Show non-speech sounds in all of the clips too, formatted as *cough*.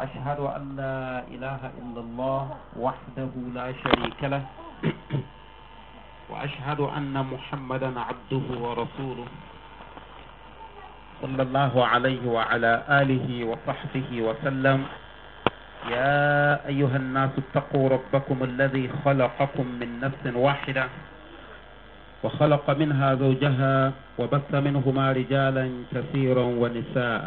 وأشهد أن لا إله إلا الله وحده لا شريك له وأشهد أن محمدا عبده ورسوله صلى الله عليه وعلى آله وصحبه وسلم يا أيها الناس اتقوا ربكم الذي خلقكم من نفس واحدة وخلق منها زوجها وبث منهما رجالا كثيرا ونساء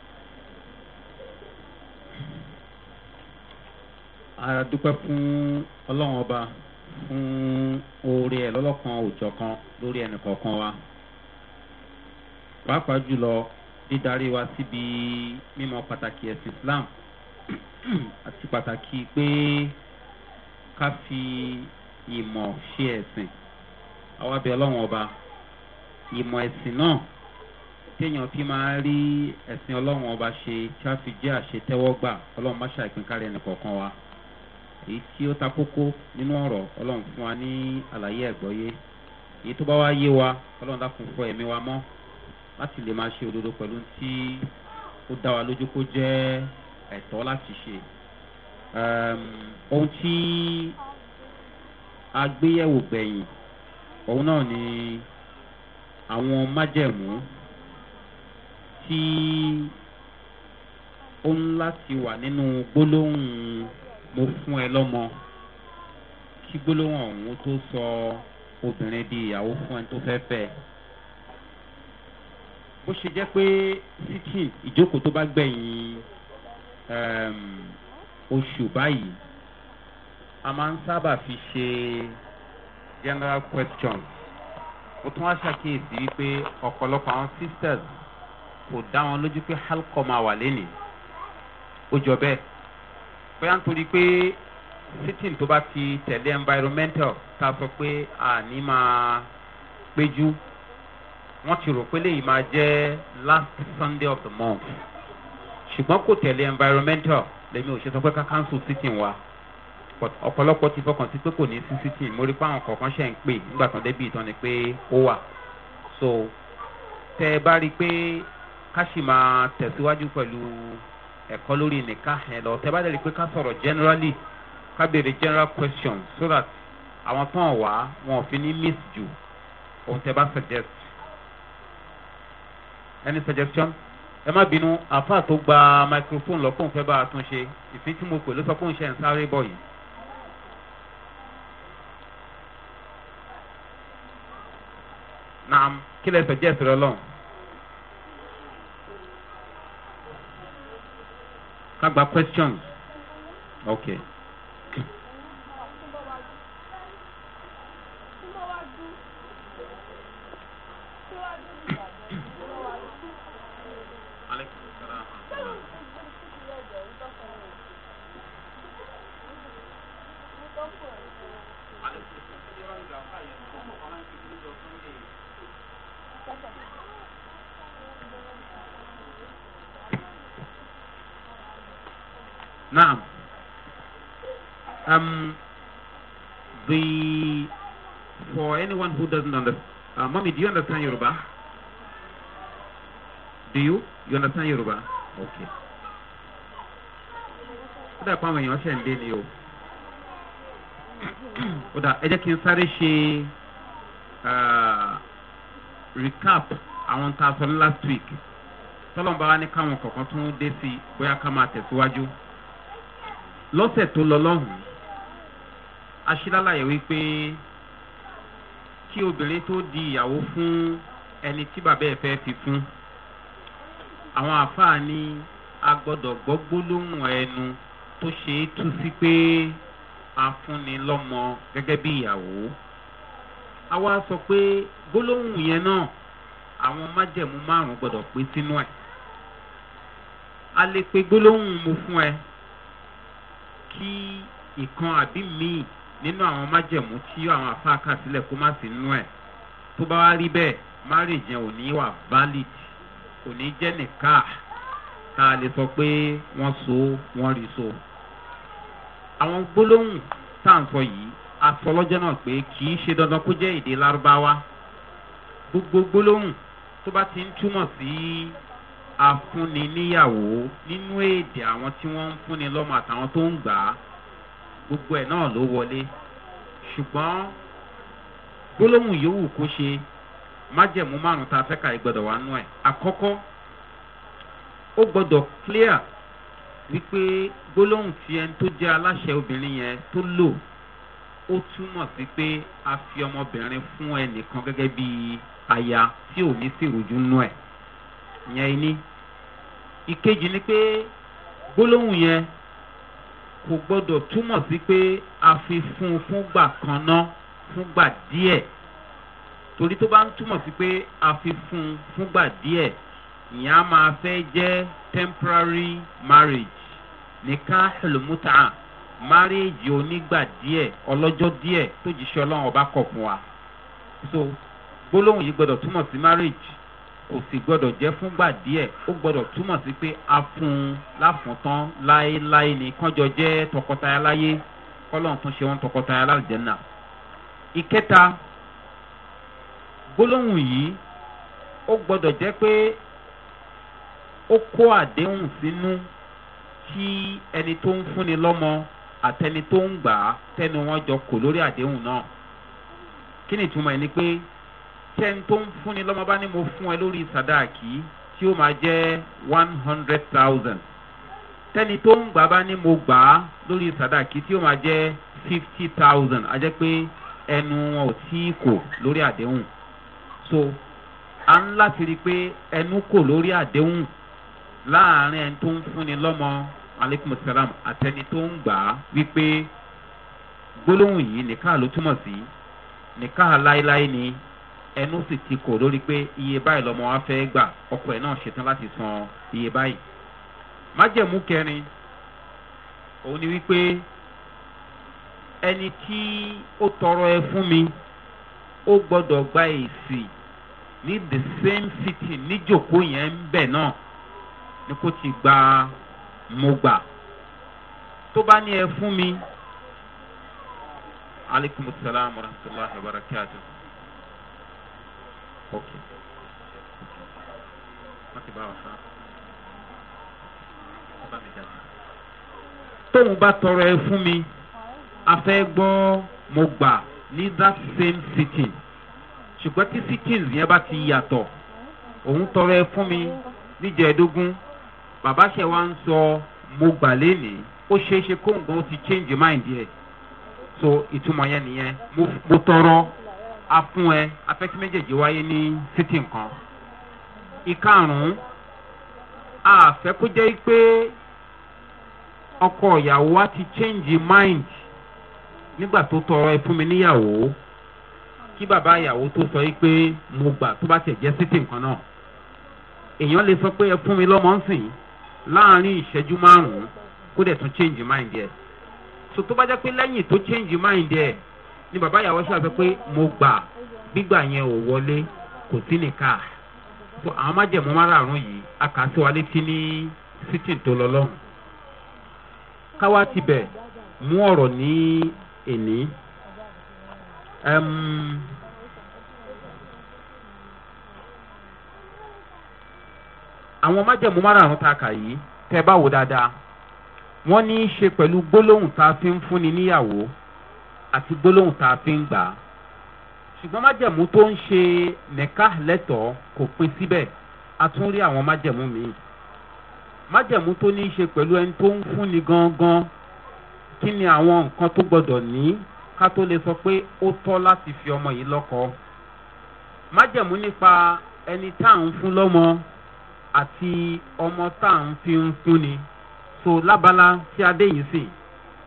a dúpẹ́ fún ọlọ́run ọba fún oore ẹ̀ lọ́lọ́kan òjọ̀kan lórí ẹnì kọ̀ọ̀kan wa pàápàá jùlọ dídarí wa síbi mímọ pàtàkì ẹ̀sìn islam *clears throat* àti pàtàkì pé ká fi ìmọ̀ ṣe ẹ̀sìn àwa bẹ ọlọ́run ọba ìmọ̀ ẹ̀sìn náà téèyàn fi máa rí ẹ̀sìn ọlọ́run ọba ṣe tí a fi jẹ́ àṣetẹ́wọ́gbà ọlọ́run má ṣàìpín kárí wa èyí tí ó ta kókó nínú ọ̀rọ̀ ọlọ́run fún wa ní àlàyé ẹ̀gbọ́yé èyí tó bá wá yé wa ọlọ́run dákun fọ ẹ̀mí wa mọ́ láti lè máa ṣe òdodo pẹ̀lú tí ó dá wa lójú kó jẹ́ ẹ̀tọ́ láti ṣe. ohun tí a gbéyẹ̀wò gbẹ̀yìn òun náà ni àwọn májẹ̀mú tí ó ń láti wà nínú gbólóhùn mo fún ẹ lọ́mọ kí gbólóhùn ọ̀hún tó sọ obìnrin di ìyàwó fún ẹni tó fẹ́ fẹ́ bó ṣe jẹ́ pé sitin ìjókòó tó bá gbẹ̀yìn ehm, oṣù báyìí a máa ń sábà fi ṣe general questions ó tún wá ṣàkíyèsí wípé ọ̀pọ̀lọpọ̀ àwọn sisters kò dá wọn lójú pé halkọ́ máa lénìí ó jọ bẹ́ẹ̀ bóyá nítorí pé sitting tó bá ti tẹ̀lé environmental ta sọ pé àní máa péjú wọ́n ti rò pé léyìí máa jẹ́ last sunday of the month ṣùgbọ́n kò tẹ̀lé environmental lèmi ò ṣe sọ pé ká council sitting wa ọ̀pọ̀lọpọ̀ ti fọkàn sí pé kò ní sí sitting mo rí pé àwọn kọ̀ọ̀kan ṣe ń pè nígbà tán débi ìtàn ni pé ó wà so tẹ ẹ bá rí i pé ká sì máa tẹ̀síwájú pẹ̀lú ẹ̀kọ́ lórí nìka ẹ̀ lọ tẹ́ bá dẹ̀ rí i pé ká sọ̀rọ̀ generally ká béèrè general questions so that àwọn tán wà wọn ò fi ní miss jù ohun tẹ́ bá suggest. any suggestion? ẹ má bínú àfa tó gba microphone lọ́kùn fẹ́ bá a tún ṣe ìfín tí mo pè ló sọ pé òun ṣe ń sáré bọ̀ yìí. naam kí lẹ suggest rẹ lọ́hùn. Kagba, questions? Okay. Naam. Um, the for anyone who doesn't understand, uh, mommy, do you understand Yoruba? Do you? You understand Yoruba? Okay. ó dà pé àwọn èèyàn ṣẹ̀ ni o ó dà ẹ jẹ́ kí n sáré ṣe uh, recap àwọn tá a last week tọ́lọ́mùbá wa ní káwọn kọ̀ọ̀kan tún dé sí bóyá ká máa tẹ̀síwájú lọ́sẹ̀ tó lọ lọ́hùn-ún aṣílálàyé wípé kí obìnrin tó di ìyàwó fún ẹni tí bàbá ẹ̀ fẹ́ fi fún àwọn àfáà ní a gbọ́dọ̀ gbọ́ gbólóhùn ẹnu tó ṣe é tú sí pé a fúnni lọ́mọ gẹ́gẹ́ bí ìyàwó a sọ pé gbólóhùn yẹn náà àwọn májẹ̀mú márùn-ún gbọ́dọ̀ pé sínú ẹ̀ a lè pe gbólóhùn mo fún ẹ. E kí ìkan àbí míì nínú àwọn májẹ̀mú tí àwọn àfa kà sílẹ̀ kó má sí nínú ẹ̀ tó bá wá rí bẹ́ẹ̀ marriage yẹn ò ní wà valid kò ní jẹ́ nìka tá a lè sọ pé wọ́n so wọ́n rí so. àwọn gbólóhùn tá à ń sọ yìí asọlọ́jẹ́ náà pé kì í ṣe dandan kó jẹ́ èdè lárúbáwá gbogbo gbólóhùn tó bá ti ń túmọ̀ sí afúnni níyàwó nínú èdè àwọn tí wọ́n ń fúnni lọ́mọ àtàwọn tó ń gbà á gbogbo ẹ̀ náà ló wọlé ṣùgbọ́n gbólóhùn yòówù kó ṣe májẹ̀mú márùn tá fẹ́ ka ìgbọ́dọ̀ wá nú ẹ̀ àkọ́kọ́ ó gbọ́dọ̀ clear wípé gbólóhùn tí ẹni tó jẹ́ aláṣẹ obìnrin yẹn tó lò ó túmọ̀ sí pé a fi ọmọbìnrin fún ẹnìkan gẹ́gẹ́ bí aya tí ò ní sí nú ẹ̀ ìyẹn ní ìkejì ni pé gbólóhùn yẹn kò gbọdọ̀ túmọ̀ sí pé a fi fún un fúngbà kan náà fúngbà díẹ̀ torí tó bá ń túmọ̀ sí pé a fi fún un fúngbà díẹ̀ ìyẹn a máa fẹ́ jẹ́ temporary marriage nìkan ẹlòmúta marriage onígbà díẹ̀ ọlọ́jọ́ díẹ̀ tó jíṣẹ́ ọlọ́run ọba kọ̀ fún wa so gbólóhùn yìí gbọdọ̀ túmọ̀ sí marriage kò sì gbọdọ̀ jẹ́ fúngbà díẹ̀ ó gbọdọ̀ túmọ̀ sí pé a fún un láfùntán láéláé ni kánjọ jẹ́ tọkọtaya láyé kọ́lọ́n tún ṣe wọ́n tọkọtaya lálùjẹ́nà. ìkẹta gbólóhùn yìí ó gbọdọ̀ jẹ́ pé ó kó àdéhùn sínú kí ẹni tó ń fúnni lọ́mọ àtẹni tó ń gbà á tẹnu wọn jọ kò lórí àdéhùn náà kí ni ìtumọ̀ ẹ̀ pé tẹ́ni tó ń fúnni lọ́mọ bá ní mo fún ẹ lórí sàdáàkì tí ó máa jẹ́ one hundred thousand tẹ́ni tó ń gbà bá ní mo gbà á lórí sàdáàkì tí ó máa jẹ́ fifty thousand a jẹ́ pé ẹnu wọn ò tí kò lórí àdéhùn so a ń láti rí i pé ẹnu kò lórí àdéhùn láàrin ẹni tó ń fúnni lọ́mọ aleykum salam àtẹni tó ń gbà á wípé gbólóhùn yìí nìkan ló túmọ̀ sí nìkan láéláé ni. ẹnu sì ti kò lórí pé iye báyìí lọmọ wa fẹ́ gbà ọkọ ẹ̀ náà ṣetán láti san iye báyìí. májẹ̀mú kẹrin òun ni wípé ẹni tí ó tọrọ ẹ fún mi ó gbọ́dọ̀ gba èsì ní the same city níjòkó yẹn ń bẹ̀ náà ni ti gba mo gbà tó bá ní ẹ mi. aleykum salaam wa rahmatulahi wa ok wọ́n ti bá wa sá wọ́n bá mi jáde. tóun bá tọrọ ẹ fún mi a fẹ́ gbọ́ mo gbà ní that same sitting ṣùgbọ́n tí sittings yẹn bá ti yàtọ̀ òun tọrọ ẹ fún mi níjẹ̀ẹ́dógún bàbá ṣe wá ń sọ mo gbà lénìí ó ṣeé ṣe kóńgó ti change mind yẹ so ìtumọ̀ yẹn nìyẹn mo tọrọ a fún ẹ afẹ́kí méjèèjì wáyé ní títì nǹkan. ìkarùn-ún a fẹ́ kó jẹ́ pé ọkọ ìyàwó wa ti change mind nígbà tó tọrọ ẹ fún mi níyàwó kí bàbá ìyàwó tó sọ yìí pé mo gbà tó bá tẹ̀ jẹ́ títì nǹkan náà. èèyàn lè sọ pé ẹ fún mi lọ́mọ ń sìn láàrin ìṣẹ́jú márùn-ún kó dẹ̀ tún change mind yẹ. so tó bá jẹ́ pé lẹ́yìn tó change mind yẹ ni bàbá ìyàwó ṣe àfẹ́ pé mo gbà gbígbà yẹn ò wọlé kò sí nìka àwọn májẹ̀mú márààrún yìí a kà sí wa létí ní sítì tó lọ lọ́hùn káwá tibẹ̀ mú ọ̀rọ̀ ní èní àwọn májẹ̀mú márààrún ta kà yìí tẹ́ bá wò dáadáa wọ́n ní í ṣe pẹ̀lú gbólóhùn tá a fi ń fúnni níyàwó àti gbólóhùn tá a fi ń gbà á ṣùgbọ́n májẹ̀mú tó ń ṣe nìka lẹ́tọ̀ọ́ kò pin síbẹ̀ a tún rí àwọn májẹ̀mú míì májẹ̀mú tó ní í ṣe pẹ̀lú ẹni tó ń fúnni gangan kí ni àwọn nǹkan tó gbọdọ̀ ní ká tó lè sọ pé ó tọ́ láti fi ọmọ yìí lọ́kọ̀ọ́ májẹ̀mú nípa ẹni tá à ń fún lọ́mọ àti ọmọ tá à ń fi ń fúnni so lábala tí adé yìí sìn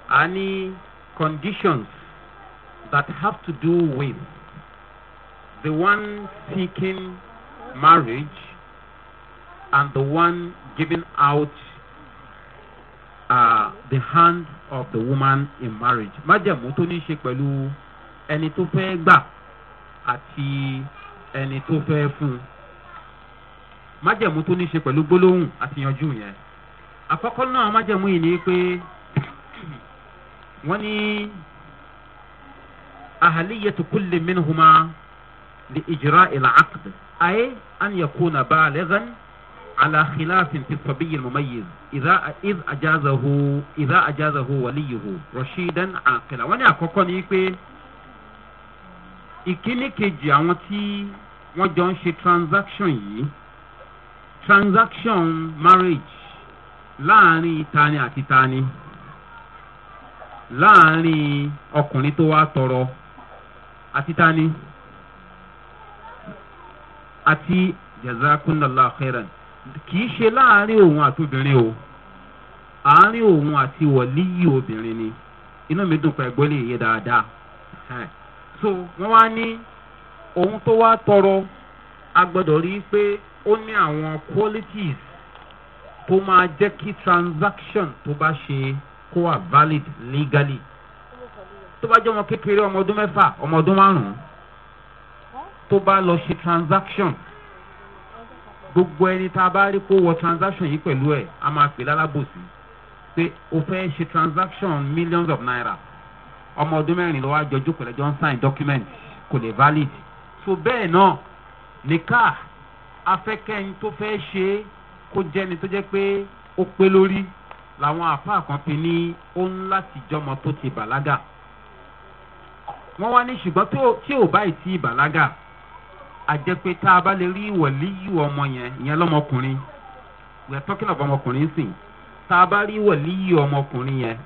a ní conditions that have to do with the one seeking marriage and the one giving out uh, the hand of the woman in marriage. májẹ̀mú tó ní í ṣe pẹ̀lú ẹni tó fẹ́ gbà àti ẹni tó fẹ́ fún un. májẹ̀mú tó ní í ṣe pẹ̀lú gbólóhùn àti yanjú yẹn. àkọ́kọ́ náà májẹ̀mú yìí ni pé wọ́n ní. أهلية كل منهما لإجراء العقد أي أن يكون بالغا على خلاف في الصبي المميز إذا إذ أجازه إذا أجازه وليه رشيدا عاقلا وأنا أقول لك ìkíní kejì àwọn tí wọ́n jọ ń ṣe transaction yìí transaction marriage láàrin tani àti tani láàrin ọkùnrin tó wá tọrọ àti tani àti jazakunallah khairan kìí ṣe láàrin òun àti obìnrin o àárín òun àti wọ̀líyì obìnrin ni inú mi dùn pé ẹgbẹ́ lè yé dáadáa so wọ́n wá ní ohun tó wá tọrọ a gbọ́dọ̀ rí pé ó ní àwọn qualities tó máa jẹ́ kí transaction tó bá ṣe kó wà valid legally tó bá jẹ́ ọmọ kékeré ọmọ ọdún mẹ́fà ọmọ ọdún márùn-ún tó bá lọ ṣe transaction gbogbo ẹni tá a bá rí kó wọ transaction yìí pẹ̀lú ẹ̀ a máa pè lálábòsí pé o fẹ́ ṣe transaction millions of naira ọmọ ọdún mẹ́rin ló wá jọjú pẹ̀lú ẹjọ́ ń sign document kò lè valid so bẹ́ẹ̀ náà nìka afẹ́kẹ́ni tó fẹ́ ṣe kó jẹ́ni tó jẹ́ pé ó pé lórí làwọn àfa kan pe ní ó ń láti jọmọ tó ti bàlágà wọ́n wá ní ṣùgbọ́n tí ò báyìí ti ìbàlágà àjẹpé tá a bá lè rí wọ̀líyù ọmọ yẹn ìyẹn lọ́mọkùnrin we are talking about ọmọkùnrin sìn tá a bá rí wọ̀líyù ọmọkùnrin yẹn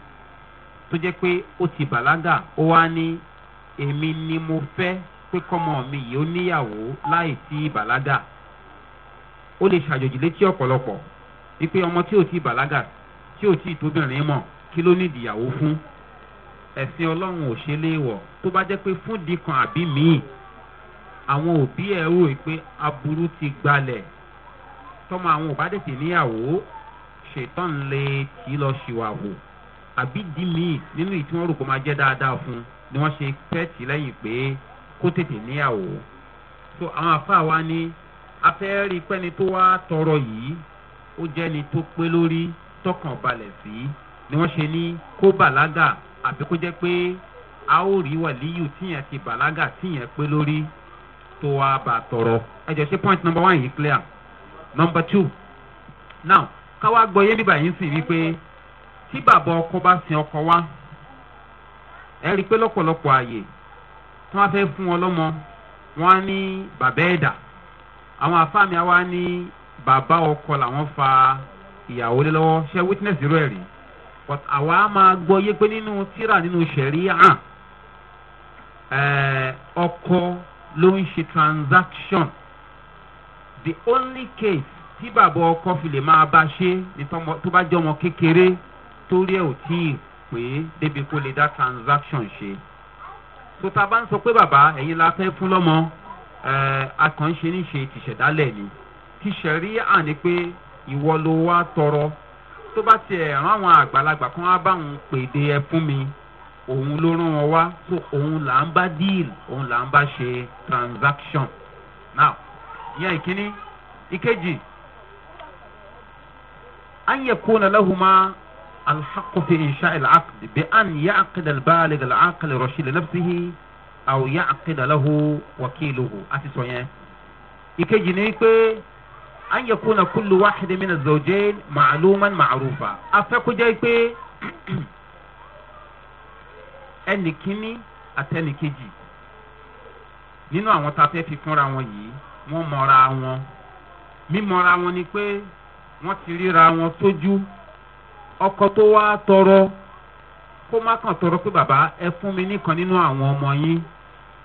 tó jẹ́ pé ó ti bàlágà ó wá ní èmi ni mo fẹ́ pé kọ́mọ mi yìí ó níyàwó láì tí ìbàlágà ó lè ṣàjòjì létí ọ̀pọ̀lọpọ̀ wípé ọmọ tí ò tí ìbàlágà tí ò tí ìtóbìnrin mọ̀ kí ló nídìí ìyàwó fún ẹ̀sìn ọlọ́run ò ṣe léèwọ̀ tó bá jẹ́ pé fún dìkan àbí míì àwọn òbí ẹ̀ rò pé aburú ti gbalẹ̀ tọ́mọ àwọn òbá tètè níyàwó ṣètàn lè kí lọ ṣìwàwò àbí dì míì nínú ìtí wọ́n rò kó máa jẹ́ dáadáa fún ni wọ́n ṣe pẹ́ẹ̀tì lẹ́yìn pé kó tètè níyàwó so àwọn àfáà wa ní afẹ́rí pẹ́ni tó wá tọrọ yìí ó jẹ́ni tó pé lórí tọkàn balẹ̀ sí ni wọ́n ṣe ní kó bàlágà àbí kó jẹ́ pé a ó rí wàlíyù tíyẹn ti bàlágà tíyẹn pé lórí tó wá bá tọrọ ẹ jẹ́ ṣe point number one yìí clear number two now káwá gbọ́ yé bíbá yín sì wípé tí bàbá ọkọ bá sin ọkọ wá ẹ rí i pé lọ́pọ̀lọpọ̀ àyè tí wọ́n fẹ́ fún ọlọ́mọ wọ́n á ní bàbá ẹ̀dà àwọn àfáàmì àwa ní bàbá ọkọ làwọn fa ìyàwó lé lọ́wọ́ ṣé witness irú ẹ̀ rí i but àwa máa gbọ́ yé pé nínú tíra nínú sẹ̀ríà ọkọ ló ń ṣe transaction the only case tí bàbá ọkọ fi lè máa bá ṣe ni tó bá jọmọ kékeré torí ẹ ò tí ì pé débi kó lè dá transaction ṣe tó ta bá ń sọ pé bàbá ẹ̀yin la fẹ́ fún lọ́mọ akàn ṣe ní ṣe tìṣẹ̀dálẹ̀ ni tìṣẹ̀rí à pé ìwọ ló wá tọrọ tó bá tiẹ̀ rán àwọn àgbàlagbà kan á bá òun pèdè ẹ fún mi òun ló rán wọn wá so òun là ń bá deal òun là ń bá ṣe transaction now ìyẹn ìkíní ìkejì an yakuna lahuma alhaqu fi insha alaqd bi an yaqida albalig alaqil rashid nafsihi aw yaqida lahu wakiluhu àti sọ yẹn ìkejì ni pé an yẹ kó na kúlù wáhìdì mi na zòjé màálùmán màrúfà afẹ́kọ̀jẹ́ pé ẹnì kíní àtẹnì kejì nínú àwọn tá a fẹ́ fi fúnra wọn yìí wọ́n mọ̀ra wọn mímọ̀ra wọn ni pé wọ́n ti ríra wọn tójú ọkọ tó wá tọrọ kó má kàn tọrọ pé bàbá ẹ fún mi nìkan nínú àwọn ọmọ yín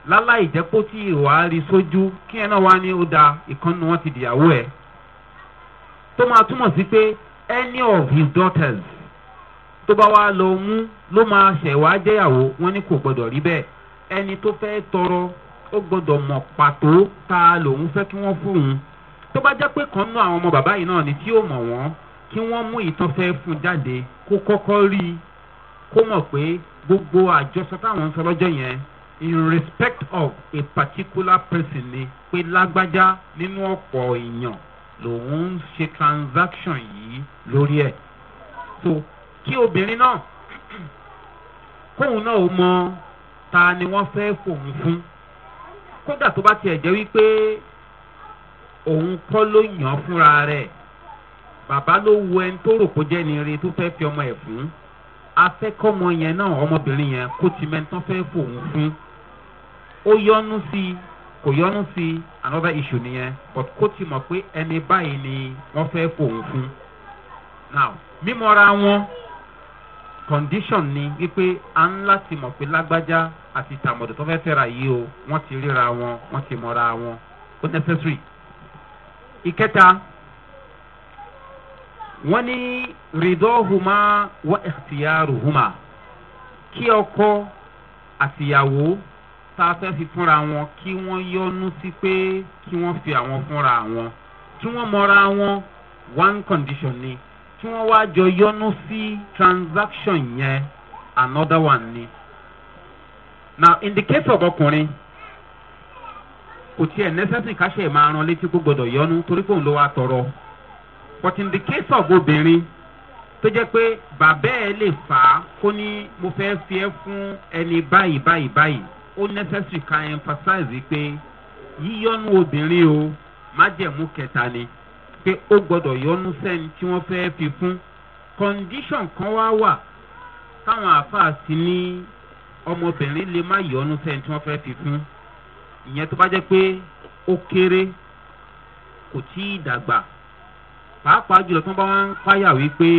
láláì jẹ́ pé ó rí sójú kí ẹ náà wá ní ó da ìkànnì wọn ti dìyàwó ẹ̀ tó máa túmọ̀ sí pé any of his daughters tó bá wá lọ mú ló máa ṣẹ̀wá jẹ́yàwó wọn ní kò gbọ́dọ̀ rí bẹ́ẹ̀ ẹni tó fẹ́ tọrọ ó gbọ́dọ̀ mọ̀ pàtó ta lòun fẹ́ kí wọ́n fún un tó bá jẹ́ pé kan nú àwọn ọmọ bàbá yìí náà ni tí ó mọ̀ wọ́n kí wọ́n mú ìtàn fẹ́ fún jáde kó kọ́kọ́ rí i kó mọ̀ pé gbogbo àjọsọ táwọn ń sọ lọ́jọ́ yẹn in respect of a particular person ni pé lágbájá nínú ọ̀pọ̀ èèyàn lòun ń ṣe transaction yìí lórí ẹ̀ so kí obìnrin náà kóun náà ó mọ ta ni wọ́n fẹ́ fòun fún kódà tó bá tiẹ̀ jẹ́ wípé òun kọ́ ló yàn fúnra rẹ̀ bàbá ló wo ẹni tó rò kó jẹ́ ni rí tó fẹ́ fi ọmọ ẹ̀ fún afẹ́kọ́mọ yẹn náà ọmọbìnrin yẹn kó ti mẹ́ńtán fẹ́ fòun fún ó yọnu sí i kò yọnu sí another issue nìyẹn but kó ti mọ̀ pé ẹni báyìí ni wọ́n fẹ́ fòun fún now mímọ́ra wọn condition ni wípé a ń láti mọ̀ pé lágbájá àti tàmọ̀dọ̀ tó fẹ́ fẹ́ra yìí o wọ́n ti ríra wọn wọ́n ti mọ̀ra wọn ó necessary. ìkẹta wọ́n ní rìdọ́hùmá wọ́n ẹ̀sìyàrùhùmá kí ọkọ àtìyàwó tá fi fúnra wọn kí wọ́n yọnu sí pé kí wọ́n fi àwọn fúnra wọn tí wọ́n mọra wọn one condition ni tí wọ́n wá jọ yọnu sí transaction yẹn another one ni. now in the case of ọkùnrin kò tiẹ̀ necessary ká ṣe máa ran létí kó gbọdọ̀ yọnu torí pé òun ló wá tọrọ but in the case of obìnrin tó jẹ́ pé bàbá ẹ̀ lè fà á kó ní mo fẹ́ fi ẹ́ fún ẹni báyìí báyìí báyìí ó necessary ka emphasize pé yíyọnu obìnrin o májẹ̀mú kẹta ni pé ó gbọ́dọ̀ yọnu sẹ́ni tí wọ́n fẹ́ fi fún condition kan wá wà táwọn àáfàá sí ní ọmọbìnrin lè má yọnu sẹ́ni tí wọ́n fẹ́ fi fún ìyẹn tó bá jẹ́ pé ó kéré kò tí ì dàgbà pàápàá jùlọ tí wọ́n bá wá ń páyà wípé.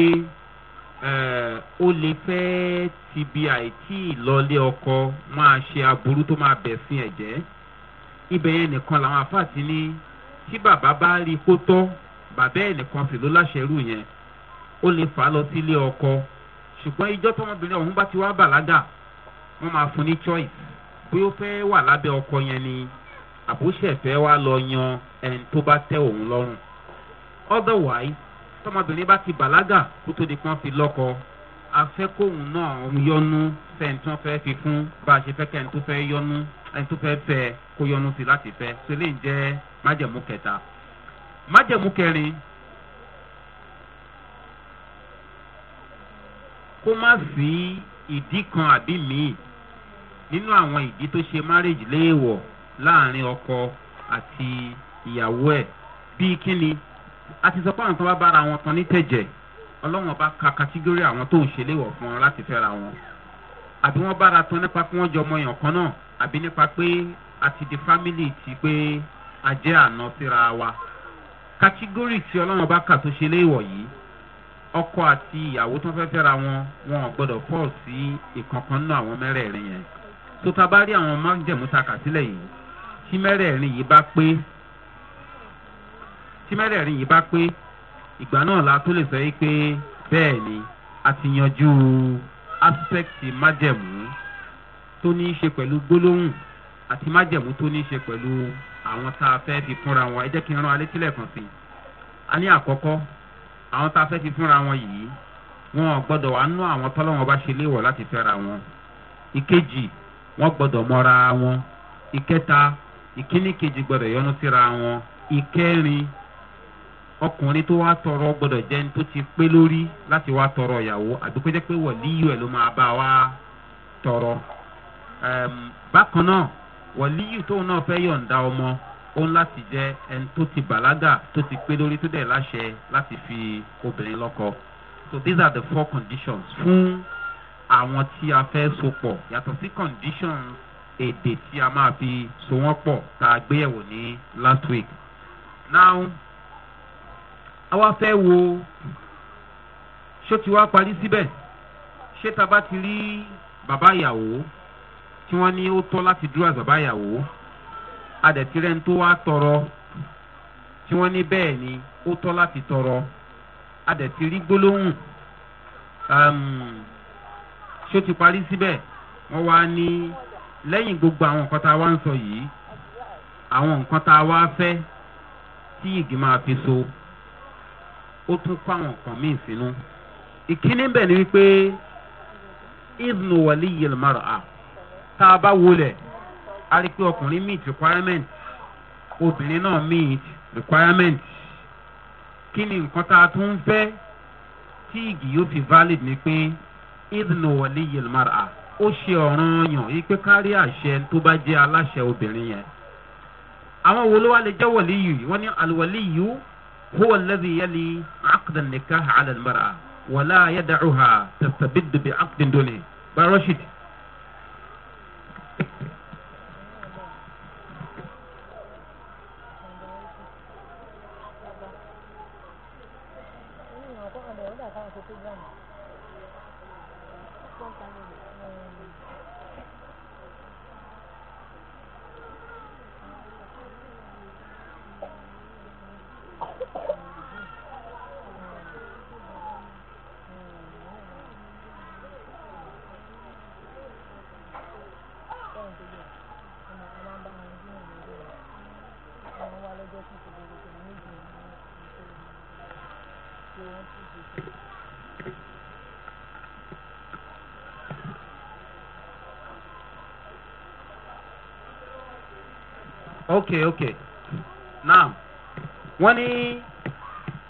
Eh, ó lè fẹ́ ti bi àìtí ìlọlé ọkọ máa ṣe aburú tó máa bẹ̀ sí ẹ̀jẹ̀ ibẹ̀ yẹn nìkan làwọn afáàtì ní tí bàbá bá rí kó tọ́ bàbá ẹ̀ nìkan sì ló láṣẹ yẹn ó lè fà á lọ sílé ọkọ ṣùgbọ́n ijọ́ tọmọbìnrin ọ̀hún bá ti wá bàlágà wọ́n máa fún ní choice bí ó fẹ́ wà lábẹ́ ọkọ ni àbúṣẹ̀fẹ́ wa lọ yan ẹni tó bá tẹ òun lọ́rùn otherwise tọmọbìnrin bá ti bàlágà kó tó di kan fi lọ́kọ afẹ́kọ̀hún náà yọnu fẹ̀ntàn fẹ́ fi fún bá a ṣe fẹ́ kẹ́ni tó fẹ́ yọnu ẹni tó fẹ́ fẹ́ kó yọnu sí láti fẹ́ sílẹ̀ ń jẹ́ májẹ̀mú kẹta májẹ̀mú kẹrin kó má sí ìdí kan àbí míì nínú àwọn ìdí tó ṣe márèjì léèwọ̀ láàrin ọkọ àti ìyàwó ẹ̀ bíi kíni a ti sọ pé àwọn tó bá bára wọn kan ní tẹ̀jẹ̀ ọlọ́wọ́n bá ka kátígórì àwọn tó ń ṣe léwọ̀ fún wọn láti fẹ́ra wọn àbí wọ́n bára tán nípa pé wọ́n jọ ọmọ èèyàn kan náà àbí nípa pé a ti di fámìlì ti pé a jẹ́ àná síra wa kátígórì tí ọlọ́wọ́n bá kà tó ṣe léwọ̀ yìí ọkọ àti ìyàwó tó fẹ́ fẹ́ra wọn wọn ò gbọ́dọ̀ pọ̀ sí ìkankan náà àwọn mẹ́rẹ̀ẹ̀rin yẹn tó ta bá rí àwọn májẹ̀mú ta kà sílẹ̀ yìí tí mẹ́rẹ̀ẹ̀rin yìí bá pé tí mẹ́rẹ̀ẹ̀rin yìí bá pé ìgbà náà la tó lè sọ yìí pé bẹ́ẹ̀ ni a ti yanjú aspect májẹ̀mú tó ní í ṣe pẹ̀lú gbólóhùn àti májẹ̀mú tó ní í ṣe pẹ̀lú àwọn tá a fẹ́ fi fúnra wọn ẹ jẹ́ kí n rán alé tílẹ̀ kan sí i a ní àkọ́kọ́ àwọn tá a fẹ́ fi fúnra wọn yìí wọn gbọ́dọ̀ wá nú àwọn tọ́lọ́wọ́n bá ṣe léwọ̀ láti fẹ́ra wọn ìkejì wọn gbọ́dọ̀ mọ́ra wọn ìkẹta ìkíní gbọ́dọ̀ yọnu síra wọn ìkẹrin ọkùnrin tó wá tọrọ gbọdọ̀ jẹ́ ní tó ti pé lórí láti wá tọrọ ìyàwó àbí pé wọ̀líyù ẹ̀ ló máa bá wa tọrọ. bákan náà wọ̀líyù tóun náà fẹ́ yọ̀ǹda ọmọ òun láti jẹ́ ẹni tó ti bàlágà tó ti pé lórí tó dẹ̀ láṣẹ láti fi obìnrin lọ́kọ. so these are the four conditions fún àwọn tí a fẹ́ so pọ̀ yàtọ̀ sí conditions èdè tí a máa fi so wọ́n pọ̀ tá a gbéyẹ̀wò ní last week. now àwa fẹ́ wo ṣó ti wá parí síbẹ̀ ṣé ta bá ti rí bàbá ìyàwó tí wọ́n ní ó tọ́ láti dúró àgbàbá ìyàwó adẹ̀tírẹ́ ń tó wá tọrọ tí wọ́n ní bẹ́ẹ̀ ni ó tọ́ láti tọrọ adẹ̀tírí gbólóhùn ṣó ti parí síbẹ̀ wọ́n wá ní lẹ́yìn gbogbo àwọn nǹkan tá a wá ń sọ yìí àwọn nǹkan tá a wá fẹ́ tí ìgbìmọ̀ àfisọ ó tún kó àwọn nǹkan míì sínú. ìkíní bẹ̀ ni wípé ibnu wali yelmar a tá a bá wọlé a rí i pé ọkùnrin meet requirement obìnrin náà meet requirement kí ni nǹkan tá a tún fẹ́ tí igi yóò fi valid ni pé ibnu wali yelmar a ó ṣe ọ̀ràn yàn yìí pé kárí àṣẹ tó bá jẹ́ aláṣẹ obìnrin yẹn àwọn wo ló wá lè jẹ́ wọ̀líyù wọ́n ní àlùwọ̀líyù. هو الذي يلي عقد النكاح على المرأة ولا يدعها تستبد بعقد دونه برشد *laughs* okay okay now wọ́n ní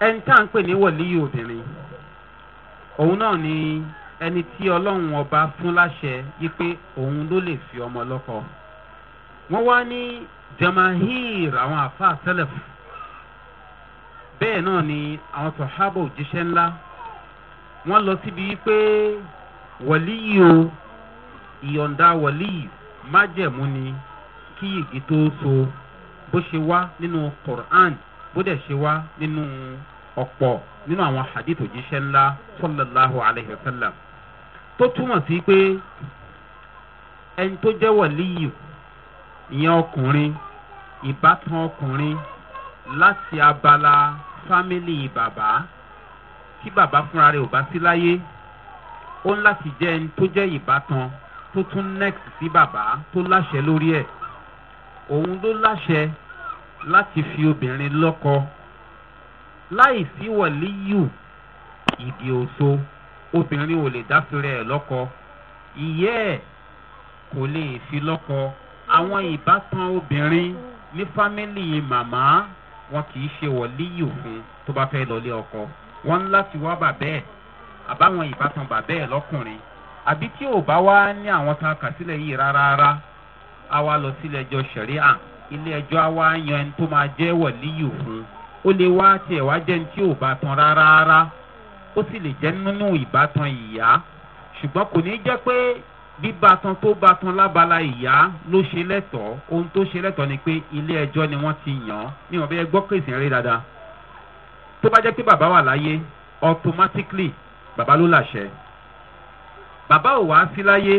ẹni tá à ń pè ní wọ̀líyì obìnrin òun náà ní ẹni tí ọlọ́run ọba fún láṣẹ yípe òun ló lè fi ọmọ lọ́kọ wọ́n wá ní jamahir àwọn àfa sẹ́lẹ̀fù bẹ́ẹ̀ náà ni àwọn sọ̀hábà òjíṣẹ́ ńlá wọ́n lọ síbi wípé wọ̀líyì o ìyọ̀ǹda wọ̀líyì májẹ̀mú ni. kí yìgì tó so bó ṣe wá nínú quran bó dẹ̀ ṣe wá nínú ọ̀pọ̀ nínú àwọn hadith òjíṣẹ́ ńlá sallallahu alayhi wa sallam tó túmọ̀ sí pé ẹni tó jẹ́ wọ̀líyù ìyẹn ọkùnrin ìbátan ọkùnrin láti abala fámìlì bàbá kí bàbá fúnra rẹ̀ ò bá sí láyé ó ń láti jẹ́ ẹni tó jẹ́ ìbátan tó tún next sí bàbá tó láṣẹ lórí ẹ̀ òun ló láṣẹ láti fi obìnrin lọ́kọ láì sí wọ̀líyù ìdí òso obìnrin ò lè dáfẹ́rẹ́ ẹ̀ lọ́kọ ìyẹ́ ẹ̀ kò lè fi lọ́kọ àwọn ìbátan obìnrin ní fámìlì màmá wọn kì í ṣe wọ̀líyù fún tó bá fẹ́ lọlé ọkọ wọn ń láti wá bàbẹ́ ẹ̀ àbáwọn ìbátan bàbẹ́ ẹ̀ lọ́kùnrin àbí tí ò bá wá ní àwọn tá a kà sílẹ̀ yìí rárá rárá àwa lọ sílé ẹjọ́ sẹ̀ríà ilé ẹjọ́ àwa yan ẹni tó máa jẹ́ wọ̀líyù fún ó lè wá tiẹ̀ wá jẹ́ ní tí ò bá tan rárá ó sì lè jẹ́ nínú ìbátan ìyá ṣùgbọ́n kò ní jẹ́ pé bíbatan tó batan lábala ìyá ló ṣe lẹ́tọ̀ọ́ ohun tó ṣe lẹ́tọ̀ọ́ ni pé ilé ẹjọ́ ni wọ́n ti yàn án ní wọ́n bẹ́ẹ̀ gbọ́ kèsì rẹ̀ dáadáa tó bá jẹ́ pé bàbá wà láyé automatically bàbá ló làṣẹ bàbá ò wá sí láyé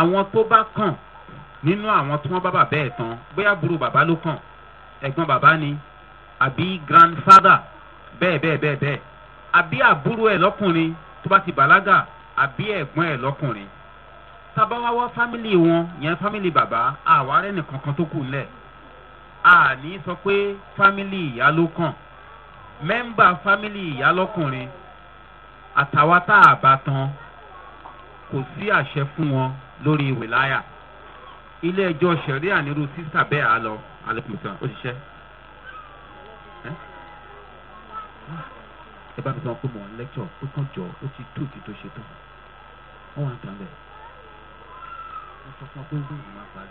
àwọn tó bá kàn nínú àwọn tí wọ́n bá bàbá ẹ̀ tán bóyá burú bàbá ló kàn ẹ̀gbọ́n bàbá ni àbí grandfather bẹ́ẹ̀ bẹ́ẹ̀ bẹ́ẹ̀ bẹ́ẹ̀ àbí àbúrò ẹ̀ lọ́kùnrin tó bá ti bàlágà àbí ẹ̀gbọ́n ẹ̀ lọ́kùnrin tabawawa fámìlì wọn yẹn fámìlì bàbá àwárẹ̀ nìkan kan tó kù lẹ̀ àní sọ pé fámìlì ìyá ló kàn mẹ́ńbà fámìlì ìyá lọ́kùnrin àtàwọn tá kò sí àṣẹ fún wọn lórí ìwé ilé ẹjọ́ sẹ̀ríà nírú sísà bẹ́ẹ̀ á lọ alẹ́kùnsán ó ṣiṣẹ́ ẹ bá mi sọ pé mò ń lẹ́kṣọ̀ ó kàn jọ ó ti tú ìdí tó ṣe tán wọ́n wá ń tàn lẹ̀ wọ́n sọ fún ọ pé ó ń bọ̀ ìmọ̀ àgbáyé.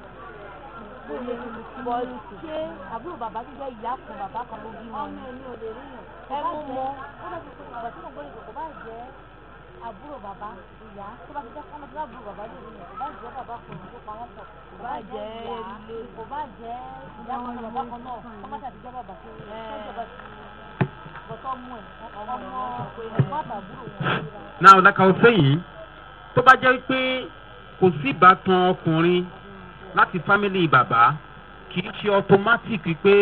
kó lè bọ̀ ṣé àbúrò bàbá tó jẹ́ ìyá kan bàbá kan ló bí wọn. ọmọ ẹni ò lè rí yàn. ẹ mú mọ. ó bá ti sọ bàbá tí mo gbọ́ ìgbà kò bá jẹ́ àbúrò bàbá ìyá tó bá ti jẹ́ kọ́mọ tó bá àbúrò bàbá lè rí yàn kò bá jẹ́ bàbá kan tó pa wọ́n pọ̀ kò bá jẹ́ ilé kò bá jẹ́ ìyá kan bàbá kan náà kó má tàbí jẹ́ bàbá tó now like I was saying tó bá jẹ́ pé kò sí ìbátan ọkùnrin láti fámìlì bàbá kì í ṣe automatic pé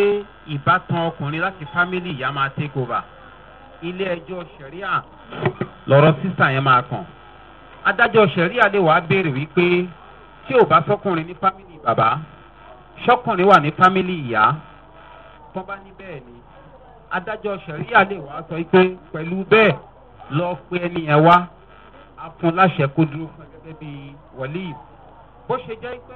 ìbátan ọkùnrin láti fámìlì ìyá máa take over ilé ẹjọ́ sẹ̀ríà lọ́rọ̀ sísà yẹn máa kàn adájọ́ sẹ̀ríà lè wàá béèrè wípé tí ò bá sọkùnrin ní fámìlì bàbá sọkùnrin wà ní fámìlì ìyá tó bá ní bẹ́ẹ̀ ni adájọ́ sẹ̀ríà lè wàá sọ pé pẹ̀lú bẹ́ẹ̀ lọ pé ẹni yẹn wá afúnláṣẹ kó dúró fún ẹgbẹ́ bíi wọ̀líì bó ṣe jẹ́ pé.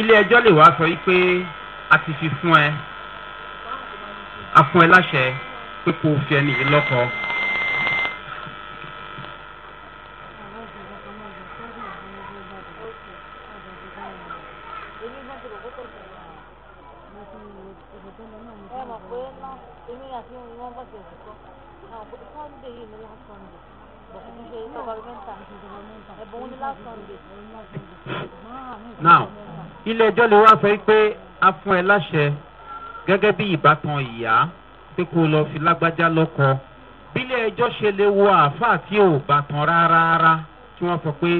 ilé ẹjọ́ lè wá sọ yìí pé a ti fi fún ẹ a fún ẹ láṣẹ pé kò fi ẹni ìlọ́kọ̀ọ́. ẹjọ́ lè wá sọ pé a fún ẹ láṣẹ gẹ́gẹ́ bí ìbátan ìyá pé kó lọ fi lágbájá lọ́kọ bílẹ̀ ẹjọ́ ṣe lè wo àáfàá tí ò bàtàn rárá tí wọ́n sọ pé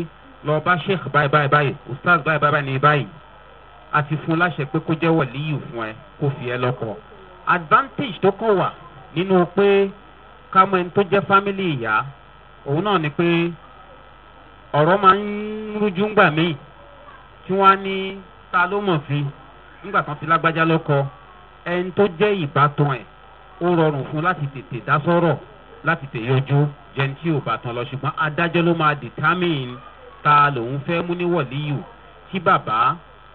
lọ bá sheikh báyìí báyìí báyìí ustaz báyìí báyìí ní báyìí a ti fún láṣẹ pé kó jẹ́ wọ̀líyù fún ẹ kó fi ẹ lọ́kọ advantage tó kàn wà nínú pé kámọ ẹni tó jẹ́ fámìlì ìyá òun náà ni pé ọ̀rọ̀ máa ń rújú ńgbà míì tí wọ́n á ní ta ló mọ̀ sí nígbà tán ti lágbájá lọ́kọ ẹni tó jẹ́ ìbátan ẹ̀ ó rọrùn fún láti tètè dá sọ́rọ̀ láti tè yọjú jẹni tí ò bàtàn lọ ṣùgbọ́n adájọ́ ló máa determine ta lòun fẹ́ mú ní wọ̀líyù tí bàbá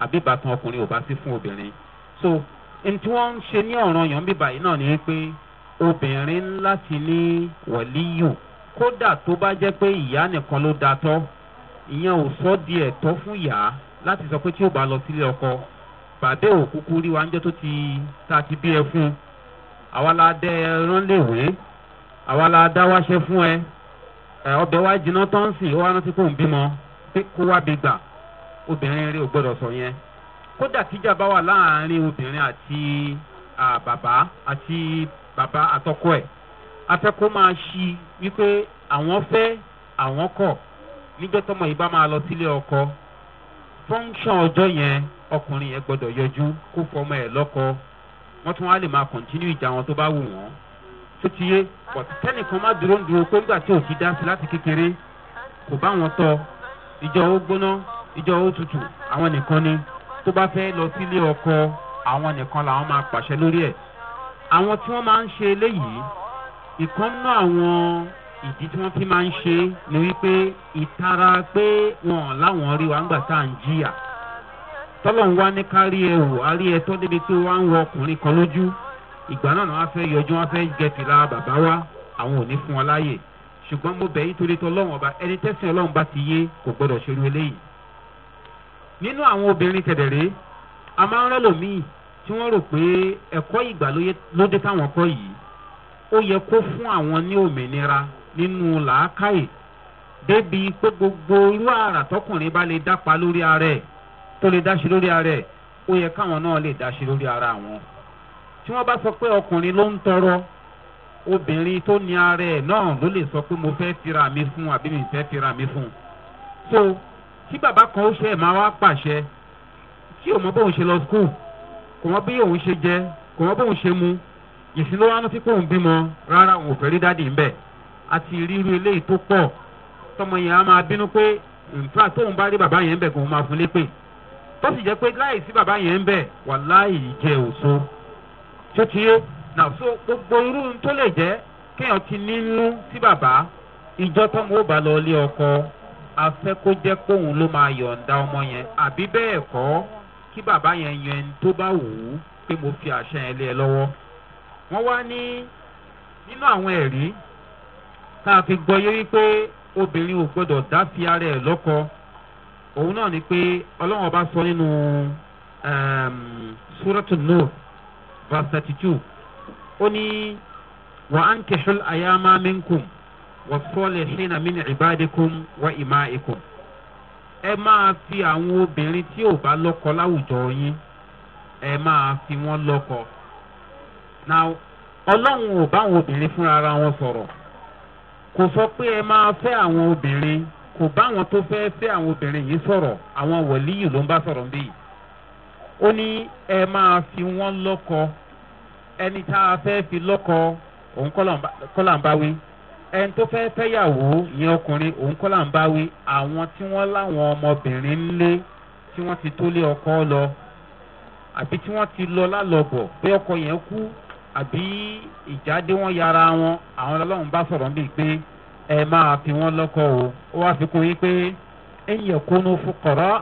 àbí ìbátan ọkùnrin ò bá sí fún obìnrin so n tí wọ́n ń ṣe ní ọ̀ràn yàn bíbà yìí náà ni pé obìnrin láti ní wọ̀líyù kódà tó bá jẹ́ pé ìyá nìkan ló da tọ́ ìyẹn ò sọ́ di ẹ̀tọ́ fún ìyá láti sọ pé tí ó bá lọ sílé ọkọ pàdé òkúkú rí wa ń jẹ́ tó ti ta ti bí ẹ fún un àwa la dẹ ẹran léwé àwa la dá wáṣẹ fún ẹ ẹ ọbẹ̀ wa jiná tán sì ó wá rántí kó ń bímọ pé kó wá bí gbà obìnrin rí ò gbọ́dọ̀ sọ yẹn kódà tíjà bá wà láàrin obìnrin àti bàbá àti bàbá àtọkọ ẹ̀ afẹ́kọ́ máa ṣí wípé àwọn fẹ́ àwọn kọ̀ nígbẹ́ yìí bá máa lọ sílé ọkọ function ọjọ́ yẹn ọkùnrin yẹn gbọ́dọ̀ yọjú kó fọmọ ẹ̀ lọ́kọ wọ́n tún wá lè máa continue ìjà wọn tó bá wù wọ́n tó ti yé but kẹ́nìkan má dúró ń dúró pé ńgbà tí òkì dá sí láti kékeré kò bá wọn tọ ìjọ ó gbóná ìjọ ó tutù àwọn nìkan ni tó bá fẹ́ lọ sílé ọkọ àwọn nìkan làwọn máa pàṣẹ lórí ẹ̀ àwọn tí wọ́n máa ń ṣe eléyìí ìkan náà àwọn ìdí tí wọ́n fi máa ń ṣe ni wípé ìtara pé wọn láwọn rí wa ń gbà tá à ń jìyà tọ́lọ́hún wá ní kárí ẹ wò àrí ẹ tọ́ débi pé wọ́n á ń wọ ọkùnrin kan lójú ìgbà náà wọ́n á fẹ́ yọjú wọ́n á fẹ́ jẹ fìlà bàbá wa àwọn ò ní fún wọn láàyè ṣùgbọ́n mo bẹ̀ nítorí tọ́lọ́hún ọba ẹni tẹ́sán ọlọ́run bá ti yé kò gbọ́dọ̀ ṣerú eléyìí nínú àwọn obìnrin tẹ̀dẹ̀rẹ́ a máa ń rẹ́lòmíì tí wọ́n rò pé ẹ̀kọ́ ìgbàlódé táwọn kọ́ yìí ó yẹ kó fún àwọn ní òmìnira nínú làákàyè débi pé gbogbo irú àrà tọkùnrin bá lè dápa lórí ara ẹ̀ tó lè dáṣe lórí ara ẹ̀ ó yẹ káwọn náà lè dáṣe lórí ara wọn tí wọn bá sọ pé ọkùnrin ló ń tọrọ obìnrin tó ní ara ẹ náà ló lè sọ pé mo fẹ́ fira mi fún àbí mi fẹ́ fira mi fún so tí bàbá kan ó ṣe ẹ̀ máa wá pàṣẹ tí òun mọ bóun ṣe lọ skul kò mọ bí òun ṣe jẹ kò mọ bóun ṣe mu ìsinlówánú tí kò ń bímọ rárá òun ò fẹ́ rí dáàdì ń bẹ̀ àti ríru eléyìí tó pọ̀ tọmọ yẹn á máa bínú pé nfa tóun bá rí bàbá yẹn ń bẹ̀ kó máa fún lépè tó sì jẹ́ pé láì sí bàbá yẹn ń bẹ̀ wà láì jẹ òso tó ti yé nà so gbogbo irú tó lè jẹ́ kéèyàn ti nínú sí bàbá ìjọ tọmọ ó bá lọ ilé ọkọ afẹ́ kó jẹ́ kóun ló máa yọ̀ǹda ọmọ yẹn àbí bẹ́ẹ̀ kọ́ kí bàbá yẹn yan tó bá wù ú pé mo fi àṣẹ yẹn lé ẹ lọ́wọ́ wọ́n wá ní nínú àwọn ẹ̀rí tá a fi gbọ́yé wípé obìnrin ò gbọ́dọ̀ dá fi ara ẹ̀ lọ́kọ òun náà ni pé ọlọ́run ọba sọ nínú suratu nur verse thirty two ó ní wà á ń kẹ̀ṣọ́ àyàmá minkum wà sọ́ọ̀lẹ̀ ṣẹ́nà mí ní ìbádẹ́kùn wà ìmá ikùn ẹ máa fi àwọn obìnrin tí ò bá lọ́kọ láwùjọ yín ẹ máa fi wọ́n lọ́kọ. now ọlọ́run ò bá àwọn obìnrin fúnra ara wọn sọ̀rọ̀. kò sọ pé ẹ máa fẹ́ àwọn obìnrin kò bá àwọn tó fẹ́ fẹ́ àwọn obìnrin yìí sọ̀rọ̀ àwọn wọ̀líyì ló ń bá sọ̀rọ̀ bí yìí. ó ní ẹ máa fi wọ́n lọ́kọ ẹni tá a fẹ́ fi lọ́kọ òun kọ́là ń bá wí ẹni tó fẹ́ fẹ́yàwó ìyẹn ọkùnrin òun kọ́là ń bá wí àwọn tí wọ́n láwọn ọmọbìnrin ń lé tí wọ́n ti tó lé ọkọ lọ àbí tí wọ́n ti lọ lálọ́bọ̀ bí ọkọ yẹn kú àbí ìjáde wọn yára wọn àwọn ọlọ́run bá sọ̀rọ̀ níbi pé ẹ máa fi wọn lọ́kọ̀ o ó wá fi kún yín pé ẹ̀yìn ẹ̀kúnú fúkọ̀rọ̀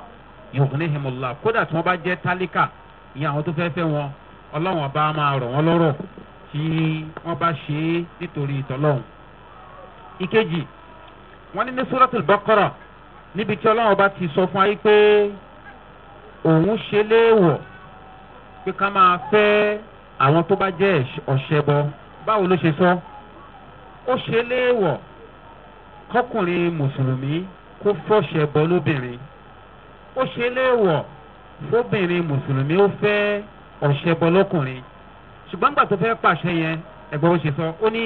yòókùnrin himọ̀lá kódà tí wọ́n bá jẹ́ tálíkà ìyẹn àwọn tó fẹ́ẹ́ fẹ́ wọn ọlọ́run ọba máa rọ̀ wọ́n lọ́rọ̀ tí wọ́n bá ṣe é nítorí ìtọ́lọ́run. ìkejì wọ́n ní ní sọ́dọ̀tì bọ́kọ́rọ̀ níbi tí ọlọ́run ọba ti sọ fún ayé pé òun ṣe léèwọ̀ pé ká máa fẹ́ẹ́ àwọn tó bá jẹ́ ọ̀ṣẹ́bọ báwo ló ṣe sọ ó ṣe léèwọ̀ kọkùnrin mùsùlùmí kó fọ́ṣẹ́bọ lóbìnrin ó ṣe léèwọ̀ fóbìnrin mùsùlùmí ó fẹ́ ọ̀ṣẹ́bọ lọ́kùnrin ṣùgbọ́n gbà tó fẹ́ pàṣẹ yẹn ẹ̀gbọ́n ó ṣe sọ ó ní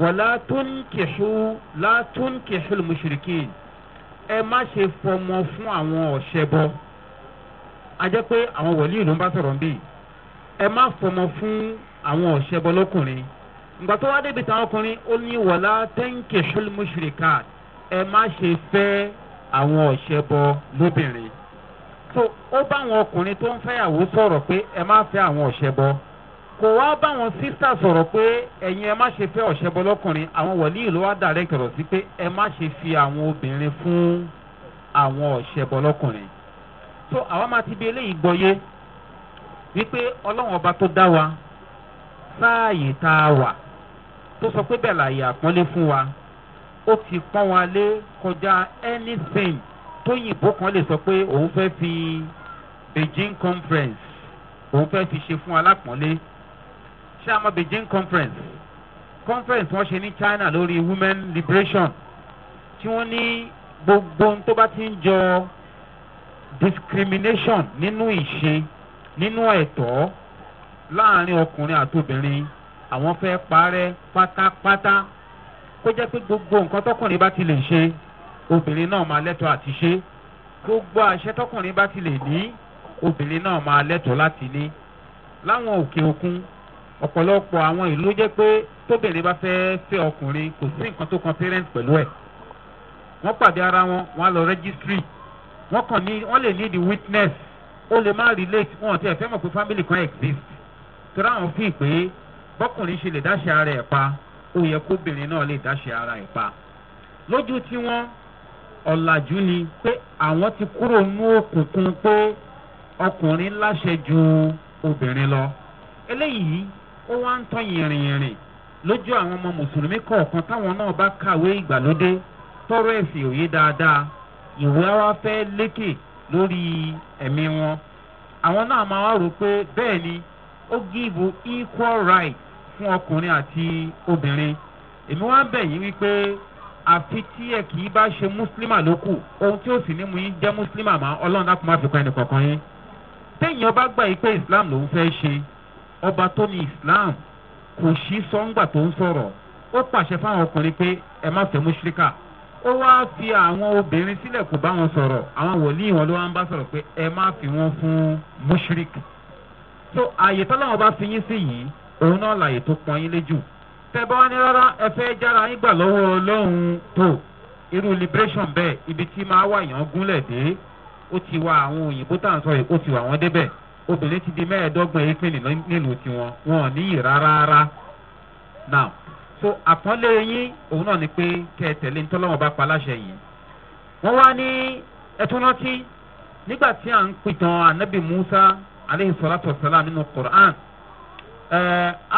wọ̀lá tó ń kẹ̀ṣú látó ń kẹ̀ṣú lùmùsùlùkì ẹ má ṣe fọmọ fún àwọn ọ̀ṣẹ́bọ a jẹ́ pé àwọn wọ̀lí ìlú ń bá sọ̀rọ̀ ń bíi ẹ má fọmọ fún àwọn ọ̀ṣẹ́bọ lọ́kùnrin ìgbà tó wá débi táwọn ọkùnrin ó ní wọ̀lá tẹ́ǹkì ṣùlùmùṣìríkà ẹ má ṣe fẹ́ àwọn ọ̀ṣẹ́bọ lóbìnrin so ó bá àwọn ọkùnrin tó ń fẹ́yàwó sọ̀rọ̀ pé ẹ má fẹ́ àwọn ọ̀ṣẹ́bọ kò wá bá àwọn sísà sọ̀rọ̀ pé ẹ̀yin ẹ má ṣe fẹ́ ọ̀ṣẹ́bọ lọ́kùnrin àwọn wọ̀lí ìlú wa dàrẹ́kì rọ̀ sí pé ẹ má ṣe fi àwọn obìnrin fún àwọn ọ̀ṣẹ́bọ lọ́kùnrin so àwa máa ti bí eléyìí gbọ́yé wípé ọlọ́run ọba tó dá wa sáàyè tá a wà tó sọ pé bẹ́ẹ̀ láàyè àpọ́nlé fún wa ó ti pọ́n wa lé kọjá anything tóyìnbó kan lè sọ pé òun fẹ́ fi beijing conference òun fẹ́ fi ṣe fún alápọ̀nlé ṣé àmọ́ beijing conference conference wọ́n ṣe ní china lórí women liberation tí wọ́n ní gbogbo ohun tó bá ti ń jọ discrimination nínú ìṣe nínú ẹ̀tọ́ láàrin ọkùnrin àtobìnrin àwọn fẹ́ parẹ́ pátápátá kó jẹ́ pé gbogbo nǹkan tọkùnrin bá ti lè ṣe obìnrin náà máa lẹ́tọ̀ọ́ àti ṣe gbogbo àṣẹ tọkùnrin bá ti lè ní obìnrin náà máa lẹ́tọ̀ọ́ láti ní láwọn òkè òkun ọ̀pọ̀lọpọ̀ àwọn ìlú jẹ́ pé tóbìnrin bá fẹ́ fẹ́ ọkùnrin kò sí nǹkan tó kan parent pẹ̀lú ẹ̀ wọ́n pàdé ara wọn wọ́n á lọ registry wọ́n kàn ní wọ́n lè need witness ó lè má relate wọn ti ẹ̀ fẹ́ mọ̀ pé family kan exist torí àwọn fi pé bọ́kùnrin ṣe lè dáṣe ara ẹ̀ pa ó yẹ kóbìnrin náà lè dáṣe ara ẹ̀ pa lójú tí wọ́n ọ̀làjú ni pé àwọn ti kúrò nú òkùnkùn pé ọkùnrin láṣẹ ju obìnrin lọ eléyìí ó wá ń tán yìnrìnyìnrìn lójú àwọn ọmọ mùsùlùmí kọ̀ọ̀kan táwọn náà bá kàwé ìgbàlódé tọrọ ẹ̀sìn òye dáadáa ìwé wa fẹ́ lékè lórí ẹ̀mí wọn àwọn náà máa wá rò pé bẹ́ẹ̀ ni ó gíìbù equal right fún ọkùnrin àti obìnrin èmi wá bẹ̀ yín wípé àfi tí ẹ kì í bá ṣe mùsùlùmá ohun tí ó sì ní mu yín jẹ́ mùsùlùmá mọ́ ọlọ́run náà má fi kọ́ ẹnì islam lòún fẹ́ ṣe ọba tó ní islam kò sí sọ́ngbà tó ń sọ̀rọ̀ ó pàṣẹ fáwọn ọkùnrin ẹ má fẹ́ mùsùlùmá ó wá fi àwọn obìnrin sílẹ̀ kó bá wọn sọ̀rọ̀ àwọn wòlíì wọn ló wá ń bá sọ̀rọ̀ pé ẹ má fi wọn fún mushrik so àyè tọ́láwọn bá fi yín sí yìí òun náà làyè tó pọn yín léjù tẹ bá wá rárá ẹ fẹ́ jára yín gbà lọ́wọ́ ọlọ́run tó irú liberation bẹ́ẹ̀ ibi tí máa wà yàn gúnlẹ̀ dé ó ti wá àwọn òyìnbó tá à ń sọ yìí ó ti wà wọ́n débẹ̀ obìnrin ti di mẹ́ẹ̀ẹ́dọ́gbọ̀n now so àpọ́nlé yín òun náà ni pé kẹ́ ẹ tẹ̀lé ntọ́lọ́wọ́n bá pa aláṣẹ yìí wọ́n wá ní ẹtúrántí nígbà tí à ń pìtàn anabi musa aleyhi salatu wa nínú quran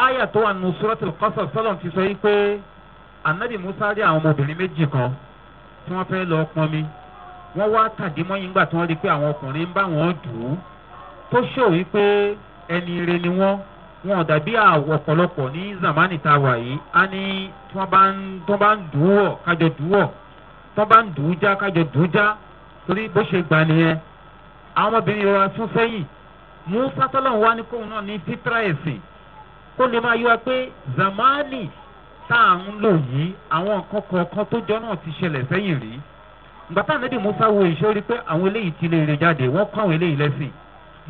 aya tó wà nù suratul kọsọ sọlọm ti sọ yìí pé anabi musa rí àwọn ọmọbìnrin méjì kan tí wọ́n fẹ́ lọ pọnmi wọ́n wá tàdé mọ́yìn nígbà tí wọ́n rí i pé àwọn ọkùnrin ń bá wọn dùn ún tó ṣòwò yìí pé ẹni ire ni wọ́n wọn ò dàbí àwọ̀ ọ̀pọ̀lọpọ̀ ní zamani tá a wà yìí á ní tí wọ́n bá ń tí wọ́n bá ń dùúwọ̀ kájọ dùúwọ̀ tí wọ́n bá ń dùú já kájọ dùú já torí bó ṣe gbà nìyẹn àwọn ọmọbìnrin rọra sún sẹ́yìn mú sátọ́lọ̀ wá ní kóun náà ní fitra ẹ̀sìn kó lè máa yíwa pé zamani tá à ń lò yìí àwọn nǹkan kọ̀ọ̀kan tó jọ náà ti ṣẹlẹ̀ sẹ́yìn rí gbàtà nídìí musa wo ìṣó rí pé àwọn eléyìí ti lè rìn jáde wọ́n kọ́ àwọn eléyìí lẹ́sìn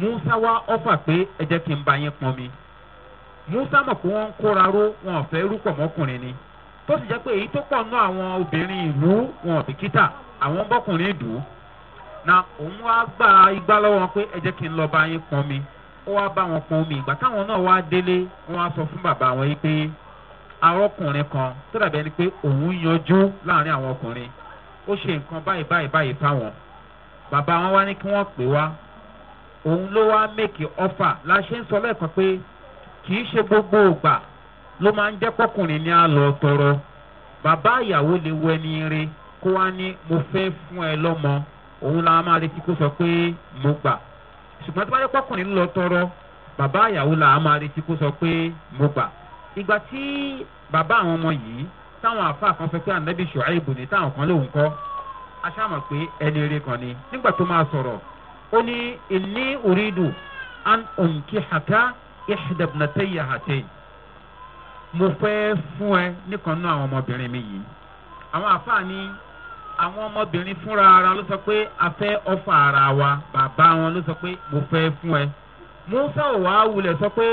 musa wá ọ́fà pé ẹ jẹ́ kí n ba yín pọn mi musa mọ̀ pé wọ́n ń kóra ró wọn ò fẹ́ rúpọ̀ mọ́kùnrin ni tó sì jẹ́ pé èyí tó pọ̀ nú àwọn obìnrin ìlú wọn bìkítà àwọn bọ́kùnrin dùn na òun wá gba igbá lọ́wọ́ wọn pé ẹ jẹ́ kí n lọ bá yín pọn mi ó wá bá wọn pọn omi ìgbà táwọn náà wá délé wọn á sọ fún bàbá wọn yìí pé arọ́kùnrin kan tó dàbí ẹni pé òun yanjú láàrin àwọn ọkùnrin ó ṣe nǹkan báyìí báyìí báyìí fáwọn bàbá wọn wá ní kí wọ́n pè wá òun ló wá mèkì ọfà la ṣe ń sọ lẹ́ẹ̀kan pé kì í ṣe gbogbo ògbà ló máa ń jẹ́ kọkùnrin ní àlọ́ tọrọ bàbá ìyàwó lè wọ ẹni rí kó wá ní mo fẹ́ fún ẹ lọ́mọ òun la máa retí kó sọ pé mo gbà ṣùgbọ́n tó bá jẹ́ kọkùnrin lọ tọrọ bàbá ìyàwó la máa retí kó sọ pé mo gbà ìgbà tí bàbá àwọn ọmọ yìí táwọn àfáà kan fẹ́ pé ànábì ṣùáìbù ni táwọn kan lòun kọ́ aṣáàmọ̀ pé ẹni eré kan ni nígbà tó máa sọ̀rọ̀ ó ní ìní òrídù an òǹkì hàkà ihda ibnatay hatain mo fẹ́ fún ẹ nìkan náà àwọn ọmọbìnrin mi yìí àwọn àfààní àwọn ọmọbìnrin fúnra ara ló sọ pé a fẹ́ ọfà ara wa bàbá wọn ló sọ pé mo fẹ́ fún ẹ musa ò wá wulẹ̀ sọ pé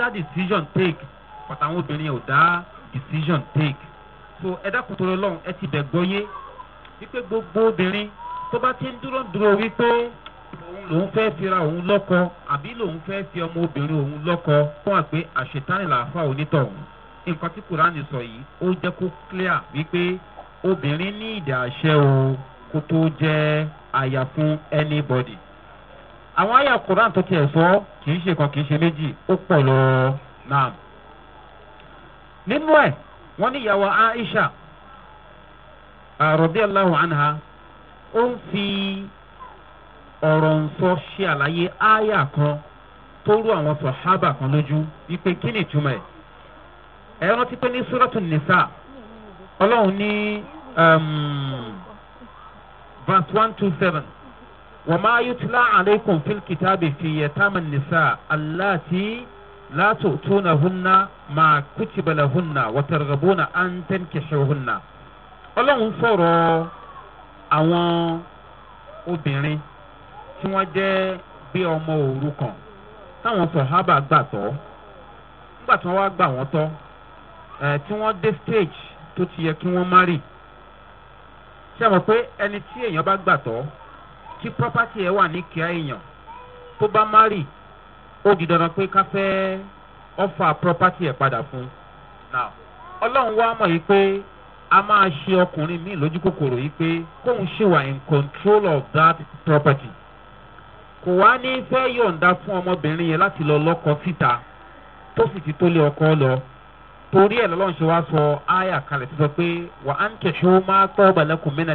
ẹ decision take pàtàkùn obìnrin ò dá decision take so ẹ dákun tó lọ lọ́hùn wípé gbogbo obìnrin tó bá ti ń dúró dúró wípé òun lòun fẹ́ fira òun lọ́kọ àbí lòun fẹ́ fi ọmọ obìnrin òun lọ́kọ fún àpé àṣetánì làáfà onítọ̀hún nǹkan tí kùránì sọ yìí ó jẹ́ kó clear wípé obìnrin ní ìdá àṣẹ o kó tó jẹ́ àyà fún anybody. àwọn àyà kùránì tó tiẹ̀ sọ kì í ṣe kan kì í ṣe méjì ó pọ̀ lọ náà. nínú ẹ̀ wọ́n ní ìyàwó aisha rọ̀díàláhùn àná ó ń fi ọ̀rọ̀ nsọ ṣe àlàyé áyà kan tó rú àwọn sọ̀hábà kan lójú wípé kí ni ìtumọ̀ ẹ̀ ẹ rántí pé ní sóràtù nìsà ọlọ́run ní um, verse one two seven wọ́n máa yóò tilá àlékún fílkìtàbí fìyẹ̀ táàmù nìsà aláàtì látò túnà húnna máa kùtìbàlà húnna wọ́tàrgàbọ́nà àǹtẹ̀ǹkẹ̀ṣẹ̀ húnna. ọlọ́run sọ̀rọ̀ àwọn obìnrin tí wọ́n jẹ́ bí ọmọ òrukàn táwọn sọ̀hábà gbà tọ́ nígbà tí wọ́n wá gbà wọ́n tọ́ tí wọ́n dé stage tó ti yẹ kí wọ́n márì ṣé mọ̀ pé ẹni tí èèyàn bá gbà tọ́ tí property ẹ̀ wà ní kíá èèyàn tó bá márì ó di dandan pé ká fẹ́ offer property ẹ̀ padà fún un. ọlọ́run wá mọ̀ yìí pé a máa ṣe ọkùnrin míì lójú kòkòrò yìí pé kóun ṣì wà in control of that property kò wá ní fẹ́ yọ̀ǹda fún ọmọbìnrin yẹn láti lọ lọ́kọ síta tó sì ti tó ọkọ lọ torí ẹ̀ lọ́lọ́run sọ àyà kalẹ̀ sọ pé wà á ń tẹ̀sọ́ máa tọ́ balẹ̀kùn mẹ́nà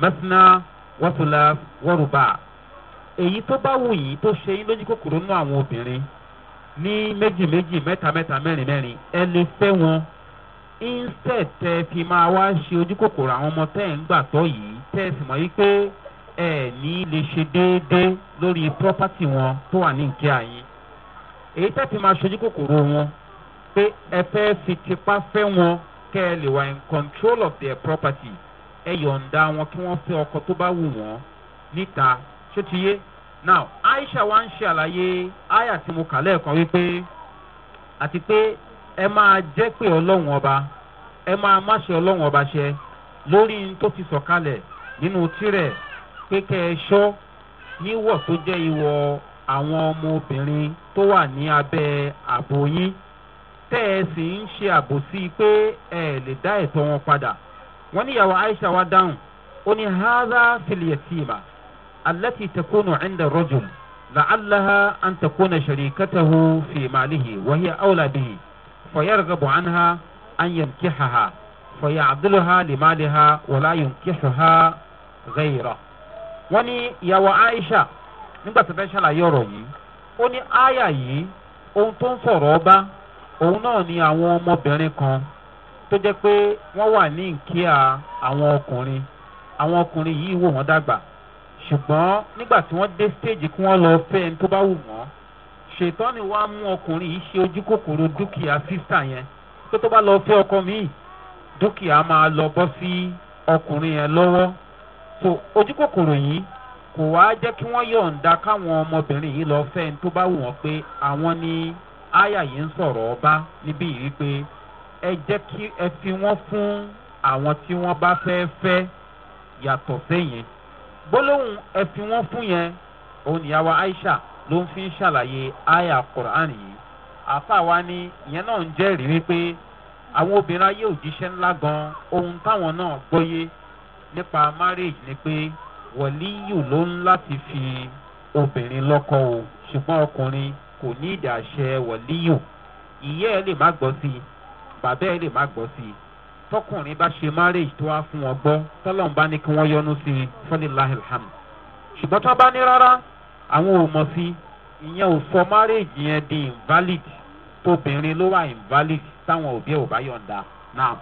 mẹ́sìnà wọ́rùbá èyí tó bá wù yìí tó ṣe yín lójú kòkòrò nínú àwọn wọn insect tẹ fi máa wá ṣe ojúkòkòrò àwọn ọmọ tẹ́ ẹ̀ ń gbà tọ́ yìí tẹ́ ẹ sì mọ̀ wípé ẹ ní lè ṣe déédéé lórí property wọn tó wà ní ìkẹ́ àyín èyí tẹ́ fi máa ṣojú kòkòrò wọn pé ẹ fẹ́ fi tipa fẹ́ wọn kẹ́ ẹ lè wà in control of their property ẹ yọ̀ǹda wọn kí wọ́n fẹ́ ọkọ tó bá wù wọ́n níta ṣó ti yé now aisha wa ń ṣe àlàyé aya tí mo kà lẹ́ẹ̀kan wípé àti pé ẹ máa jẹ́ pé ọlọ́run ọba ẹ máa má ṣe ọlọ́run ọba ṣe lórí tó ti sọ̀kalẹ̀ nínú tirẹ̀ pé kẹ́ níwọ̀ tó jẹ́ ìwọ̀ àwọn ọmọbìnrin tó wà ní abẹ́ àbò yín tẹ́ ẹ sì ń ṣe àbòsí pé ẹ lè dá ẹ̀tọ́ wọn padà wọ́n níyàwó aisha wa dáhùn ó ní hádà fìlìyàtìmà alẹ́tì tẹkùnù ẹ̀ńdà rọ́jùm làálàá àǹtẹ̀kùnà fìmàlìhì wọ́n yẹ فيرغب عنها أن ينكحها فيعضلها لمالها ولا ينكحها غيره wọ́n ní ìyàwó aisha nígbà tó fẹ́ ṣàlàyé ọ̀rọ̀ yìí ó ní aya yìí ohun tó ń fọ̀rọ̀ ọba náà ni àwọn ọmọbìnrin kan tó jẹ́ pé wọ́n wà ní ìkíà àwọn ọkùnrin àwọn ọkùnrin yìí wò dàgbà ṣètọ́ni wa mú ọkùnrin yìí ṣe ojú kòkòrò dúkìá sísà yẹn tó tó bá lọ fẹ́ ọkọ mi dúkìá máa lọ bọ́ sí ọkùnrin yẹn lọ́wọ́ so ojú kòkòrò yìí kò wá jẹ́ kí wọ́n yọ̀ǹda káwọn ọmọbìnrin yìí lọ fẹ́ tó bá wù wọ́n pé àwọn ni yìí ń ọba níbí yìí pé ẹ jẹ́ kí ẹ fi wọ́n fún àwọn tí wọ́n bá fẹ́ fẹ́ yàtọ̀ sẹ́yìn gbólóhùn yẹn òun aisha ló ń fi ń ṣàlàyé àyà quran yìí àfa wa ni ìyẹn náà ń jẹ́rìí wípé àwọn obìnrin ayé òjíṣẹ́ ńlá gan ohun táwọn náà gbọ́yé nípa marriage ni pé wọ̀líyù ló ń láti fi obìnrin lọ́kọ o ṣùgbọ́n ọkùnrin kò ní ìdàṣẹ wọ̀líyù ìyẹ́ ẹ lè má gbọ́ sí i bàbá ẹ lè má gbọ́ sí i tọkùnrin bá ṣe marriage tó wá fún wọn gbọ́ tọ́lọ́mùbá ní kí wọ́n yọnu sí i fọ́nìláhìlhàm ṣùgbọ́n tó bá ní rárá àwọn ò mọ̀ sí ìyẹn ò sọ márèèjì yẹn di invalid tóbìnrin ló wà invalid táwọn òbí ò bá yọ̀ǹda náà.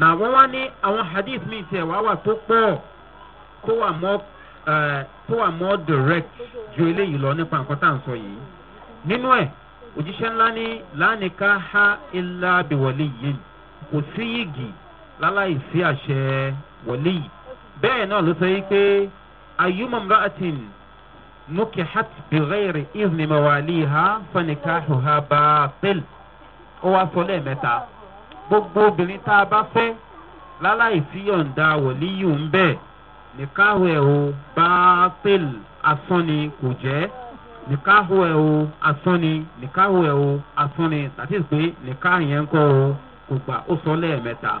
na wọ́n wá ní àwọn hadith mi ẹ̀ wá wà tó pọ̀ tó wà mọ́ eh, tó wà mọ́ direct ju eléyìí lọ nípa nǹkan tá à ń sọ yìí nínú ẹ̀ òjíṣẹ́ ńlá ní lánìí ká há ilá bìwọ̀lì yìí kò sí yìgì. láláì sí àṣẹ wọlé yìí bẹ́ẹ̀ náà ló sọ yìí pé ayuma mra'atin nukihat bighayri izni mawaliha fanikahuha baatil ó wá sọ lẹ́ẹ̀mẹ́ta gbogbo obìnrin tá a bá fẹ́ láláì sí yọ̀ǹda wọlé yìí ń bẹ́ẹ̀ nìkáhu ẹ̀ o baatil asán ni kò jẹ́ nìkáhu ẹ̀ o asán ni ẹ̀ o asán ni pé nìkáhu yẹn ń kọ́ o kò gbà ó sọ lẹ́ẹ̀mẹ́ta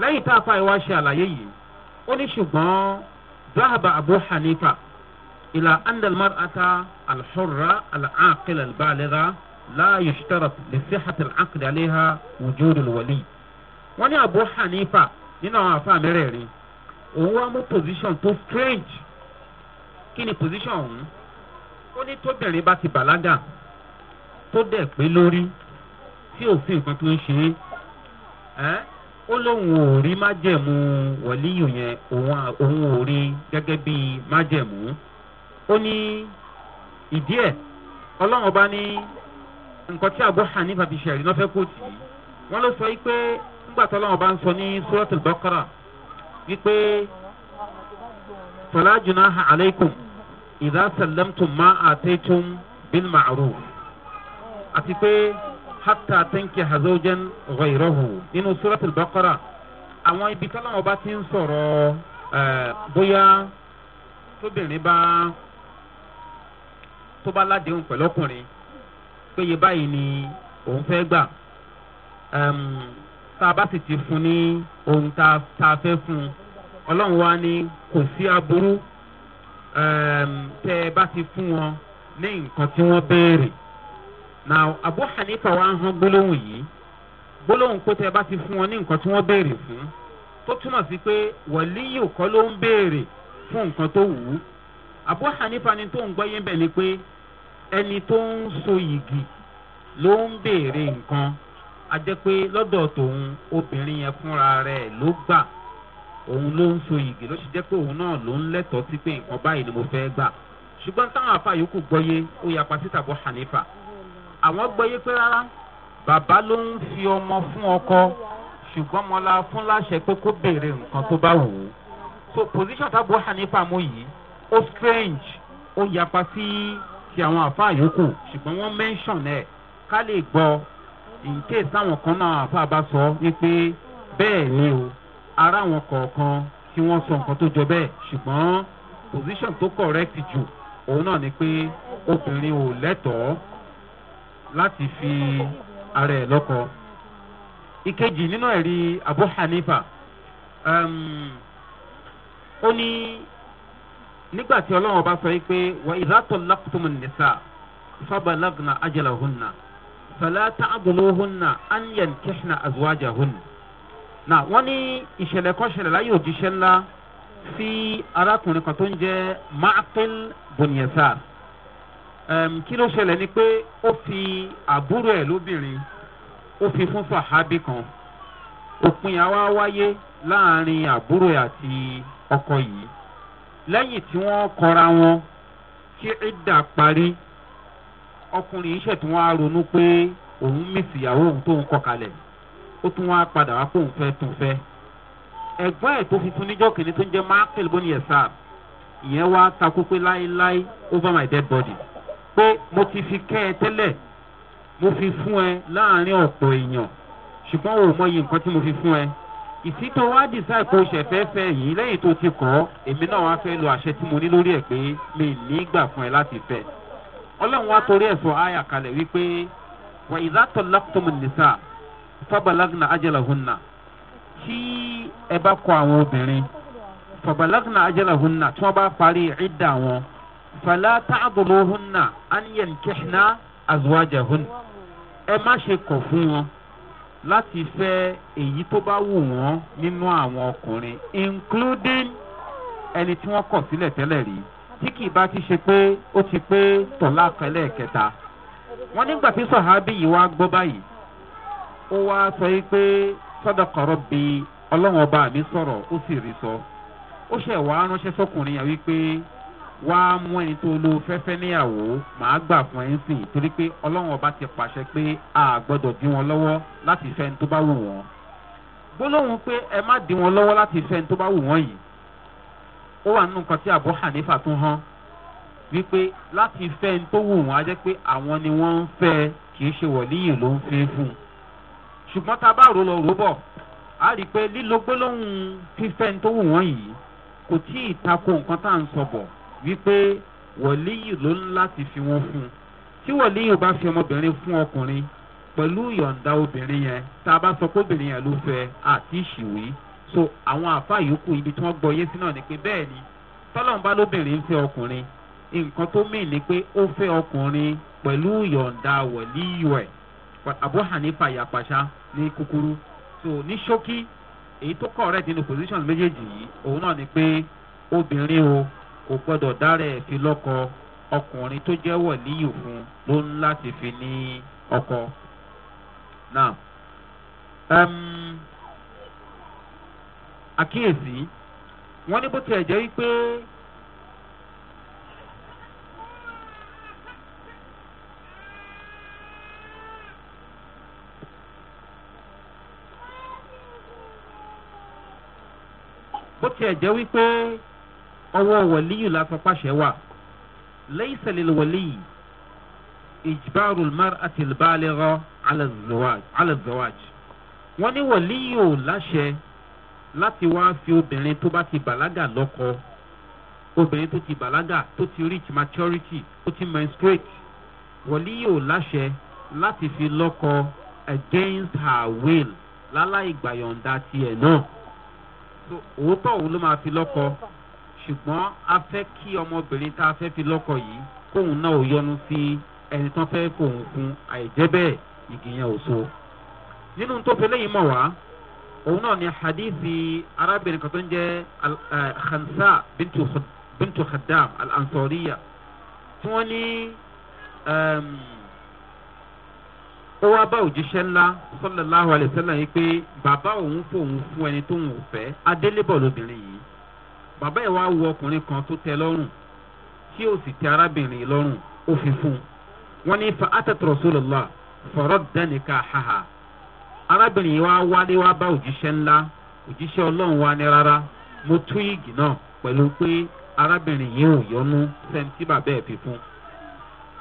lẹ́yìn tá a fa ìwà ṣe àlàyé yìí ó ní ṣùgbọ́n dáhàbà abu hanifa ìlà andalmar ata alḥurra alaqil albaalira láàyè ṣitara lẹ́sẹ̀ hàtàl àkìdálẹ́hà wùjúdùn wọlé wọ́n ní abu hanifa nínú àwọn àfa mẹ́rẹ̀ẹ̀rin òun wá mú position tó strange kí ni position òun ó ní tóbìnrin bá ti bàlágà tó dẹ̀ pé lórí tí òfin nǹkan tó ń ṣe é ó lóun ò rí májẹ̀mú wọ̀líyù yẹn òun ò rí gẹ́gẹ́ bí májẹ̀mú ó ní ìdí ẹ̀ ọlọ́run ọba ní nǹkan tí àbọ̀ hàn nípa fi ṣẹ̀rí lọ́fẹ́ kò tì í wọ́n ló sọ yìí pé nígbà tí ọlọ́run ọba ń sọ ní sọ́ọ̀tì bọ́kọ́rà wípé tọ́lá jùlọ aleikum ìdá sàlẹ́mtùmá àtẹ́tùm bíl màrú àti pé. حتى tẹ́ǹkì hazọ́jẹ́n غيره، إنه sọ́rọ́tì البقرة. àwọn ibi tọ́lọ́wọ́ bá ti ń sọ̀rọ̀ bóyá tóbìnrin bá tó bá ládéhùn pẹ̀lọ́kùnrin péye báyìí ni òun fẹ́ gbà tá a bá sì ti fún ní ohun tá a fẹ́ fún un ọlọ́run wa ni kò sí aburú tẹ́ ẹ bá ti fún wọn ní nǹkan tí wọ́n béèrè now abu hanifa wa hàn gbólóhùn yìí gbólóhùn kó tẹ bá ti fún wọn ní nǹkan tí wọ́n béèrè fún tó túmọ̀ sí pé wọ̀líyù kọ́ ló ń béèrè fún nǹkan tó wù ú abu hanifa ni tó ń gbọ́ yín bẹ̀ ni pé ẹni tó ń so yìgì ló ń béèrè nǹkan a jẹ́ pé lọ́dọ̀ tòun obìnrin yẹn fúnra rẹ̀ ló gbà òun ló ń so yìgì ló sì jẹ́ pé òun náà ló ń lẹ́tọ̀ọ́ sí pé nǹkan báyìí ni mo fẹ́ gbà ṣùgbọ́n táwọn afáyókù gbọ́yé ó yapa síta abu hanifa àwọn gbọ́yé pé rárá bàbá ló ń fi ọmọ fún ọkọ ṣùgbọ́n mo la fún láṣẹ pé kó béèrè nǹkan tó bá wù ú so position tábù hanifa mú yìí ó strange ó yapa sí ti àwọn àfáà yòókù ṣùgbọ́n wọ́n mention ẹ̀ ká lè gbọ́ in case táwọn kan náà àfáà bá sọ wípé bẹ́ẹ̀ ni o ara àwọn kọ̀ọ̀kan tí wọ́n sọ nǹkan tó jọ bẹ́ẹ̀ ṣùgbọ́n position tó correct jù òun náà ni pé obìnrin ò lẹ́tọ̀ọ́ láti fi ara ẹ̀ lọ́kọ. ìkejì nínú ẹ̀rí abu hanifa um, ó ní nígbà tí ọlọ́run bá sọ pé wà ìdátọ̀ lákùtùmù nìsa fábàlágùnà ajala hunna fàlàtà àdùnnú hunna anyan kẹsìnà azuwaja hunna. na wọ́n ní ìṣẹ̀lẹ̀ kan ṣẹlẹ̀ láyé òjíṣẹ́ ńlá sí arákùnrin kan tó ń jẹ́ maakil bunyasar kí ló ṣẹlẹ̀ ni pé ó fi àbúrò ẹ̀ lóbìnrin ó fi fún fàhábì kan òpin àwa wáyé láàrin àbúrò àti ọkọ yìí lẹ́yìn tí wọ́n kọra wọn tí ìdá parí ọkùnrin yìí ṣètò wọn á ronú pé òun mísì ìyàwó òun tóun kọ kalẹ̀ ó tún wá padà wá pé òun fẹ́ tún fẹ́ ẹ̀gbọ́n ẹ̀ tó fi tún níjọ́ kìíní tó ń jẹ́ michael bonier saab ìyẹn wá takú pé láéláé over my dead body pé mo ti fi kẹ́ ẹ tẹ́lẹ̀ mo fi fún ẹ láàrin ọ̀pọ̀ èèyàn ṣùgbọ́n o mọyì nǹkan tí mo fi fún ẹ ìsí tó wá dìsáì kó ṣẹ̀fẹ́fẹ́ yìí lẹ́yìn tó ti kọ́ èmi náà wá fẹ́ lo àṣẹ tí mo ní lórí ẹ̀ pé mi ní gbà fún ẹ láti fẹ́ ọlọ́run wá torí ẹ̀ sọ àyà kalẹ̀ wípé wà ìdátọ̀ láptọ̀mù nìsà fabalagna ajalahunna tí ẹ bá kọ àwọn obìnrin fabalagna ajalahunna tí wọ́n bá parí ìdá wọn fala ta'dhuluhunna an yankihna azwajahun ẹ má ṣe kọ̀ fún wọn láti fẹ́ èyí tó bá wù wọn nínú àwọn ọkùnrin including ẹni tí wọn kọ̀ sílẹ̀ tẹ́lẹ̀ rí tí kì í bá ti ṣe pé ó ti pé tọ̀lá kẹlẹ́ kẹta nígbà tí yìí wá báyìí ó wá sọ yìí ọba mi sọrọ ó sì rí sọ ó sọkùnrin wípé. wá mú ẹni tó lo fẹ́fẹ́ níyàwó màá gbà fún ẹ ń sìn torí pé ọlọ́run ọba ti pàṣẹ pé a gbọ́dọ̀ dí wọn lọ́wọ́ láti fẹ́ ẹni tó bá wù wọ́n gbólóhùn pé ẹ má dí wọn lọ́wọ́ láti fẹ́ ẹni tó bá wù wọ́n yìí ó wà nínú nǹkan tí àbọ̀ hanifa tún hàn wípé láti fẹ́ ẹni tó wù wọ́n á jẹ́ pé àwọn ni wọ́n ń fẹ́ kì í ṣe wọ̀líyìn ló ń fẹ́ fún un ṣùgbọ́n tá a bá rò lọ rò bọ̀ a rí i pé lílo gbólóhùn fífẹ́ ẹni tó wù wọ́n yìí kò tí ì tako nǹkan tá à ń sọ bọ̀ wípé wọ̀líyì ló ń láti fi wọn fún un tí wọ̀líyì bá fi ọmọbìnrin fún ọkùnrin pẹ̀lú ìyọ̀ǹda obìnrin yẹn tá a bá sọ pé obìnrin yẹn ló fẹ́ àti ìṣìwé so àwọn àfa yòókù ibi tí wọ́n gbọ́ yé sí náà ni pé bẹ́ẹ̀ ni tọ́lọ́n bá lóbìnrin ń fẹ́ ọkùnrin nǹkan tó mìn ni pé ó fẹ́ ọkùnrin pẹ̀lú ìyọ̀ǹda wọ̀líyì ẹ̀ àbú hanifa yàpàṣá ní kúkúrú so ní ṣókí èyí tó kọ̀ rẹ̀ nínú position méjèèjì yìí òun náà ni pé obìnrin o kò gbọdọ̀ dárẹ̀ fi lọ́kọ ọkùnrin tó jẹ́ wọ̀líyù fún ló ń láti fi ní ọkọ. Now, um, àkíyèsí wọ́n ní bó tilẹ̀ jẹ́ wípé bó tilẹ̀ jẹ́ wípé ọwọ́ wọ̀líyù lásọpàṣẹ wà lẹ́yìnsẹ̀lẹ̀ wọ̀líyì ìjìbáàrù márùtì ìbálẹ̀rọ alẹ́zọ́wáj wọ́n ní wọ̀líyù láṣẹ láti wá fi obìnrin tó bá ti bàlágà lọ́kọ obìnrin tó ti bàlágà tó ti reach maturity tó ti menstruate wọ̀líyù láṣẹ láti fi lọ́kọ against her will láláì gbàyọ̀ǹda tiẹ̀ náà òótọ́ òun ló máa fi lọ́kọ ṣùgbọ́n a fẹ́ kí ọmọbìnrin tá a fẹ́ fi lọ́kọ̀ yìí kóun náà ò yọnu sí ẹni tán fẹ́ kóun kun àìjẹ́ bẹ́ẹ̀ ìgbìyàn ò so. nínú tó fẹ́lẹ́ yìí mọ̀ wá òun náà ni hadithi arábìnrin kan tó ń jẹ́ khansa bintu khadam al-ansoriya tí wọ́n ní ó wá bá òjíṣẹ́ ńlá sọ́lá aláhùn alẹ́ sẹ́lẹ̀ yìí pé bàbá òun fòun fún ẹni tóun ò fẹ́ adélébọ̀ lóbìnrin yìí bàbá ẹ̀ wá wo ọkùnrin kan tó tẹ lọ́rùn tí ó sì tẹ arábìnrin lọ́rùn ó fi fún un wọ́n ní fa atẹ́tọ̀rọ̀ sólòlá fọ̀rọ̀ dẹ́nìkà haha arábìnrin yìí wá wálé wá bá òjíṣẹ́ ńlá òjíṣẹ́ ọlọ́run wá ní rárá mo tú igi náà pẹ̀lú pé arábìnrin yìí ò yọnu sẹ́ni bàbá ẹ̀ fi fún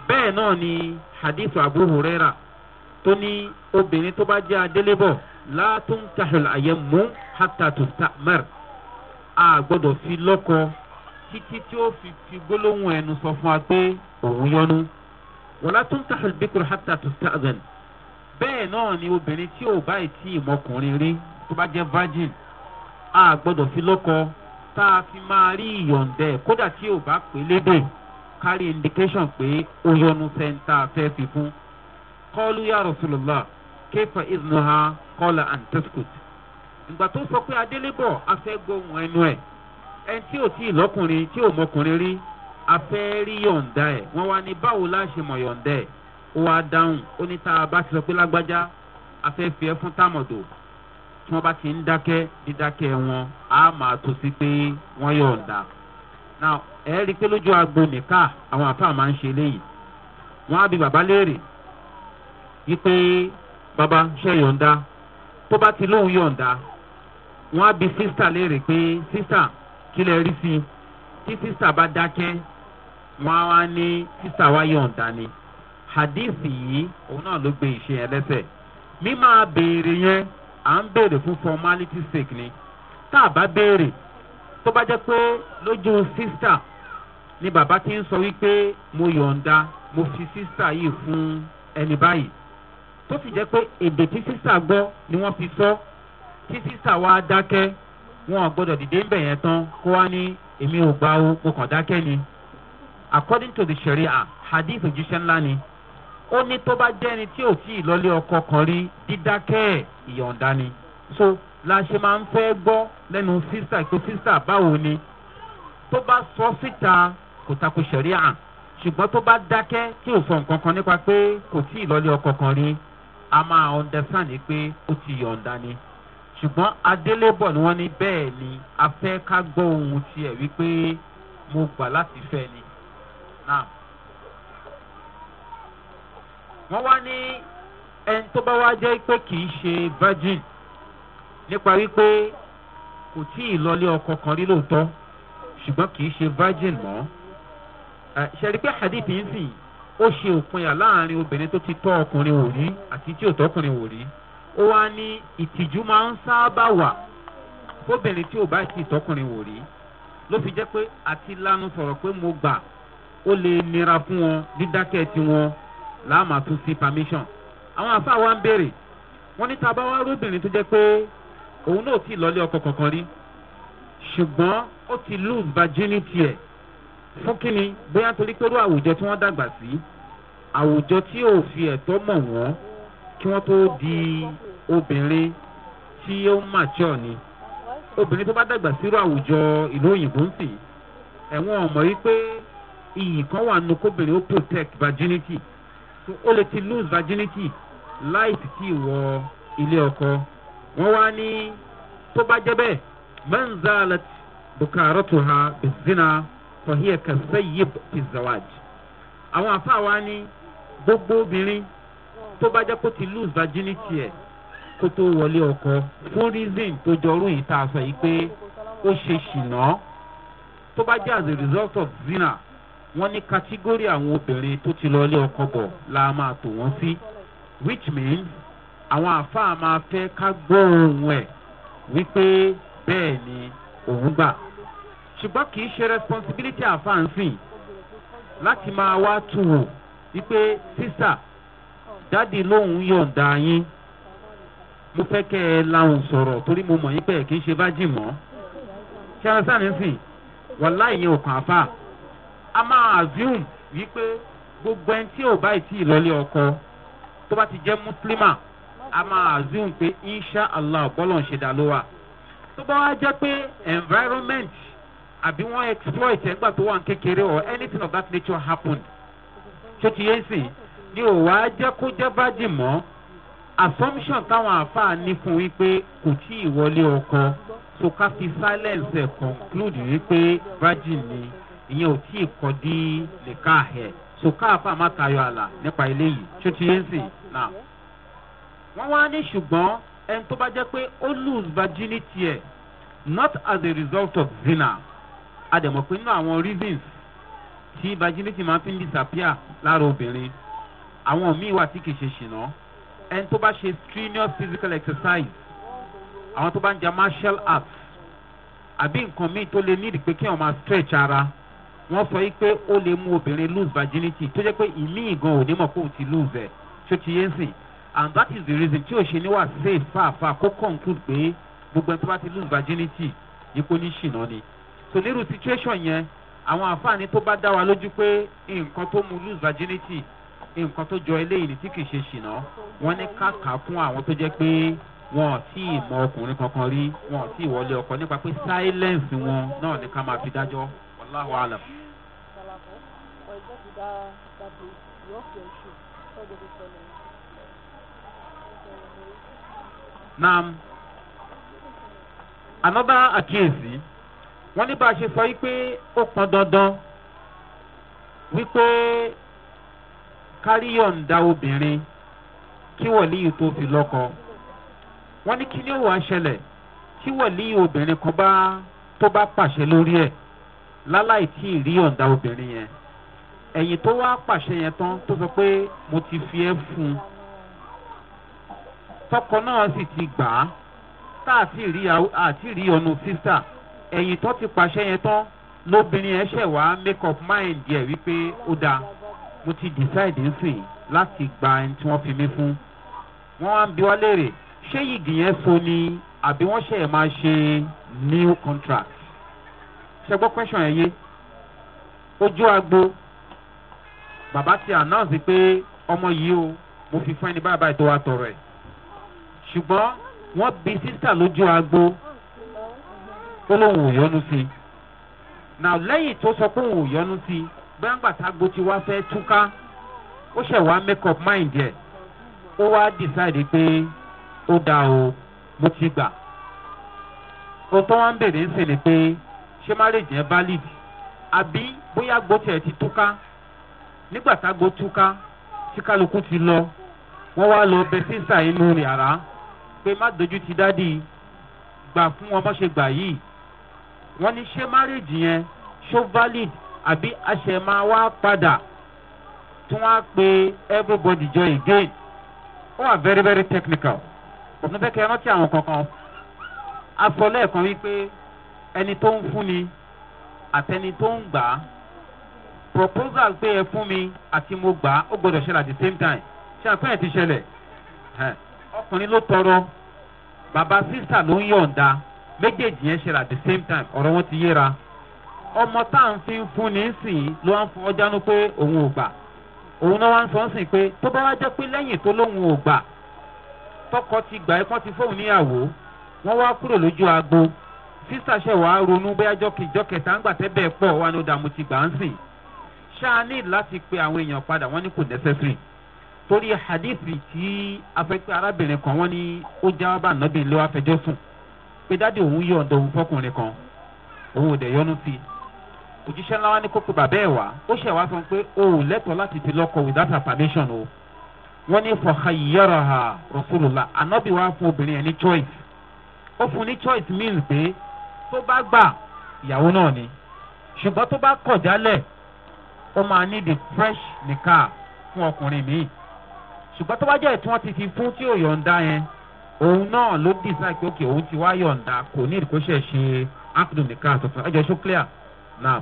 bẹ́ẹ̀ náà ni hadith abuhu rẹ́rà tó ní obìnrin tó bá jẹ́ adélébọ̀ látúntàhùn àyẹ̀mú hàtàtúntàmẹ́rẹ̀ a gbọ́dọ̀ fi lọ́kọ títí tí ó fi fi gbólóhùn ẹnu sọ fún wa pé òun yọnu wọlá tó ń tàhà bíkúrò hàtà tó tàgàn bẹ́ẹ̀ náà ni obìnrin tí ò báyìí tí ìmọkùnrin rí tó bá jẹ́ virgin a gbọ́dọ̀ fi lọ́kọ tá a fi máa rí ìyọ̀ǹdẹ̀ kódà tí ò bá pè lédè carry indication pé ó yọnu sẹ́ńtà fẹ́ fi fún kọ́lù yàrá òṣùlùmá kéfà ìdùnnú ha kọ́là and ìgbà tó sọ pé adélébọ̀ afẹ́ gbóhùn ẹnu ẹ̀ ẹni tí ò tí ì lọ́kùnrin tí ò mọkùnrin rí afẹ́ rí yọ̀ǹda ẹ̀ wọ́n wá ní báwo la ṣe mọ̀ yọ̀ǹda ẹ̀ ó wá dáhùn ó ní tá a bá ti sọ pé lágbájá afẹ́ fi ẹ́ fún támọ̀dò tí wọ́n bá ti ń dákẹ́ dídákẹ́ wọn a máa tó sí pé wọ́n yọ̀ǹda now ẹ rí i pé lójú agbo nìka àwọn àfa máa ń ṣe léyìí wọ́n á bi bàbá léèrè yí pé bàbá ṣe yọ̀ǹda tó bá ti lóun yọ̀ǹda wọ́n á bi sísà léèrè pé sísà kí lè rí sí i tí sísà bá dákẹ́ wọ́n á ní sísà wá yọ̀ǹda ni hadithi, yìí òun náà ló gbé ìṣe yẹn lẹ́sẹ̀ mímọ́ béèrè yẹn à ń béèrè fún formality sake ni tá a bá béèrè tó bá jẹ́ pé lójú sísà ni bàbá ti ń sọ wípé mo yọ̀ǹda mo fi sísà yìí fún ẹni báyìí tó sì jẹ́ pé èdè tí sísà gbọ́ ni wọ́n fi sọ. So, tí sísà wa dákẹ́ wọn ò gbọdọ̀ dìde ń bẹ̀ yẹn tán kó wá ní èmi ò gbà ó mo kàn dákẹ́ ni according to the sharia hadith òjíṣẹ́ ńlá ni ó ní tó bá jẹ́ ẹni tí ò tí ì lọ́lé ọkọ kan rí dídákẹ́ ìyọ̀ǹda ni so la ṣe máa ń fẹ́ gbọ́ lẹ́nu sísà pé sísà báwo ni tó bá sọ síta kò tako sharia ṣùgbọ́n tó bá dákẹ́ tí ò sọ nǹkan kan nípa pé kò tí ì lọ́lé ọkọ kan rí a máa understand pé ó ti yọ̀ǹda ni ṣùgbọ́n adélébọ̀ ni wọ́n ní bẹ́ẹ̀ ni a fẹ́ ká gbọ́ ohun tiẹ̀ wípé mo gbà láti fẹ́ ni wọ́n wá ní ẹni tó bá wá jẹ́ pé kì í ṣe virgin nípa wípé kò tí ì lọlé ọkọ kan rí lóòótọ́ ṣùgbọ́n kì í ṣe virgin mọ́. ṣẹ̀rí pé hadith yìí sì ó ṣe òpin yà láàrin obìnrin tó ti tọ́ ọkùnrin wò rí àti tí ò tọ́kùnrin wò rí ó wá ní ìtìjú máa ń sábà wà fóbìnrin tí ò bá sì tọkùnrin wò rí ló fi jẹ́ pé àti lanu sọ̀rọ̀ pé mo gbà ó lè nira fún wọn dídákẹ́ tiwọn láàmà tún sí permission àwọn àfáà wa ń béèrè wọn ní taba wa róbìnrin tó jẹ́ pé òun náà ti lọlé ọkọ kankan rí ṣùgbọ́n ó ti lose virginity ẹ̀ fún kínni bóyá torí pé irú àwùjọ tí wọ́n dàgbà sí àwùjọ tí ò fi ẹ̀tọ́ mọ̀ wọ́n kí wọ́n tó di obìnrin tí ó ń màtíọ̀ ni obìnrin tó bá dàgbà sírò àwùjọ ìlú òyìnbó ń sìn ẹ̀wọ̀n ọ̀mọ̀ yìí pé iyì kan wà nù kóbìnrin ó protect virginity so ó lè ti lose virginity láì sì tí wọ ilé ọkọ wọn wá ní tó bá jẹ́ bẹ́ẹ̀ manzalat bukaratuha bizina fahiyẹ ti fizawaj àwọn àfa wa ní gbogbo obìnrin tó bá jẹ́ kó ti lose virginity ẹ̀. kó tó wọlé ọkọ fún reason tó jọrú yìí tá a sọ yìí pé ó ṣe ṣìnà tó bá jẹ́ as a result of zina wọ́n ní kátígórì àwọn obìnrin tó ti lọlé ọkọ bọ̀ la máa tò wọ́n sí which means àwọn àáfàá máa fẹ́ ká gbọ́ ohun ẹ̀ wípé bẹ́ẹ̀ ni òun gbà ṣùgbọ́n kì í ṣe responsibility àáfàá ń sìn láti máa wá tù wò wípé sísà dáàdi lóun yọ̀ǹda yín mo fẹ́ kẹ́ ẹ láwọn sọ̀rọ̀ torí mo mọ̀ yín pé kì í ṣe bá jì mọ́ ṣé ẹ sáà nísìn wàhálà ìyẹn ò kàn fà á máa assume wípé gbogbo ẹni tí ò bá ìtì ìlọlé ọkọ tó bá ti jẹ́ mùsùlùmá a máa assume pé insha allah bọ́lọ̀ ń ṣe dá ló wà tó bá wá jẹ́ pé environment àbí wọ́n exploit ẹgbà tó wà ń kékeré or anything of that nature happen. ṣé ti yé sìn ni ò wá jẹ́ kó jẹ́ bá jì mọ́ assumption táwọn àáfàá ní fún wípé kò tí ì wọlé ọkọ so ká fi silence ẹ̀ conclude wípé virgin ni ìyẹn ò tí ì kọ́ dí lè ká ẹ̀ so káàfà má tayọ àlà nípa ilé yìí tó ti yé sí náà. wọ́n wá ní ṣùgbọ́n ẹni tó bá jẹ́ pé ó lose virginity ẹ̀ not as a result of zina àdèmọ̀ pé nínú àwọn reasons tí virginity máa fi ń disappear lára obìnrin àwọn míì wà tí kì í ṣe ṣìnà. No? ẹni tó bá ṣe strenuous physical exercise àwọn tó bá ń jẹ martial arts àbí nǹkan míì tó lè nídìí pé kí wọn máa stretch ara wọn sọ yìí pé ó lè mú obìnrin lose virginity tó jẹ́ pé ìmíì gan ò ní mọ̀ pé òun ti lose ẹ̀ tó ti yé sìn and that is the reason tí òṣè ni wà safe fàáfàá kó conclude pé gbogbo ẹni tó bá ti lose virginity ipò ní ṣìnà ni so nírú situation yẹn àwọn àǹfààní tó bá dá wa lójú pé nǹkan tó mú lose virginity nǹkan tó jọ eléyìí ni tí kì í ṣe ṣìnà wọn ní kàkà fún àwọn tó jẹ pé wọn ò tí ì mọ ọkùnrin kankan rí wọn ò tí ì wọlé ọkọ nípa pé sáílẹ̀nsì wọn náà ní ká máa fi dájọ́ wàláhùn àlàm. naam another àkíyèsí wọn ní bá a ṣe sọ yìí pé ó pọn dandan wípé káríyọ̀ǹda obìnrin kí wọ̀líyìí tó fi lọ́kọ wọ́n ní kí ni ó wàá ṣẹlẹ̀ tí wọ̀líyìí obìnrin kan bá tó bá pàṣẹ lórí ẹ̀ láláì tí ì rí ọ̀ǹda obìnrin yẹn ẹ̀yìn tó wá pàṣẹ yẹn tán tó sọ pé mo ti fi ẹ́ fún un tọkọ náà sì ti gbà á tá àti rí ọ̀nù sísà ẹ̀yìn tó ti pàṣẹ yẹn tán lóbìnrin ẹ̀ ṣẹ̀ wá make up mind ẹ̀ wípé ó dáa mo ti decide nsìn láti gba ẹni tí wọ́n fi mí fún wọ́n wá ń bi léèrè ṣé yìgì yẹn so ni àbí wọ́n ṣe é máa ṣe new contract ṣe gbọ́ question ẹ̀ yé ojú agbo bàbá ti announce pé ọmọ yìí o mo fi fún ẹni báyìí báyìí tó wá tọrọ ẹ̀ ṣùgbọ́n wọ́n bi sísà lójú agbo ó lóun ò yọnu sí i now lẹ́yìn tó sọ pé òun ò yọnu sí i gbangba tágbo ti wá fẹ́ túká ó ṣẹ̀ wá make up mind yẹ ó wá decide pé ó dá o mo ti gbà ohun tó wá ń bèrè ń sè ni pé ṣé marriage yẹn valid àbí bóyá gbọ́tẹ̀ ti túká nígbà tágbo túká tí kálukú ti lọ wọ́n wá lọ bẹ sísà inú yàrá pé má dojú ti dádì gbà fún wọn mọ́ ṣe gbà yìí wọ́n ní ṣé marriage yẹn ṣó valid àbí a ṣẹ̀ máa wá padà tí wọ́n á pe everybody join again ó wà very very technical mo fẹ́ kẹ́ ẹ rántí àwọn kankan a sọ lẹ́ẹ̀kan wípé ẹni tó ń fúnni àtẹni tó ń gbà á proposal pé ẹ fún mi àti mo gbà á ó gbọdọ̀ ṣẹlẹ̀ at the same time ṣé àpẹẹrẹ ti ṣẹlẹ̀ ọkùnrin ló tọrọ bàbá sísà ló ń yọ̀ǹda méjèèjì yẹn ṣẹlẹ̀ at the same time ọ̀rọ̀ wọn ti yéra ọmọ tá à ń fi fún ní sìn ló wá ń fún ọjà ní pé òun ò gbà òun náà wá ń sọ ń sìn pé tó bá wá jẹ́ pé lẹ́yìn tó lóun ò gbà tọkọ ti gbà ẹ́ kán ti fóun níyàwó wọ́n wá kúrò lójú agbo sísà ṣe wàá ronú bóyá jọ́kìjọ́ kẹta ń gbà tẹ́bẹ̀ pọ̀ wà ní ọ̀dà ti gbà ń sìn ṣáà ní láti pe àwọn èèyàn padà wọ́n ní kò necessary torí hadithi tí afẹ́pẹ́ arábìnrin kan wọ́n ní ó jáwọ́ bá nàbìnrin ló wá fẹjọ́ sùn pé dáàdi òun yọ̀ ọ̀dọ̀ òun fọkùnrin kan òun ò dẹ̀ yọnu sí òjíṣẹ́ ńlá wa ní kó pe bàbá ẹ̀ wá ó ṣẹ̀ wá sọ pé o ò lẹ́tọ̀ọ́ láti ti lọ́kọ̀ without her permission o wọ́n ní fọ̀ọ́kà yẹ̀rọ̀ ha rọ̀kúlùlà ànábì wa fún obìnrin ẹ̀ ní choice ó fún ní choice means pé tó bá gbà ìyàwó náà ni ṣùgbọ́n tó bá kọ̀ jálẹ̀ ó máa ní the fresh nìka fún ọkùnrin mi. ṣùgbọ́n tó bá jẹ́ tí wọ́n ti fi fún tí ò yọ̀ǹda yẹn òun náà ló decide pé ok òun ti wá yọ̀ǹda kò ní ìdíkóṣẹ̀ ṣe akdom nìka àtọ̀tọ̀ ẹjọ́ ṣó clear now.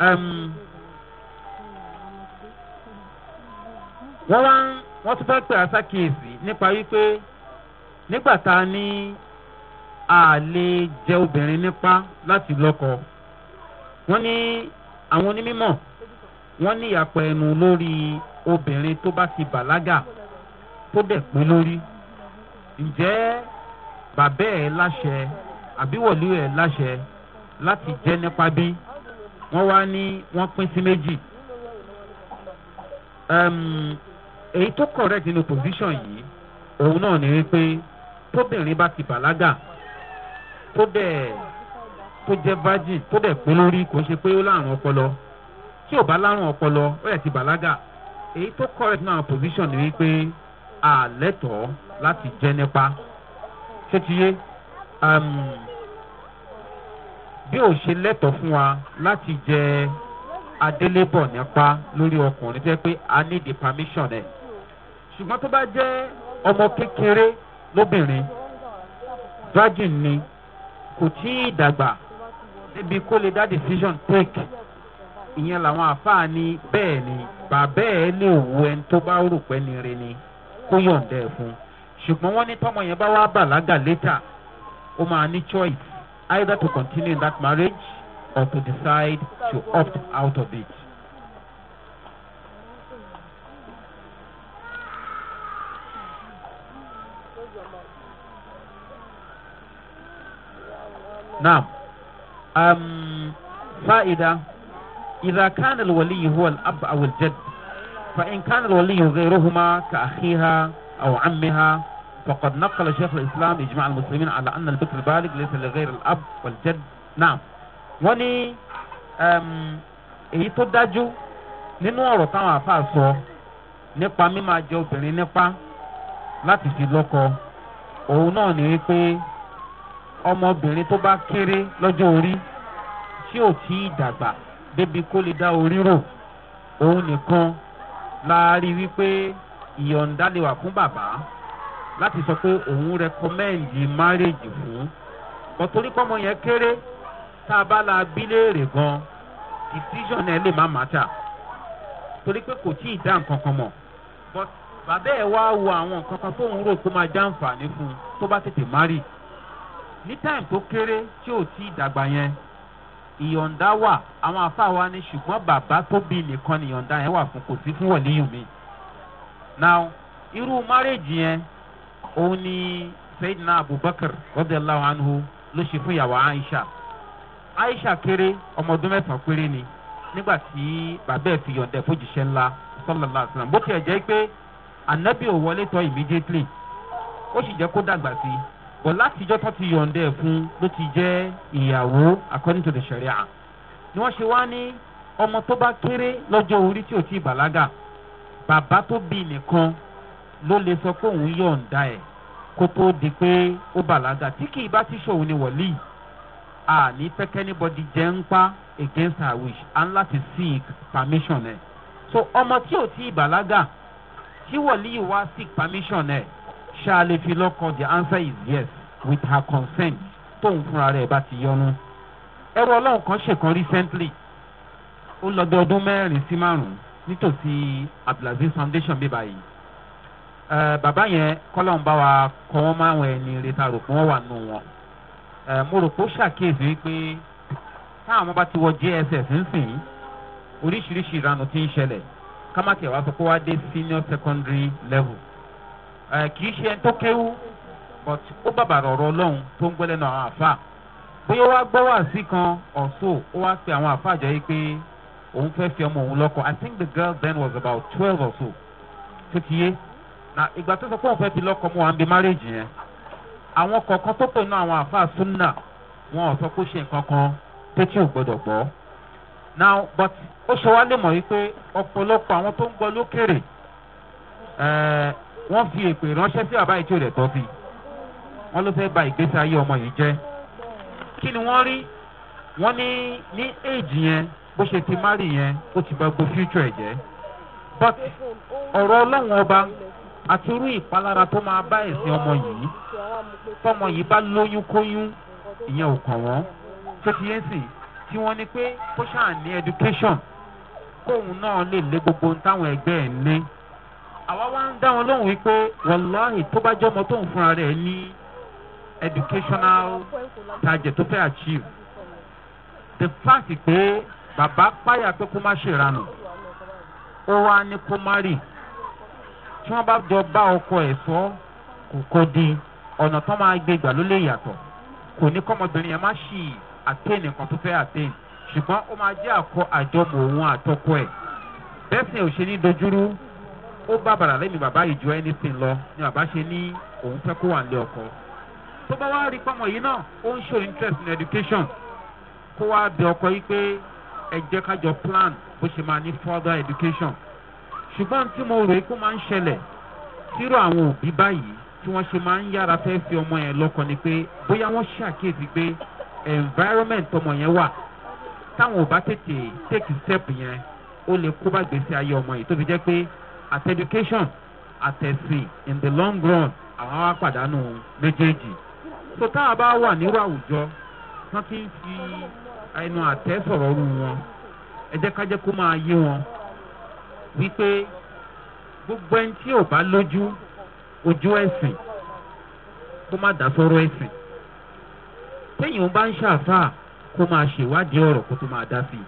wọ́n wá wọ́n tún fẹ́ pè á sákìyèsí nípa wípé nígbà tá a ní a lè jẹ obìnrin nípa láti lọ́kọ wọ́n ní àwọn onímọ̀ wọ́n ní ìyàpọ̀ ẹnu lórí obìnrin tó bá ti bàlágà tó dẹ̀ pé lórí ǹjẹ́ bàbá ẹ̀ láṣẹ àbí wọ̀lú ẹ̀ láṣẹ láti jẹ́ nípa bí wọ́n wá ní wọ́n pín sí méjì èyí tó correct nínú position yìí òun náà ni wípé tóbìnrin bá ti bàlágà tó dẹ̀ tó jẹ́ virgin tó dẹ̀ pé lórí kò ṣe pé ó láàrùn ọpọlọ tí ò bá láàrùn ọpọlọ ó yẹ ti bàlágà èyí tó correct nínú àwọn position ni wípé àlẹ́tọ̀ọ́ láti jẹ́ nípa ṣé ti yé. Um, bí ò ṣe lẹ́tọ̀ọ́ fún wa láti jẹ adélébọ̀ nípa lórí ọkùnrin tẹ́ pé a ní the permission ẹ̀ ṣùgbọ́n tó bá jẹ́ ọmọ kékeré lóbìnrin virgin ni kò tí ì dàgbà níbi kó lè dá decision take ìyẹn làwọn àfáà ní bẹ́ẹ̀ ni bàbá ẹ̀ lè wo ẹni tó bá rò pé ni re ni kó yọ̀ǹda ẹ̀ fún ṣùgbọ́n wọ́n ní tọ́mọ yẹn bá wá bàlágà létà ó máa ní choice either to continue in that marriage or to decide to opt out of it. نعم أم فائدة إذا كان الولي هو الأب أو الجد فإن كان الولي غيرهما كأخيها أو عمها وقد نقل شيخ الإسلام إجماع المسلمين على أن البكر البالغ ليس لغير الأب والجد نعم wọ́n ní èyí tó dájú nínú ọ̀rọ̀ táwọn àfa sọ nípa mímáa jẹ obìnrin nípa láti fi lọ́kọ òun náà ní wípé ọmọbìnrin tó bá kéré lọ́jọ́ orí tí ò tí ì dàgbà débi kó lè dá orí rò òun nìkan la rí wípé ìyọ̀ǹda lè wà fún bàbá láti sọ pé òun rẹkọmẹ́ǹdì márèèjì fún bọ́ torí pọ́mọ yẹn kéré tá a bá la bí léèrè gan decision ẹ lè má màtà torí pé kò tí ì dá nǹkan kan mọ̀ but bàbá ẹ̀ wá wo àwọn nǹkan kan tóun rò kó máa jáǹfààní fún un tó bá tètè márì ní time tó kéré tí ò tí ì dàgbà yẹn ìyọ̀ǹda wà àwọn afá wa ni ṣùgbọ́n bàbá tó bí nìkan ni ìyọ̀ǹda yẹn wà fún kò sí fún wọ̀líyùn mi now irú márèèjì yẹn òun ni sayidina abubakar rọ́dẹ̀láhu anhu ló ṣe fún ìyàwó aisha aisha kéré ọmọ ọdún án péré ni nígbà tí bàbá ẹ̀ fi yọ̀ǹda ìfojìṣẹ́ ńlá sọ́lọ́lá àṣàlám bó tiẹ̀ jẹ́ pé anabi ò wọlé tọ́ immediately ó sì jẹ́ kó dàgbà sí i bọ̀ látijọ́ tó ti yọ̀ǹda ẹ̀ fún ló ti jẹ́ ìyàwó according to the sharia ni wọ́n ṣe wá ní ọmọ tó bá kéré lọ́jọ́ orí tí ò tí ì bàlágà bàbá tó bí nìkan ló lè sọ pé òun yọ̀ǹda ẹ̀ kó tó di pé ó bàlágà tí kì í bá ti ṣòwò ni wọ̀lì àní pẹ́kẹ́ níbọ̀dì jẹ́ ń pa against her wish and láti seek permission ẹ̀ so ọmọ tí ò tí ì bàlágà tí wọ̀lì wá seek permission ẹ̀ ṣáà lè fi lọ́kọ̀ the answer is yes with her consent tóun fúnra rẹ̀ bá ti yọnu ẹrù ọlọ́run kan ṣèkan recently ó lọ́dọọdún mẹ́rin sí márùn-ún nítòsí abdulaziz foundation bíbá yìí bàbá yẹn kọ́lọ́n bá wa kọ́ wọ́n máa wọn ẹni retá rò pé wọ́n nù wọn mo rò pé ó ṣàkíyèsí wípé táwọn ọmọ bá ti wọ jss nsìn oríṣiríṣi ìranù ti ń ṣẹlẹ̀ kámákẹ́ wa sọ pé wá dé senior secondary level kì í ṣe ẹni tó kéwú but ó bàbàrà ọ̀rọ̀ ọlọ́run tó ń gbẹ́lẹ́ nù àwọn àfáà bóyá wá gbọ́ wá sí kan ọ̀ṣọ́ ó wá pe àwọn àfáà jẹ́ pé òun fẹ́ fi ọmọ òun lọ́kọ̀ i think the girl then was about twelve or so tó ti yé na ìgbà tó sọ pé ọ̀fẹ́ fi lọ́kọ̀ mu wà ń bi márèjì yẹn àwọn kọ̀ọ̀kan tó pè ní àwọn àfáà súnà wọn ò sọ pé ó ṣe nǹkan kan tẹ́tí ò gbọ́dọ̀ gbọ́. now but ó ṣe wá lè mọ̀ wípé ọ̀pọ̀lọpọ̀ àwọn tó ń gbọ́ lókèrè eh, wọ́n fi èpè ránṣẹ́ sí bàbá ìtò rẹ̀ tọ́ sí i wọ́n ló fẹ́ ba ìgbésí ayé ọmọ yìí jẹ́ kí ni wọ́n rí wọ́n ní ní éèjì yẹn bó ṣe ti márì yẹn ó ti bá gbó fíútsọ̀ ẹ̀ jẹ́ but ọ̀rọ̀ ọlọ́run ọba àti irú ìpalára tó máa bá ẹ̀sìn ọmọ yìí tọmọ yìí bá lóyún kóyún ìyẹn ò kàn wọ́n tó ti yé sìn tí wọ́n ní pé kó ṣáà ní education kóun náà lè lé gbogbo ohun táwọn ẹgbẹ́ ẹ̀ ní. àwa wá ń dá wọn lóhùn wípé wàláhì tó bá jọmọ tóun fúnra rẹ̀ ní educational target tó fẹ́ achieve the fact pé bàbá páyà pé kó má ṣèrànù ó wá ní kó má rì tí wọ́n bá jọ bá ọkọ ẹ̀ sọ kò kó di ọ̀nà tó máa gbé gbà ló lè yàtọ̀ kò ní kọ́mọbìnrin yẹn má ṣì àtẹ́ nìkan tó fẹ́ àtẹ́ ṣùgbọ́n ó máa jẹ́ àkọ àjọmọ̀ òun àtọkọ ẹ̀ bẹ́ẹ̀ sì ò ṣe ní dojúrú ó bá bàrà lẹ́nu bàbá ìjọ anything lọ ni bàbá ṣe ní òun fẹ́ kó wà ní ọkọ tó bá wá rí pọ́mọ yìí náà ó ń show interest in education kó wá bẹ ọkọ yìí pé ẹ jẹ́ kájọ plan bó ṣe máa ní further education ṣùgbọ́n tí mo rò kó máa ń ṣẹlẹ̀ sírò àwọn òbí báyìí tí wọ́n ṣe máa ń yára fẹ́ fi ọmọ yẹn lọ́kàn ni pé bóyá wọ́n ṣàkíyèsí pé environment ọmọ yẹn wà táwọn ò bá tètè take step yẹn ó lè kó bá gbèsè ayé ọmọ yìí tó fi jẹ́ pé at education at ẹ̀sìn in the long run àwọn á pàdánù méjèèjì so tá a bá wà nírú àwùjọ tán ti ń fi ẹnu àtẹ́ sọ̀rọ̀ ọ̀run wọn ẹ jẹ́ ká jẹ́ kó máa yé wọn wípé gbogbo ẹni tí ò bá lójú ojú ẹ̀sìn kó má dá sọ́rọ́ ẹ̀sìn téèyàn bá ń ṣàfà kó máa ṣèwádìí ọ̀rọ̀ kó tó máa dá sí i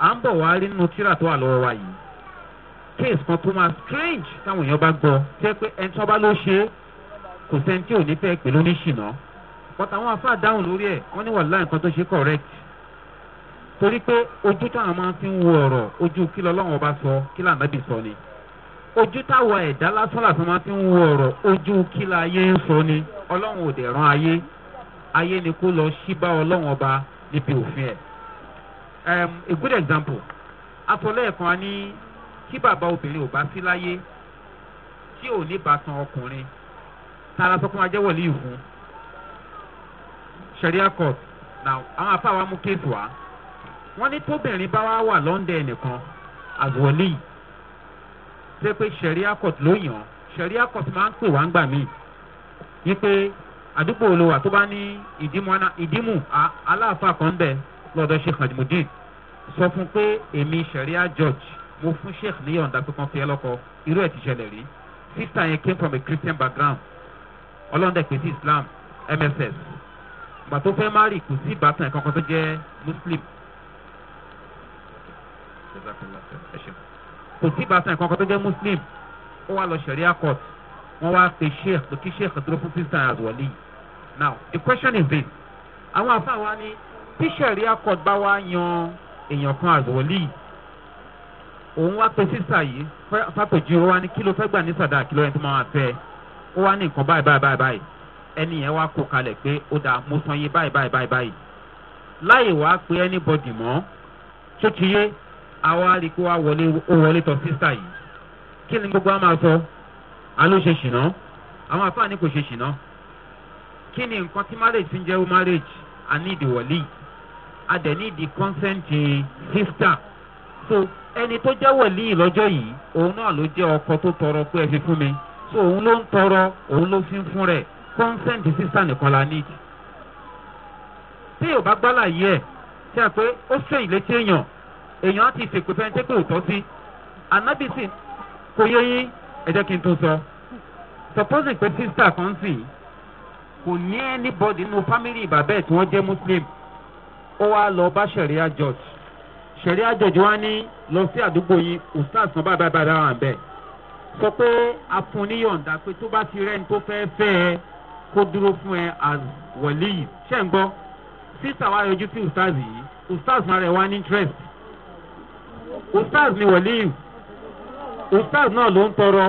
à ń bọ̀ wá rí nínú tíra tó wà lọ́wọ́ wa yìí case kan tó máa strange táwọn èèyàn bá gbọ́ tẹ́ pé ẹni tí wọ́n bá ló ṣe é kò sẹ́ni tí ò ní fẹ́ pè lóníṣìná but àwọn afáà dáhùn lórí ẹ̀ wọ́n ní wàhálà nǹkan tó ṣe correct torí pé ojú táwọn máa fi ń wo ọ̀rọ̀ ojú kí lọ́lọ́wọ́n bá sọ kí lànàbì sọ ni ojú táwọn ẹ̀dá lásán làsán máa fi ń wo ọ̀rọ̀ ojú kí la ayé ń sọ ni ọlọ́run ò dẹ̀ ayé ayé ni kó lọ sí bá ọlọ́run ọba níbi òfin ẹ̀. Um, a good example asọlẹ́ẹ̀kan ni tí bàbá obìnrin ò bá sí láyé tí ò ní bàtàn ọkùnrin tara sọ pé wọn jẹ́wọ́ lè fún sharia court now àwọn afáwa mú kéèsì wá wọ́n ní tóbìnrin bá wá wà lọ́ndẹ̀ nìkan àwọ̀lì ṣe pé sẹ̀ríà court ló yàn sẹ̀ríà court máa ń pè wá ń gbà míì wípé àdúgbò olówà tó bá ní ìdímù aláàfáà kan ń bẹ̀ lọ́dọ̀ sheikh najmudeen sọ fún pé èmi sẹ̀ríà george mo fún sheikh níyànjú pé kan fi ẹ lọ́kọ irú ẹ̀ ti ṣẹlẹ̀ rí sista yẹn came from a christian background ọlọ́ndẹ̀ pé sí islam mss gbà tó fẹ́ má rí kù sí ìbátan ẹ̀kọ́kan tó jẹ́ muslim kò sí ìbátan ìkọ̀kọ̀ tó jẹ́ muslim ó wá lọ sẹ̀ríà court wọ́n wá pe sheikh pé kí sheikh dúró fún sísan àwọ̀lì now the question is this àwọn àfáà wa ni tí sẹ̀ríà court bá wá yan èèyàn kan àwọ̀lì òun wá pe sísà yìí fàpèjì ó wá ní kí ló fẹ́ gbà ní sàdá kí ló yẹn tó máa fẹ́ ó wá ní nǹkan báyìí báyìí báyìí báyìí ẹni yẹn wá kó kalẹ̀ pé ó dáa mo san yín báyìí báyìí báyìí láyè wá pé anybody mọ́ tó ti yé Awa rí i pé wá wọlé ó wọlé tọ sísà yìí kí ni gbogbo wa máa sọ àló ṣe ṣìnà àwọn àfáà ní kò ṣe ṣìnà kí ni nǹkan tí marriage ti ń jẹ́ marriage àní ìdìwọ̀lì àdẹ̀ní ìdí consent eh, sísà so ẹni tó jẹ́ wọ̀lì lọ́jọ́ yìí òun náà ló jẹ́ ọkọ tó tọrọ pé ẹ fi fún mi so òun ló ń tọrọ òun ló fi ń fún rẹ̀ consent sísà nìkan la need tí yóò bá gbálà yẹ ṣe àpé ó ṣe ìlétí èèyàn èèyàn ti sèpè fẹ́ntẹ́ pé òótọ́ sí anabi sì kò yẹ yín ẹ jẹ́ kí n tó sọ supposing pé sísítà kan sì kò ní anybody nínú family bàbá tí wọ́n jẹ́ muslim ó wá lọ bá sẹ̀ríà george sẹ̀ríà george wá ní lọ sí àdúgbò yín ustaz kan bàbá bàbá wà bẹ́ẹ̀ sọ pé a fún níyọ̀ǹda pé tó bá ti rẹ́ni tó fẹ́ fẹ́ ẹ kó dúró fún ẹ as wọ̀lẹ́yìn ṣẹ́ ń gbọ́ sísítà wa yọjú sí ustaz yìí ustaz náà rẹ̀ wá ní interest ustaz ni wòlíì ustaz náà ló ń tọrọ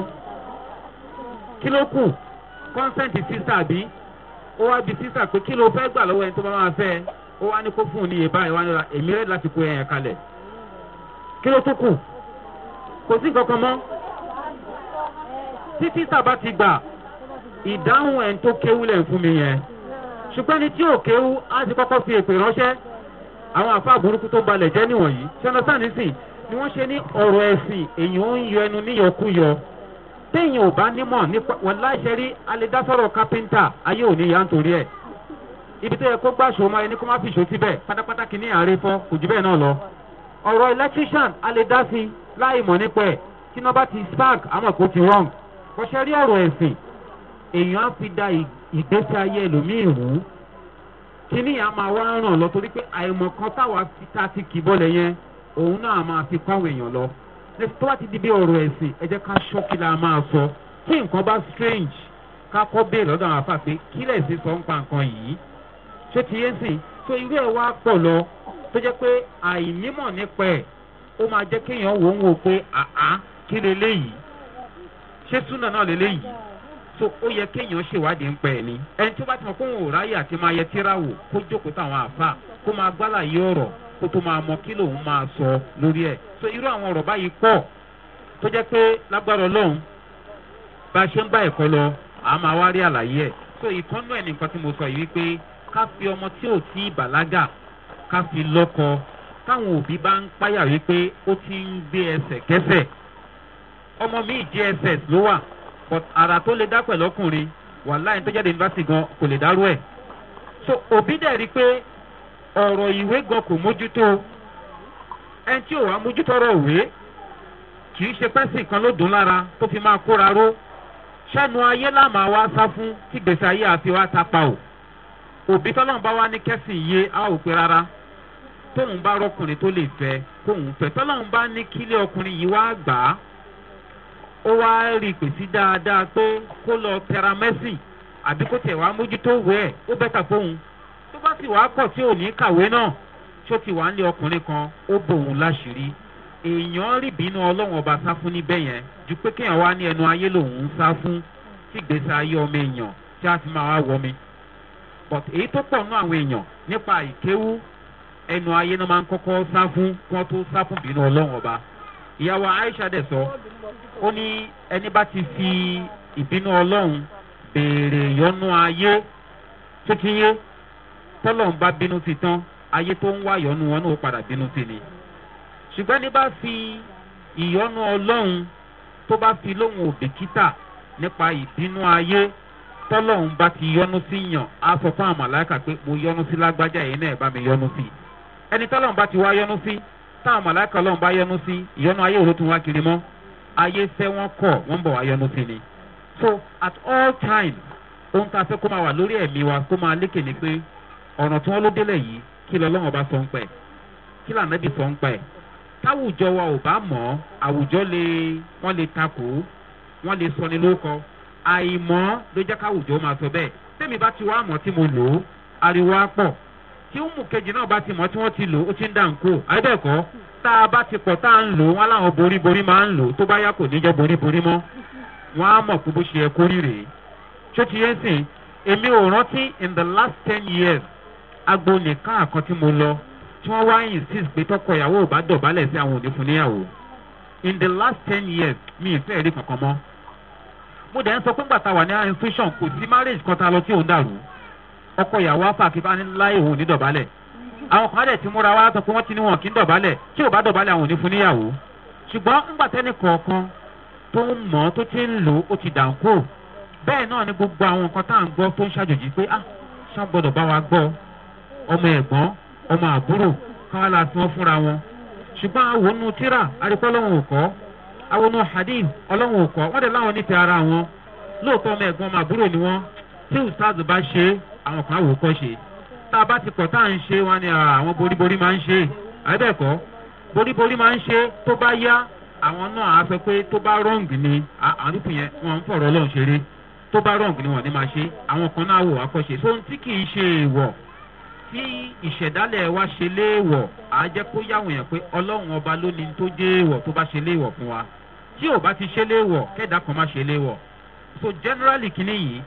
kí ló kù kọ́nsẹ́ǹtì sísà bí ó wá bi sísà pé kí ló fẹ́ gbà lọ́wọ́ ẹni tó bá máa fẹ́ ó wá ní kó fún un ní iye báyìí wá ní ra èmi rẹ̀ láti kó ẹ̀yàn kalẹ̀ kí ló tó kù kò sí kankan mọ́ tí sísà bá ti gbà ìdáhùn ẹ̀ tó kéwú lẹ̀ fún mi yẹn ṣùgbọ́n ní tí ò kéwú á ti kọ́kọ́ fi èpè ránṣẹ́ àwọn àfa burúkú tó balẹ̀ jẹ́ níwọ̀nyí ṣọ́nà sáà nísìnyí ni wọ́n ṣe ní ọ̀rọ̀ ẹ̀sìn èyàn ń yọ ẹnu níyọkúyọ téèyàn ò bá nímọ̀ nípa wọn láṣẹ rí alẹ́dásọ̀rọ̀ kápẹ́ńtà ayé òní yá nítorí ẹ̀ ibi tó yẹ kó gbàṣọ ọmọ ẹni kó má fi ṣòtí bẹ́ẹ̀ pátápátá kìíní àárẹ̀ fọ́ kò jù bẹ́ẹ̀ náà lọ. ọ̀rọ̀ electrician alẹ́dásí láì mọ̀ nípa ẹ̀ tí iná bá ti spark àmọ̀ kó ti wrong kọ́ṣẹ́ rí ọ̀rọ̀ ẹ̀sìn èèyàn á fi da ìgbésí ayé ẹlòmíì rú kíní yà máa wá ràn lọ torí pé àìmọ̀ kan táwa fi ta ti kì bọ́lẹ̀ yẹn òun náà máa fi kọ́ àwọn èèyàn lọ tó bá ti di bí ọ̀rọ̀ ẹ̀sìn ẹ jẹ́ ká sọ tí nǹkan bá strange ká kọ́ béèrè lọ́dọ̀ àwọn pé kí sọ ń pa nǹkan yìí ṣé ti yé sìn so irú ẹ̀ wá pọ̀ lọ tó jẹ́ pé àìnímọ̀ nípa ẹ̀ ó máa jẹ́ kéèyàn wò ń wò pé àá kí leléyìí ṣé náà so ó yẹ kéèyàn ṣèwádìí ni ẹni tó bá ti mọ̀ àti máa yẹ tíráwò kó jókòó táwọn kó máa ọ̀rọ̀ kó tó máa mọ kí lòun máa sọ lórí ẹ̀ so irú àwọn ọ̀rọ̀ báyìí pọ̀ tó jẹ́ pé lágbára ọlọ́run bá a ṣe ń gbá ẹ̀kọ́ lọ a máa wá rí àlàyé ẹ̀ so ìkọ́nú ẹ̀ nìkan tí mo sọ yìí wípé ká fi ọmọ tí ò tí ì bàlágà ká fi lọ́kọ táwọn òbí bá ń páyà wípé ó ti ń gbé ẹsẹ̀ kẹsẹ̀ ọmọ mi jss ló wà but àrà tó lè dá pẹ̀lọ́kùnrin wàhálà ẹni tó jáde yunifásitì gan kò lè dárú ẹ̀ so òbí dẹ̀ rí pé ọ̀rọ̀ ìwé gan kò mójútó ẹni tí ò wá mójútó ọ̀rọ̀ ìwé kì í ṣe pẹ́sì kan ló dùn lára tó fi máa kóra ró ṣẹ́nu ayé láàmú àwa sá fún tí gbèsè ayé àfi wá o òbí bá wá ní kẹ́sìn yé a ò pé rárá tóun bá rọkùnrin tó lè fẹ́ kóun fẹ́ bá ní kílé ọkùnrin yìí wá gbà á ó wá rí ìpèsè dáadáa pé kó lọ àbí kó tẹ̀ wá mójútó tó bá sì wàá pọ̀ tí ò ní kàwé náà tó ti wà lé ọkùnrin kan ó bòun láṣìírí èèyàn rí bínú ọlọ́run ọba sá fún níbẹ̀ yẹn ju pé kéèyàn wá ní ẹnu ayé lòun ń sá fún tí gbèsè ayé ọmọ èèyàn tí a ti máa wá wọmi but èyí tó pọ̀ nú àwọn èèyàn nípa ìkéwú ẹnu ayé náà máa ń kọ́kọ́ sá fún kí wọ́n tó sá fún bínú ọlọ́run ọba ìyàwó aisha dẹ̀ sọ ó ní ẹni bá ti fi ìbínú ọlọ́run béèrè yọnú ayé tó ti tọ́lọ̀ ń bá bínú sí tán ayé tó ń wá ìyọnu wọn náà padà bínú sí ni ṣùgbọ́n ní bá fi ìyọnu ọlọ́run tó bá fi lóhun òbíkítà nípa ìbínú ayé tọ́lọ̀ ń bá ti yọnu sí yàn á sọ fún àwọn màláìka pé mo yọnu sí lágbájá yìí náà bá mi yọnu sí ẹni tọ́lọ̀ ń bá ti wá yọnu sí táwọn màláìka ọlọ́run bá yọnu sí ìyọnu ayé òru tún wá kiri mọ́ ayé fẹ́ wọ́n kọ̀ wọ́n bọ̀ wá yọnu sí ni so at all times ohun tá a fẹ́ kó máa wà lórí ẹ̀mí wa kó máa lékè ni pé ọ̀nà tí wọ́n ló délẹ̀ yìí kí lọ́lọ́wọ́n bá sọ ń pẹ̀ kí lànàbì sọ ń pẹ̀ táwùjọ wa ò bá mọ̀ àwùjọ lè wọ́n lè takò wọ́n lè sọni lóko àìmọ́ ló jẹ́ káwùjọ máa sọ bẹ́ẹ̀ tẹ́mi bá ti wá mọ̀ tí mo lò ó ariwo á pọ̀ tí ó mú kejì náà bá ti mọ̀ tí wọ́n ti lò ó ti ń dà ń kó àìbẹ́ẹ̀kọ́ tá a bá ti pọ̀ tá a ń lò wọ́n láwọn boríborí máa ń lò tó bá yá kò níjọ́ boríborí mọ́ wọ́n á mọ̀ kó bó ṣe yẹ kórìíre ṣó ti yé sìn èmi ò rántí in the last ten years agbo kan àkan tí mo lọ tí wọ́n wá insist pé tọkọ ìyàwó ò bá dọ̀bálẹ̀ sí àwọn òní fún níyàwó in the last ten years mi ì fẹ́ rí kankan mọ́ mo dẹ̀ ń sọ pé gbàtà wà ní infusion kò sí marriage kan ta lọ tí òun dàrú ọkọ ìyàwó apáàkì bá ní nla òun ní dọ̀bálẹ̀ àwọn kan dẹ̀ ti múra wá sọ pé wọ́n ti ní wọn dọ̀bálẹ̀ tí ò bá dọ̀bálẹ̀ àwọn òní fún níyàwó ṣùgbọ́n ni gbogbo àwọn nǹkan tá à ń gbọ́ tó ń ọmọ ẹ̀gbọ́n ọmọ àbúrò káwọn la tí wọ́n fúnra wọn ṣùgbọ́n àwọnú tíra arípọ́ lọ́wọ́n òkọ́ àwọnú hadith ọlọ́wọ́n òkọ́ wọ́n dẹ̀ láwọn nífẹ̀ẹ́ ara wọn lóòótọ́ ọmọ ẹ̀gbọ́n ọmọ àbúrò ni wọ́n tí ustaz bá ṣe àwọn kan àwò kọ́ ṣe tá a bá ti kọ̀ tá à ń ṣe wọn ni àwọn boríborí máa ń ṣe àbẹ́ẹ̀kọ́ boríborí máa ń ṣe tó bá yá àwọn náà á fẹ́ pé tó bá wrong ni àdúgbò yẹn wọn ń fọ̀rọ̀ ọlọ́run ṣeré tó bá wrong ni wọn ní máa ṣe àwọn kan náà wò wá kọ́ ṣe so ohun tí kì í ṣe èèwọ̀ tí ìṣẹ̀dálẹ̀ wa ṣe léèwọ̀ á jẹ́ kó yàwọn yẹn pé ọlọ́run ọba ló ní tó jẹ́ èèwọ̀ tó bá ṣe léèwọ̀ fún wa tí ò bá ti ṣe léèwọ̀ kẹ́ẹ̀dá kan má ṣe léèwọ̀ so generally kìíní yìí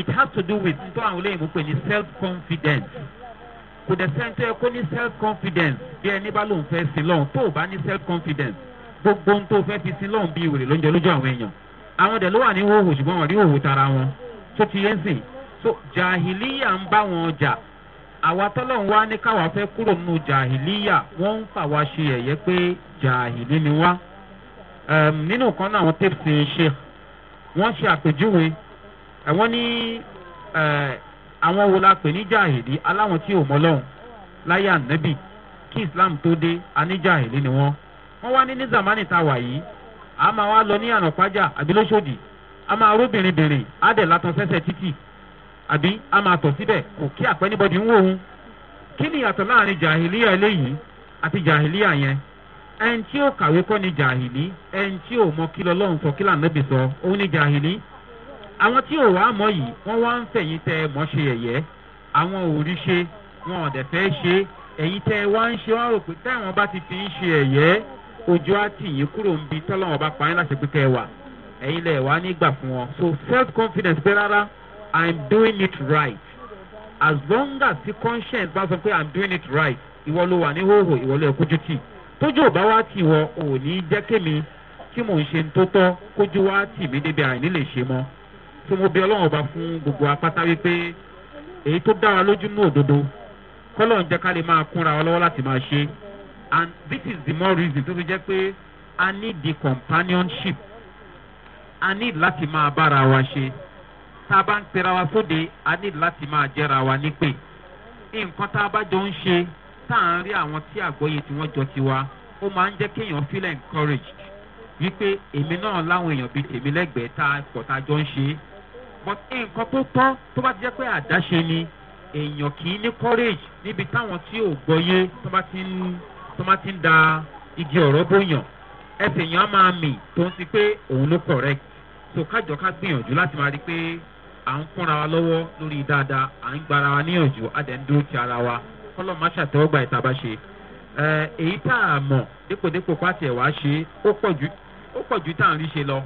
it has to do with nítorí àwọn olóyìnbó pè ní self confidence kò dẹ̀ sẹ́ńtò ẹ kó ní self confidence bí ẹni bá lòun fẹ́ sin lọ́hùn tó o bá ní self confidence gbogbo ohun tó o fẹ́ fi sin lọ́hùn bíi ìwèrè lóúnjẹ lójú àwọn èèyàn àwọn dẹ̀ ló wà ní hòhò ṣùgbọ́n wọn rí hòhò tara wọn tó ti yẹn sìn so jahiliya ń bá wọn jà àwa tọ́lọ́run wá ní káwa fẹ́ kúrò nínú jàhìlíyà wọ́n ń fà wá ṣe ẹ̀yẹ́ pé jàhìlí ni wá. nínú kan náà àwọn tips ń ṣe wọ́n ṣe àpèjúwe wọ́n ní àwọn wo la pè ní jàhìlí aláwọn tí ò mọ́ láyé ànábì kí islam tó dé aníjàhìlí ni wọ́n. wọ́n wá ní ní zamani ta wà yìí a máa wá lọ ní ànàpájà àbí a máa róbìnrin bèrè á dẹ̀ látọ̀ sẹ́sẹ̀ títì àbí a máa tọ̀ síbẹ̀ kò kí àpẹ́ níbọ̀dì ń wò ó kí ni ìyàtọ̀ láàrin jàhìlíyà eléyìí àti jàhìlíyà yẹn ẹn tí ó kàwé kọ́ ni jàhìlí ẹn tí ò mọ kí lọ́lọ́run sọ kí lànàbì sọ òun ni jàhìlí àwọn tí ò wá mọ yìí wọ́n wá ń fẹ̀yìn tẹ ẹ mọ́ ṣe ẹ̀yẹ́ àwọn ò rí ṣe wọn ò dẹ̀ fẹ́ ṣe ẹ̀yìn tẹ ẹ wá ń ṣe wọ́n rò pé táwọn bá ti fi ń ṣe ẹ̀yẹ́ ojú á tì yín kúrò ń bi tọ́lọ́wọ́n bá pa yín láṣẹ pé kẹ́ ẹ wà ẹ̀yin lẹ̀ wá nígbà fún wọn so self confidence pé rárá i'm doing it right as long as the conscience bá sọ pé i'm doing it right ìwọ ló wà ní hóhò ìwọ ló yẹ kójú tì tójú ò bá wá tì wọ ò ní jẹ́ kémi tí mò ń ṣe ń tó tọ́ kójú wá tì mí débi àìní lè ṣe mọ́ tí mo bí ọlọ́run ọba fún gbogbo apáta wípé èyí tó dára lójú ní òdodo kọ́lọ̀ ń jẹ́ ká lè máa kúnra wa lọ́wọ́ láti máa ṣe and this is the more reason tó fi jẹ́ pé a need the companionship I need láti máa bára wa ṣe tá a bá ń pera wa sóde a ní láti máa jẹ́ra wa nípè nǹkan tá a bá jọ ń ṣe tá à ń rí àwọn tí àgbọ́yé tí wọ́n jọ ti wa ó máa ń jẹ́ kéèyàn feel encouraged wípé èmi náà láwọn èèyàn bíi tèmi lẹ́gbẹ̀ẹ́ tá a pọ̀ tá a jọ ń ṣe but nǹkan tó tọ́ tó bá ti jẹ́ pé àdáṣe ni èèyàn kì í ní courage níbi táwọn tí ò gbọ́yé tó bá ti ń tó bá ti ń da igi ọ̀rọ̀ bóyàn ẹsẹ̀ èèyàn á máa mì tó ń ti pé òun ló correct so kájọ ká gbìyànjú láti máa rí i pé à ń kúnra wa lọ́wọ́ lórí dáadáa à ń gbara wa níyànjú a dẹ̀ ń dúró ti ara wa kọ́lọ́ má ṣàtẹ́wọ́gbà ìta bá ṣe èyí tá a mọ̀ dépòdépò pàtẹ́ wàá ṣe ó pọ̀ ju tá à ń rí ṣe lọ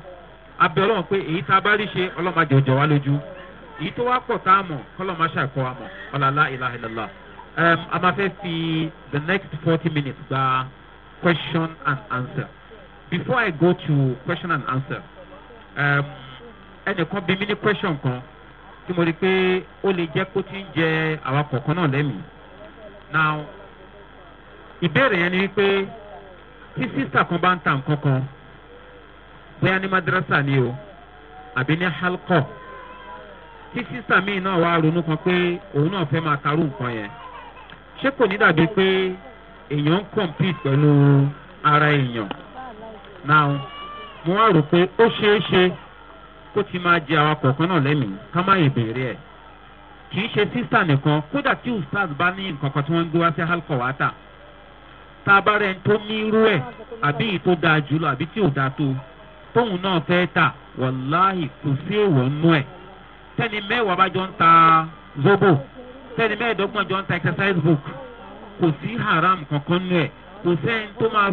abẹ́ ọlọ́run pé èyí tá a bá rí ṣe ọlọ́mọdé òjò wa lójú èyí tó wá pọ̀ tá a mọ̀ kọ́lọ́ má ṣàkọ́ wa mọ̀ ọ̀làlá ìlàhìlàlà a máa fẹ́ fi the next forty minutes gba question and answer before i go to question and answer. Um, ẹnìkan bí mi ní question kan tí mo rí pé ó lè jẹ́ kó ti ń jẹ àwa kọ̀ọ̀kan náà lẹ́mìí. now ìbéèrè yẹn ni wípé tí sísà kan bá ń ta nǹkan kan bóyá ní madrasa ni o àbí ní halkọ tí sísà míì náà wá ronú kan pé òun náà fẹ́ máa tarú nǹkan yẹn ṣé kò ní dàbí pé èèyàn ń compete pẹ̀lú ara èèyàn now mo wá rò pé ó ṣeé ṣe. kó ti máa jẹ àwọn náà lẹ́mìí ká má yè ẹ̀ kì í ṣe sísà nìkan kódà tí ustaz bá ní nǹkan kan tí wọ́n ń gbé wá sí halkowata tá a bá rẹ̀ tó ní irú ẹ̀ àbí èyí tó dáa jùlọ àbí tí ò jọ ń ta zobo tẹ́ni mẹ́ẹ̀ẹ́dọ́gbọ̀n jọ ń ta exercise book kò sí haram kankan nú ẹ̀ kò sẹ́ni tó máa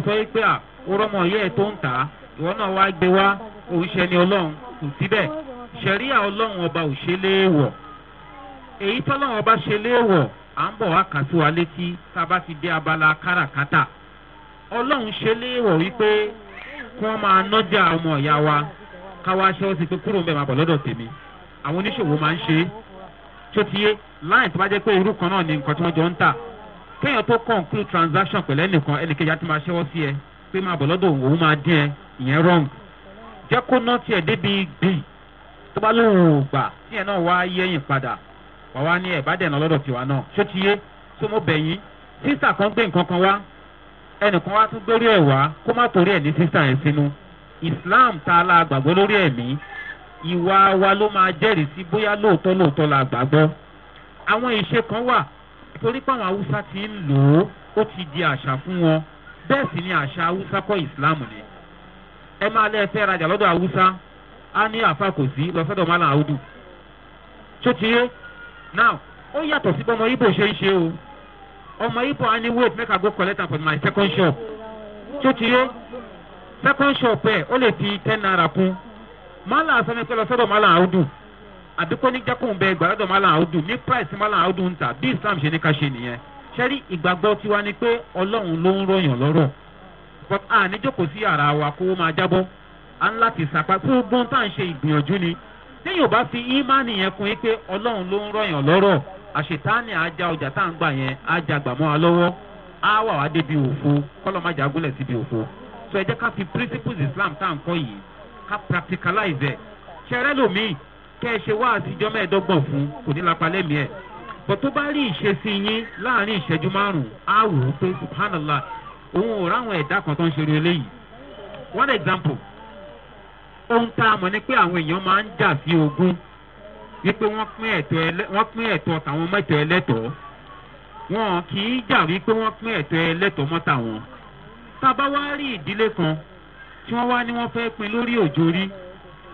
sọ òun ṣe ni ọlọ́run kò síbẹ̀ ṣẹ̀ríà ọlọ́run ọba ò ṣe léèwọ̀ èyí tọ́lọ́run ọba ṣe léèwọ̀ à ń bọ̀ wá kà sí wa létí tá a bá ti dé abala káràkátà ọlọ́run ṣe léèwọ̀ wípé kí wọ́n máa nọ́jà ọmọ ìyá wa káwá ṣe ó sì pé kúrò ń bẹ̀ máa bọ̀ lọ́dọ̀ tèmi àwọn oníṣòwò máa ń ṣe é tó ti yé láì tó bá jẹ́ pé irú kan náà ni nǹkan tí wọ́n jọ ń tà kéèyàn tó conclude transaction pẹ̀lú ẹnìkejì á ti máa ṣẹ́wọ́ sí ẹ pé máa bọ̀ lọ́dọ̀ òun máa dín ẹ ìyẹn wrong jẹ́ kó ná tiẹ̀ débi gbìn tó bá lóun ò gbà tí ẹ̀ náà wá yẹ́yìn padà wà wá ní ẹ̀bá dẹ̀nà lọ́dọ̀ tiwa náà ṣó ti yé tó mo bẹ̀ yín sísà kan gbé nǹkan kan wá ẹnìkan wá tún gbórí ẹ̀ wá kó má torí ẹ̀ ní sísà yẹn sínú islam ta la gbàgbọ́ lórí ẹ̀mí ìwà wa ló máa jẹ́rìí sí bóyá lóòótọ́ lóòótọ́ la gbàgbọ́ àwọn ìṣe kan wà torí pé àwọn haúsá ti ń lò ó ó ti di àṣà fún wọn bẹ́ẹ̀ sì ni àṣà haúsá kọ́ ìsìláàmù ni ẹ máa lẹ́ fẹ́ rajà lọ́dọ̀ afa á ní àfa kò sí lọ sọ́dọ̀ mọ́lá àwùdù tó ti yé now ó yàtọ̀ sí ọmọ ibo ṣe ń ṣe o ọmọ ibo á ní wait make i go collect am for my second shop tó ti second shop ẹ̀ ó lè fi ten naira kún Maala àfẹnifẹ́ lọ sọ́dọ̀ mọ́lá àwùdù àbíkó ní jákùn bẹ àwùdù price mọ́lá àwùdù ń tà bí islam ṣe ní ká ṣe nìyẹn ṣẹ́rí ìgbàgbọ́ ni but a ní jókòó sí ara wa kó máa jábọ́ a ń láti sàpá fún gbọ́n tá à ń ṣe ìgbìyànjú ni téèyàn bá fi ímánì yẹn kun yín pé ọlọ́run ló ń rọ̀yàn lọ́rọ̀ àṣetáni àjà ọjà tá à ń gbà yẹn àjà gbàmọ́ wa lọ́wọ́ á wà wá débi òfo kọ́lọ́májà gúnlẹ̀ síbi òfo so ẹ jẹ́ ká fi principles islam tá à ń kọ́ yìí ká practicalize ẹ̀ ṣẹrẹ́ lòmíì kẹ́ ẹ ṣe wá àtijọ́ mẹ́ẹ̀ẹ́dọ́gbọ̀n fún kò ní lapa lẹ́mìí ẹ̀ bọ̀ bá rí ìṣesí yín láàrin ìṣẹ́jú márùn-ún á wò ó pé subhanallah òun ò ráwọn ẹ̀dá kan tó ń ṣeré eléyìí one example ohun tá a mọ̀ ni pé àwọn èèyàn máa ń jà sí ogún wípé wọ́n pín ẹ̀tọ́ tàwọn mẹ́tọ́ ẹlẹ́tọ̀ọ́ wọn kì í jà wípé wọ́n pín ẹ̀tọ́ ẹlẹ́tọ̀ọ́ mọ́ta wọn tá a bá wá rí ìdílé kan tí wọ́n wá ní wọ́n fẹ́ pin lórí òjò rí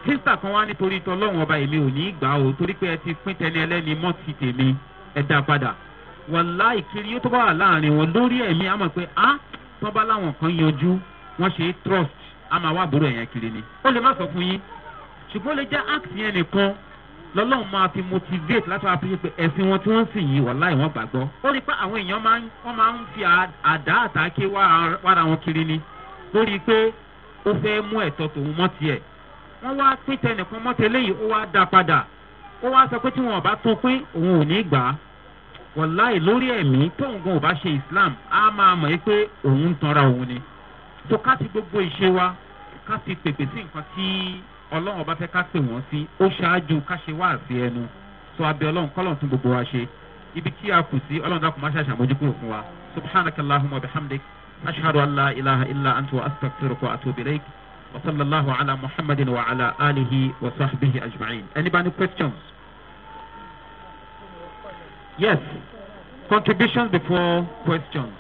sísà kan wá nítorí tọ́lọ́wọ́n ọba èmi ò ní í gbà ó torí pé ẹ ti pín tẹni ẹlẹ́ni mọ́ ti tèmi ẹ dá padà wàláì kiri yóò tó bá wà láàrin wọn lórí ẹ̀mí àmọ̀ pé ah tọ́ba láwọn kan yanjú wọ́n ṣe trust a máa wá àbúrò ẹ̀yẹn kiri ni ó lè má sọ fún yín ṣùgbọ́n ó lè jẹ́ act yẹn nìkan lọ́lọ́run máa fi motivate láti wá pípé ẹ̀sìn wọn tí wọ́n sì yí wọ́n láì wọ́n gbàgbọ́. ó rí i pé àwọn èèyàn máa ń fi àdá àtàkè wára wọn kiri ni lórí pé ó fẹ́ mú ẹ̀tọ́ tòun mọ́ tiẹ̀. wọ́n wá pín tẹnìkan mọ́ tẹ́lẹ̀ yìí ó wá dá padà ó wá sọ pé tí wọn ò bá tún pín òun ò ní gbà á wọláì lórí ẹ̀mí tóun gan ò bá ṣe islam á máa mọ̀ pé òun ń tanra òun ni tó ká ti gbogbo ìṣe wa ká ti pèpè sí nǹkan tí ọlọ́run ọba fẹ́ ká pè wọ́n sí ó ṣáájú ká ṣe wá àti ẹnu tó abẹ ọlọ́run kọ́lọ́run tún gbogbo wa ṣe ibi tí a kù sí ọlọ́run dákun má ṣe àṣàmójúkúrò fún wa subhanakallahumma bihamdik ashhadu an ilaha illa anta wa astaghfiruka wa atubu ilayk wa sallallahu ala muhammadin wa ala alihi wa sahbihi ajma'in. ẹni bá ní questions. Yes. Contributions before questions.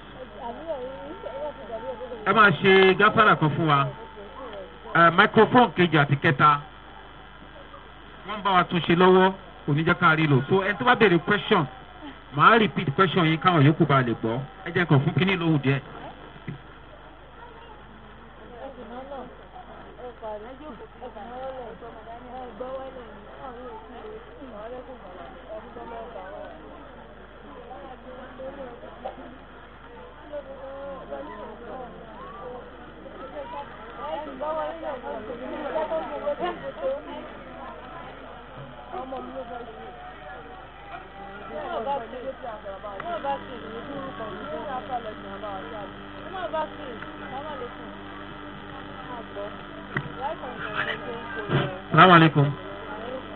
Ẹ máa ṣe gáfárà kan fún wa. Microphone kejì àti kẹta. Wọ́n bá wa tún ṣe lọ́wọ́ oníjẹ́ ká rí lò. So ẹni tó bá béèrè question, màá repeat question yìí káwọn yòókù bá lè gbọ́. Ẹ jẹ́ kàn fún kínní lóhùn díẹ̀.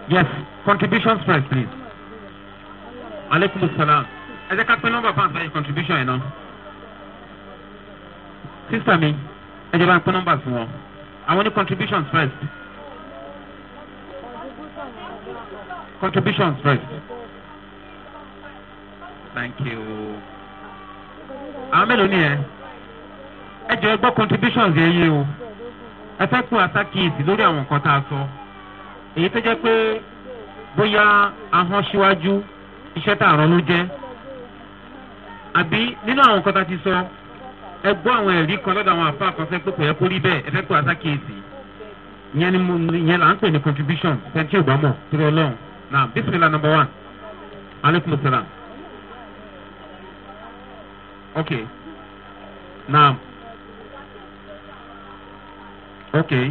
Yes, contributions first, please. Aleykum salam. Ẹ jẹ́ ká pín nọ́mbà fún àtàyè contribution yẹn náà. Sísá mi, ẹ jẹ́ bá ń pín nọ́mbà fún wọn. Àwọn ní contributions first. Contributions first. Thank you. Àwọn mélòó ni ẹ? Ẹ jẹ́ gbọ́ contributions yẹn yé o. Ẹ fẹ́ kún àtàkì ìsì lórí àwọn nǹkan tá a sọ. So èyí tó jẹ́ pé bóyá ahọ́n síwájú iṣẹ́ tá à rán ló jẹ́ àbí nínú àwọn nǹkan tá a ti sọ ẹ gbọ́ àwọn ẹ̀rí kan lọ́dọ̀ àwọn àfa àkọsẹ́ pé kò yẹ kó rí bẹ́ẹ̀ ẹ fẹ́ pé àtàkìyèsí ìyẹn ni mo ìyẹn là ń pè ní contribution pẹ̀lú tí ò bá mọ̀ torí ọlọ́run na bisimilah number one aleykum salam ok na ok. okay.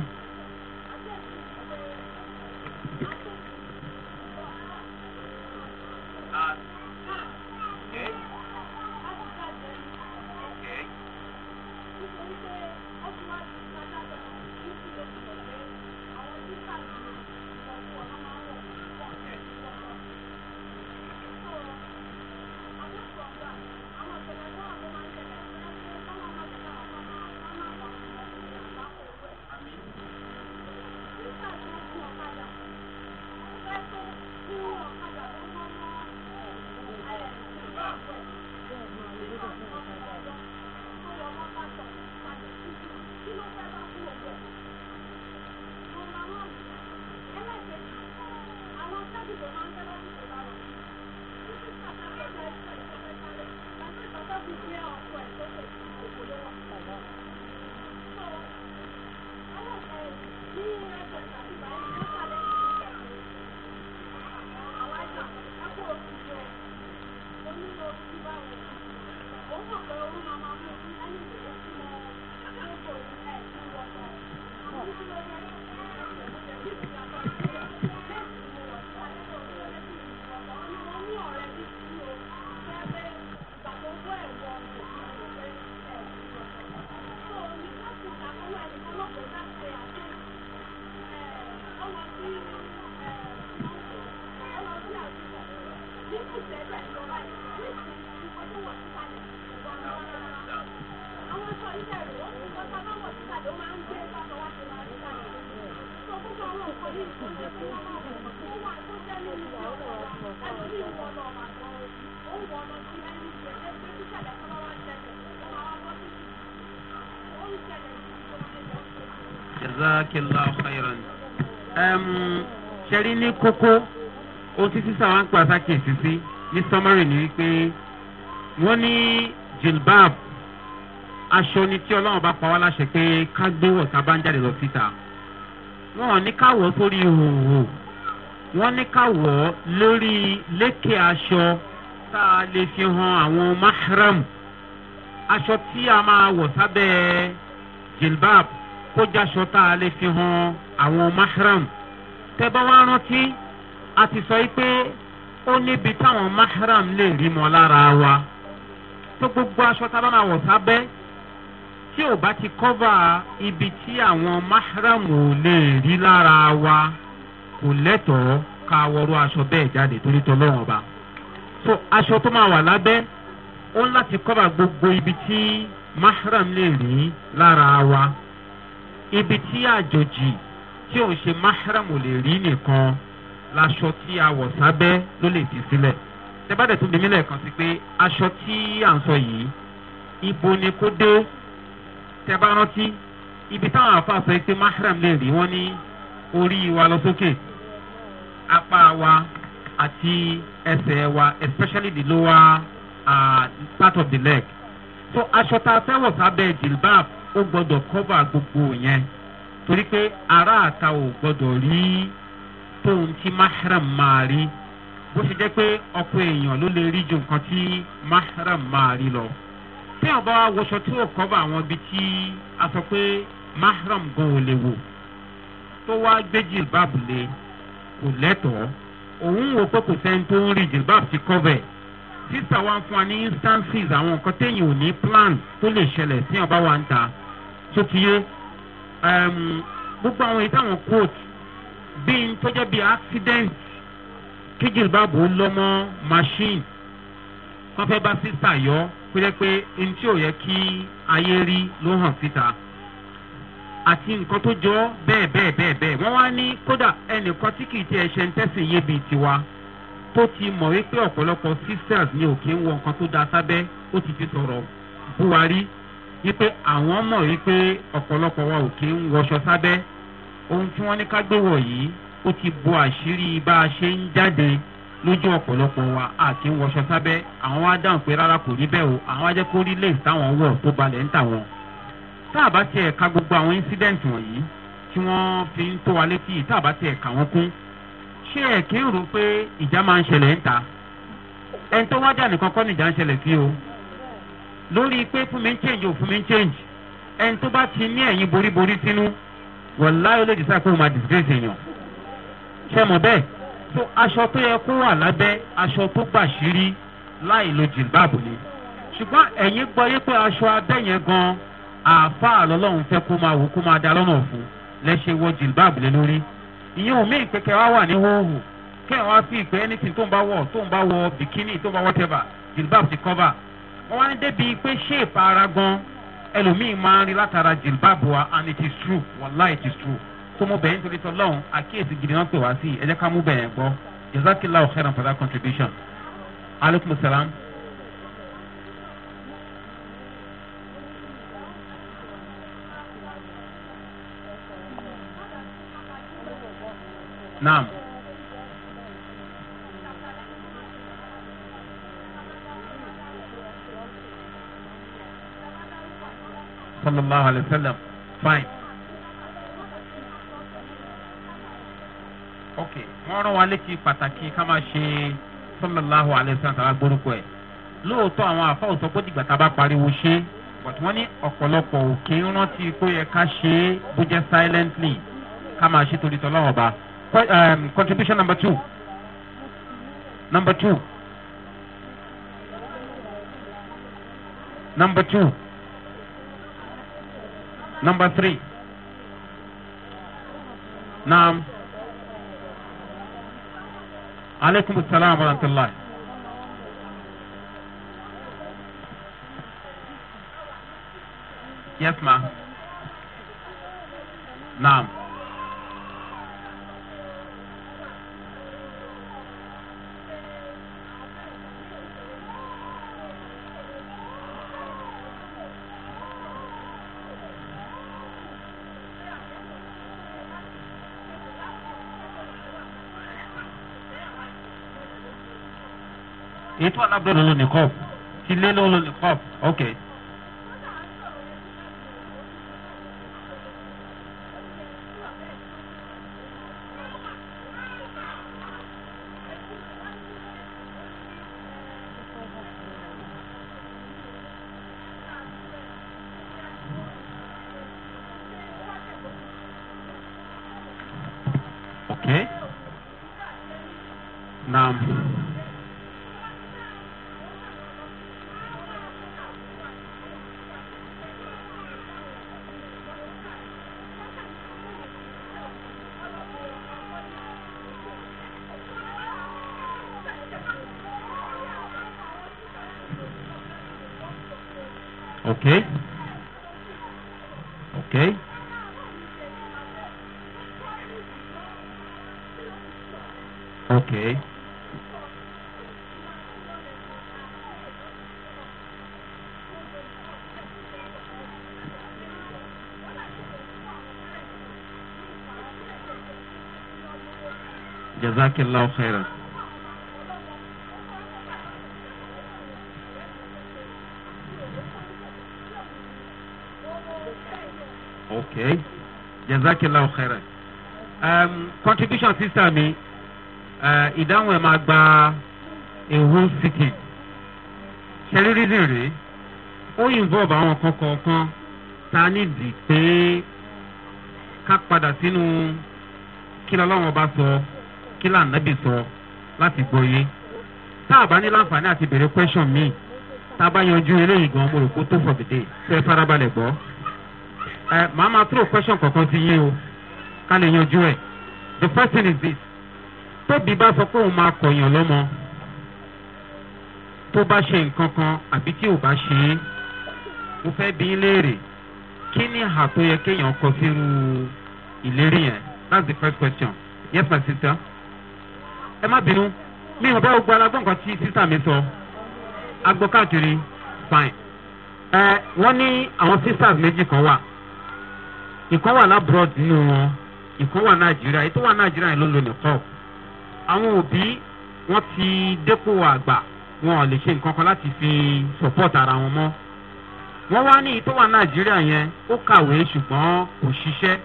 jazakallah khairan. ṣẹ́rí ní kókó ohun tí sísá wa ń pa sákèsí sí ní sọ́mọ́rì ni wípé wọ́n ní jilbab aṣọ ni tí ọlọ́run bá pa wá láṣẹ pé ká gbé wọ̀ a bá ń jáde lọ síta wọn ò ní ká wọ̀ sórí ìhòòhò wọ́n ní ká wọ̀ lórí lékè aṣọ tá a lè fi han àwọn mahram aṣọ tí a máa wọ̀ sábẹ́ jilbab kójá sọta alẹ́ fi hàn àwọn mahram tẹ́bá wá rántí a ti sọ yìí pé ó níbi táwọn mahram lè rí mọ́ lára wa tó gbogbo aṣọ tá a bá máa wọ̀ sábẹ́ tí ò bá ti kọ́va ibi tí àwọn mahram ò lè rí lára wa kò lẹ́tọ̀ọ́ ká wọrú aṣọ bẹ́ẹ̀ jáde torí tọ́lọ́wọ́n ọba so aṣọ tó máa wà lábẹ́ ó ń láti kọ́va gbogbo ibi tí mahram lè rí lára wa ibi tí àjòjì tí òun ṣe mahram lè rí nìkan laṣọ tí a wọ̀ sábẹ́ ló lè fi sílẹ̀ tẹ́bàdẹ̀ tún bímí lẹ́ẹ̀kan sí pé aṣọ tí à ń sọ yìí ibo ni kó dé tẹ́bà rántí ibi táwọn àáfàá sọ pé mahram lè rí wọ́n ní orí wa lọ sókè apá wa àti ẹsẹ̀ wa especially the lower uh, part of the leg so aṣọ tá a fẹ́ wọ̀ sábẹ́ jilbab ó gbọ́dọ̀ kọ́bà gbogbo yẹn torí pé aráàta ò gbọ́dọ̀ rí tóun tí mahram máa rí bó ṣe jẹ́ pé ọkọ èèyàn ló lè rí ju nǹkan tí mahram máa rí lọ tí ọba wọṣọ tí ò kọ́bà àwọn ibi tí a sọ pé mahram gan ò lè wò tó wá gbé jìlbáàbù lé kò lẹ́tọ̀ọ́ òun wò pé kò sẹ́ni tó ń rí jìlbáàbù ti kọ́ sísà wa fún wa ní instances àwọn nǹkan téèyàn ò ní plan tó lè ṣẹlẹ̀ sí ọba wa ń ta tó ti yé um, gbogbo àwọn èyí táwọn quote bí n tọ́jà bí accident kíjìlì bá bò ó lọ́mọ machine wọ́n fẹ́ bá sísà yọ pé jẹ́ pé n tí ò yẹ kí ayé rí ló hàn síta àti nǹkan tó jọ bẹ́ẹ̀ bẹ́ẹ̀ bẹ́ẹ̀ bẹ́ẹ̀ wọ́n wá ní kódà ẹnìkan tí kì í tiẹ̀ ṣe ń tẹ̀sìn yé bíi tiwa tó ti mọ̀ wípé ọ̀pọ̀lọpọ̀ sisters ni òkè ń wọ nǹkan tó da sábẹ́ ó ti ti sọ̀rọ̀ buhari wípé àwọn mọ̀ wípé ọ̀pọ̀lọpọ̀ wa ò kí ń wọṣọ sábẹ́ ohun tí wọ́n ní ká gbé wọ̀ yìí ó ti bo àṣírí bá a ṣe ń jáde lójú ọ̀pọ̀lọpọ̀ wa a kì í wọṣọ sábẹ́ àwọn wá dáhùn pé rárá kò rí bẹ́ẹ̀ o àwọn ajẹ́ kó rí lace táwọn wọ̀ tó balẹ̀ ń tà wọ́n. tá a bá tiẹ̀ ka gbogbo àwọn incident wọ̀nyí tí wọ́n fi ń tó wa létí tá a bá tiẹ̀ kà wọ́n kún ṣé ẹ̀ kí ń rò pé ìjà máa ń ṣẹlẹ̀ ń ta ẹni tó wájà nìkan kọ́ nìjà ń ṣẹlẹ̀ sí o lórí pé fún mi ń change ò fún mi ń change ẹni tó bá ti ní ẹ̀yìn boríborí sínú wọ̀láyé lè dìsá pé o máa disgrace èèyàn ṣe mọ̀ bẹ́ẹ̀ so aṣọ tó yẹ kó wà lábẹ́ aṣọ tó gbà sírí láì lo jìlbáàbò ni ṣùgbọ́n ẹ̀yìn gbọ́yé pé aṣọ abẹ́ yẹn gan àáfà lọ́lọ́run fẹ́ kó máa wò kó máa da lọ́nà fún lẹ́ṣẹ̀ wọ jìlbáàbò lé lórí ìyẹn òmí ìpẹ́kẹ́ wá wà ní hóhù kẹ́ ẹ̀ wá fi ìpẹ́ anything tó ń bá wọ̀ tó ń bá wọ bikini tó ń bá whatever jìlbáàbò ti cover wọ́n wá ní débi pé ṣéèpù ara gan ẹlòmíì máa ń rí látara jìlbáàbù wa and it is true wàhálà it is true tó mo bẹ̀yìn torí tọ́lọ́hún àkíyèsí gidi wọn pè wá sí ẹ jẹ́ ká mú bẹ̀yẹn gbọ́ jazakila ọ̀hẹ́ràn for that contribution aleykum salam. naam. sallallahu alayhi wa sallam fine. ok wọ́n rán wa létí pàtàkì ká máa ṣe sallallahu alayhi wa sallam tàbá gbórúkọ ẹ̀ lóòótọ́ àwọn àfa ò sọ pé dìgbà tá a bá pariwo ṣe but wọ́n ní ọ̀pọ̀lọpọ̀ òkè ń rántí pé yẹ ká ṣe é bó jẹ́ silently ká máa ṣe torí tọ́lọ́wọ́ ba um, contribution number two number two number two. number three. Naam. Alaikum assalam warahmatullahi. Yes, ma'am. Naam. ètò alágbèrè ló ní cup ti lé ló ní cup ok jazakillahu khairan. okay jazakillahu khairan um, contribution sister mi uh, ìdáhùn ẹ̀ máa gba a whole sitting ṣẹlẹ̀ reason rèé ó involve àwọn kan kọ̀ọ̀kan ta nídìí pé ká padà sínú kí lọ́lọ́wọ́n bá sọ. So, kí lànàbì sọ láti gbọ́yé tá a bá ní láǹfààní àti béèrè question míì tá a bá yanjú eléyìí gan mo rò kó tó for the day fẹ́ ẹ màá máa throw question kankan sí yín o ká lè yanjú ẹ̀ the first thing is this tóbi bá sọ pé òun máa kọ̀yàn lọ́mọ tó bá ṣe nǹkan kan àbí tí ò bá ṣe é mo fẹ́ bí í léèrè kí ni ìhà tó yẹ kéèyàn kọ sírú ìlérí yẹn that's the first question yes my sister ẹ má bínú mi ò bẹ́ẹ̀ gba alágbọ́n kan tí sísá mi sọ agbọ́ káàkiri fine ẹ wọ́n ní àwọn sisters méjì kan wà ìkan wà lábúrọ̀d nínú wọn ìkan wà nàìjíríà ètò wà nàìjíríà yìí ló ń lò nìkọ́ àwọn òbí wọn ti dépò àgbà wọn ò lè ṣe nǹkan kan láti fi support ara wọn mọ́ wọ́n wá ní ètò wà nàìjíríà yẹn ó kàwé ṣùgbọ́n kò ṣiṣẹ́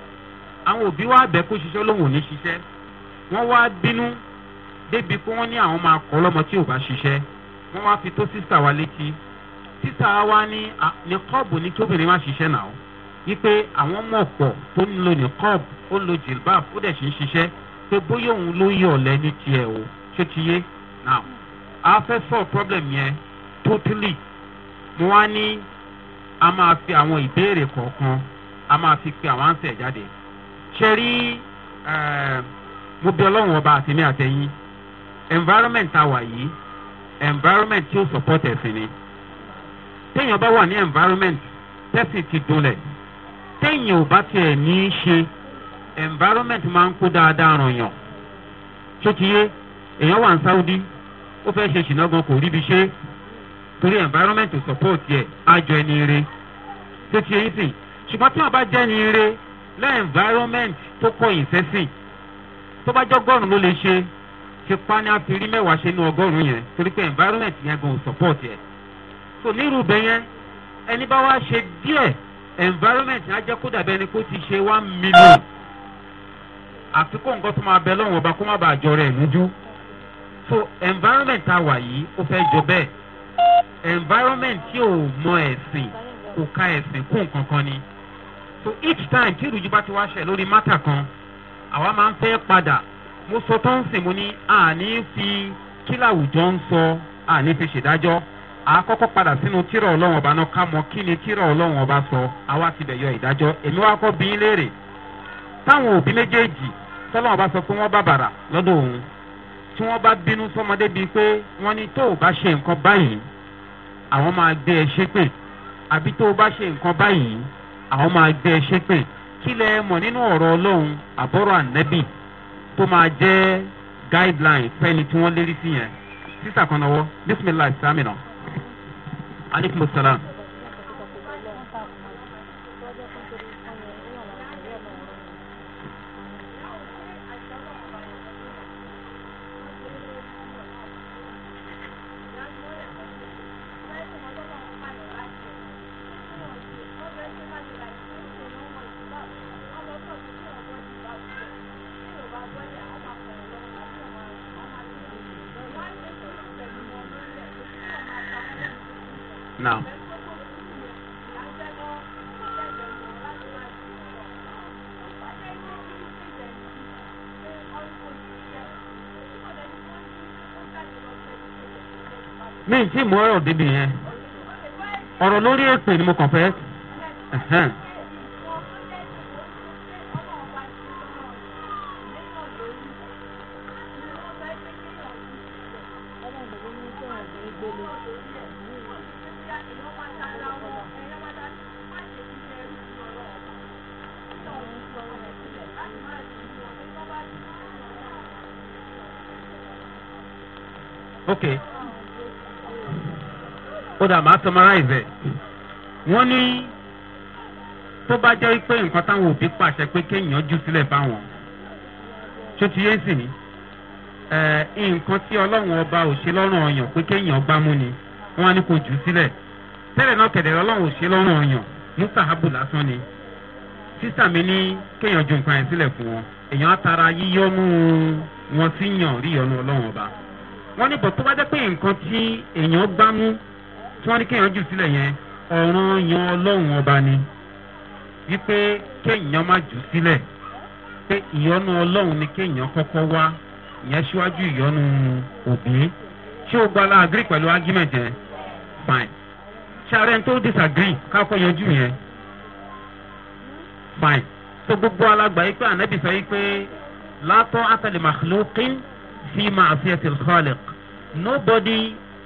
àwọn òbí wa bẹ́ẹ̀ kó ṣiṣẹ́ lóhùn ò ní ṣiṣẹ́ wọ́n wá bínú débi pé wọ́n ní àwọn máa kọ́ lọ́mọ tí ò bá ṣiṣẹ́ wọ́n wá fi tó sísà wa létí sísà wa ní ní kọ́ọ̀bù ní kí obìnrin má ṣiṣẹ́ nà ó wípé àwọn mọ̀ pọ̀ tó ń lo ní kọ́ọ̀bù ó lo jìlbáàf ó dẹ̀ ṣe ń ṣiṣẹ́ pé bóyá òun ló yẹ ọ̀lẹ́ ní tiẹ̀ o ṣé ti yé nà ó a fẹ́ sọ problem yẹn totally mo wá ní a máa fi àwọn ìbéèrè kọ̀ọ̀kan a máa fi pe àwọn ànsẹ̀ jáde ṣe rí eh, mo bí ọlọ́run ọba àtẹ̀mí àtẹ̀yìn environment tá a wà yìí environment tí ó support ẹ̀sìn ni téèyàn bá wà ní environment tẹ́sìn ti dolẹ̀ téèyàn ò bá tiẹ̀ ní í ṣe environment máa ń kó dáadáa ràn yàn tó èèyàn wà ní saudi ó fẹ́ ṣe ṣìnà gan kò ríbi ṣe torí environment support yẹ àjọ ẹni ire tó ti yé sìn ṣùgbọ́n tí wọ́n bá jẹ́ ni ire lẹ́ environment tó kọ̀yìn sẹ́sìn tó bá jọ́gọ́rùn ló lè ṣe ṣe pani àti rí mẹ́wàá ṣe ní ọgọ́rùn-ún yẹn torí pé environment yẹn gan support yẹn so nírú bẹ yẹn ẹni bá wá ṣe díẹ̀ environment yẹn á jẹ́ kó dàbẹ́ ni kó ti ṣe one million àfikún nǹkan tó máa bẹ lọ́wọ́ ọba kó má bàa jọ rẹ̀ lójú so environment tá a wà yìí ó fẹ́ jọ bẹ́ẹ̀ environment tí ò mọ ẹ̀sìn kò ka ẹ̀sìn kún kankan ni so each time tí ìrújú bá ti wá ṣẹ̀ lórí mátà kan àwa máa ń fẹ́ padà mo sọ tó ń sìn mo ní àní fi kí làwùjọ ń sọ àní fi ṣèdájọ́ àkọ́kọ́ padà sínú tíra ọlọ́run ọba náà ká mọ kí ni tíra ọlọ́run ọba sọ àwa ti bẹ̀ yọ ìdájọ́ èmi wá kọ́ bí ń léèrè táwọn òbí méjèèjì tọ́lọ́run ọba sọ pé wọ́n bá bàrà lọ́dọ̀ òun tí wọ́n bá bínú sọmọdé bíi pé wọ́n ní tó o bá ṣe nǹkan báyìí àwọn máa gbé ẹ ṣépè àbí tó o bá ṣe nǹkan báyìí àwọn máa gbé ẹ ṣépè kí lẹ mọ̀ nínú ọ̀rọ̀ ọlọ́run àbọ̀rọ̀ ànẹ́bì tó máa jẹ́ guideline fẹ́ni tí wọ́n lérí sí yẹn sísà kan náà wọ́ bísí mi láì sàmìnà aleykum salaam. mi n tí mú ọ̀rọ̀ débi yẹn ọ̀rọ̀ lórí èpè ni mo kàn fẹ́. Okay. kódà máa summarize ẹ̀ wọ́n ní tó bá jẹ́ pé nǹkan táwọn òbí pàṣẹ pé kéèyàn jù sílẹ̀ fáwọn tó ti yé sì ní nǹkan tí ọlọ́run ọba ò ṣe lọ́rùn ọyàn pé kéèyàn gbá mú ni wọ́n á ní kó jù sílẹ̀ tẹ́lẹ̀ náà kẹ̀dẹ̀ ọlọ́run ò ṣe lọ́rùn ọyàn mustahabu lásán ni sísà mi ní kéèyàn ju nǹkan yẹn sílẹ̀ fún wọn èèyàn atara yíyọnu wọn sí yàn rí yọnu ọlọ́run ọba wọ́n ní bọ̀ tó bá jẹ́ pé nǹkan tí èèyàn gbá mú tí wọ́n ní kéèyàn jù sílẹ̀ yẹn ọ̀run yan ọlọ́run ọba ni wípé kéèyàn má jù sílẹ̀ pé ìyọnu ọlọ́run ni kéèyàn kọ́kọ́ wá ìyẹn síwájú ìyọnu òbí ṣé o gba aláàgírí pẹ̀lú argument yẹn fine ṣe ara ẹni tó disagree káfọ́ yanjú yẹn fine tó gbogbo alàgbà yìí pé ànábì sọ yìí pé látọ́ àtàlẹ́ màkìlókín sí màá fi ẹsẹ̀ xọ́ọ̀lẹ̀ nobody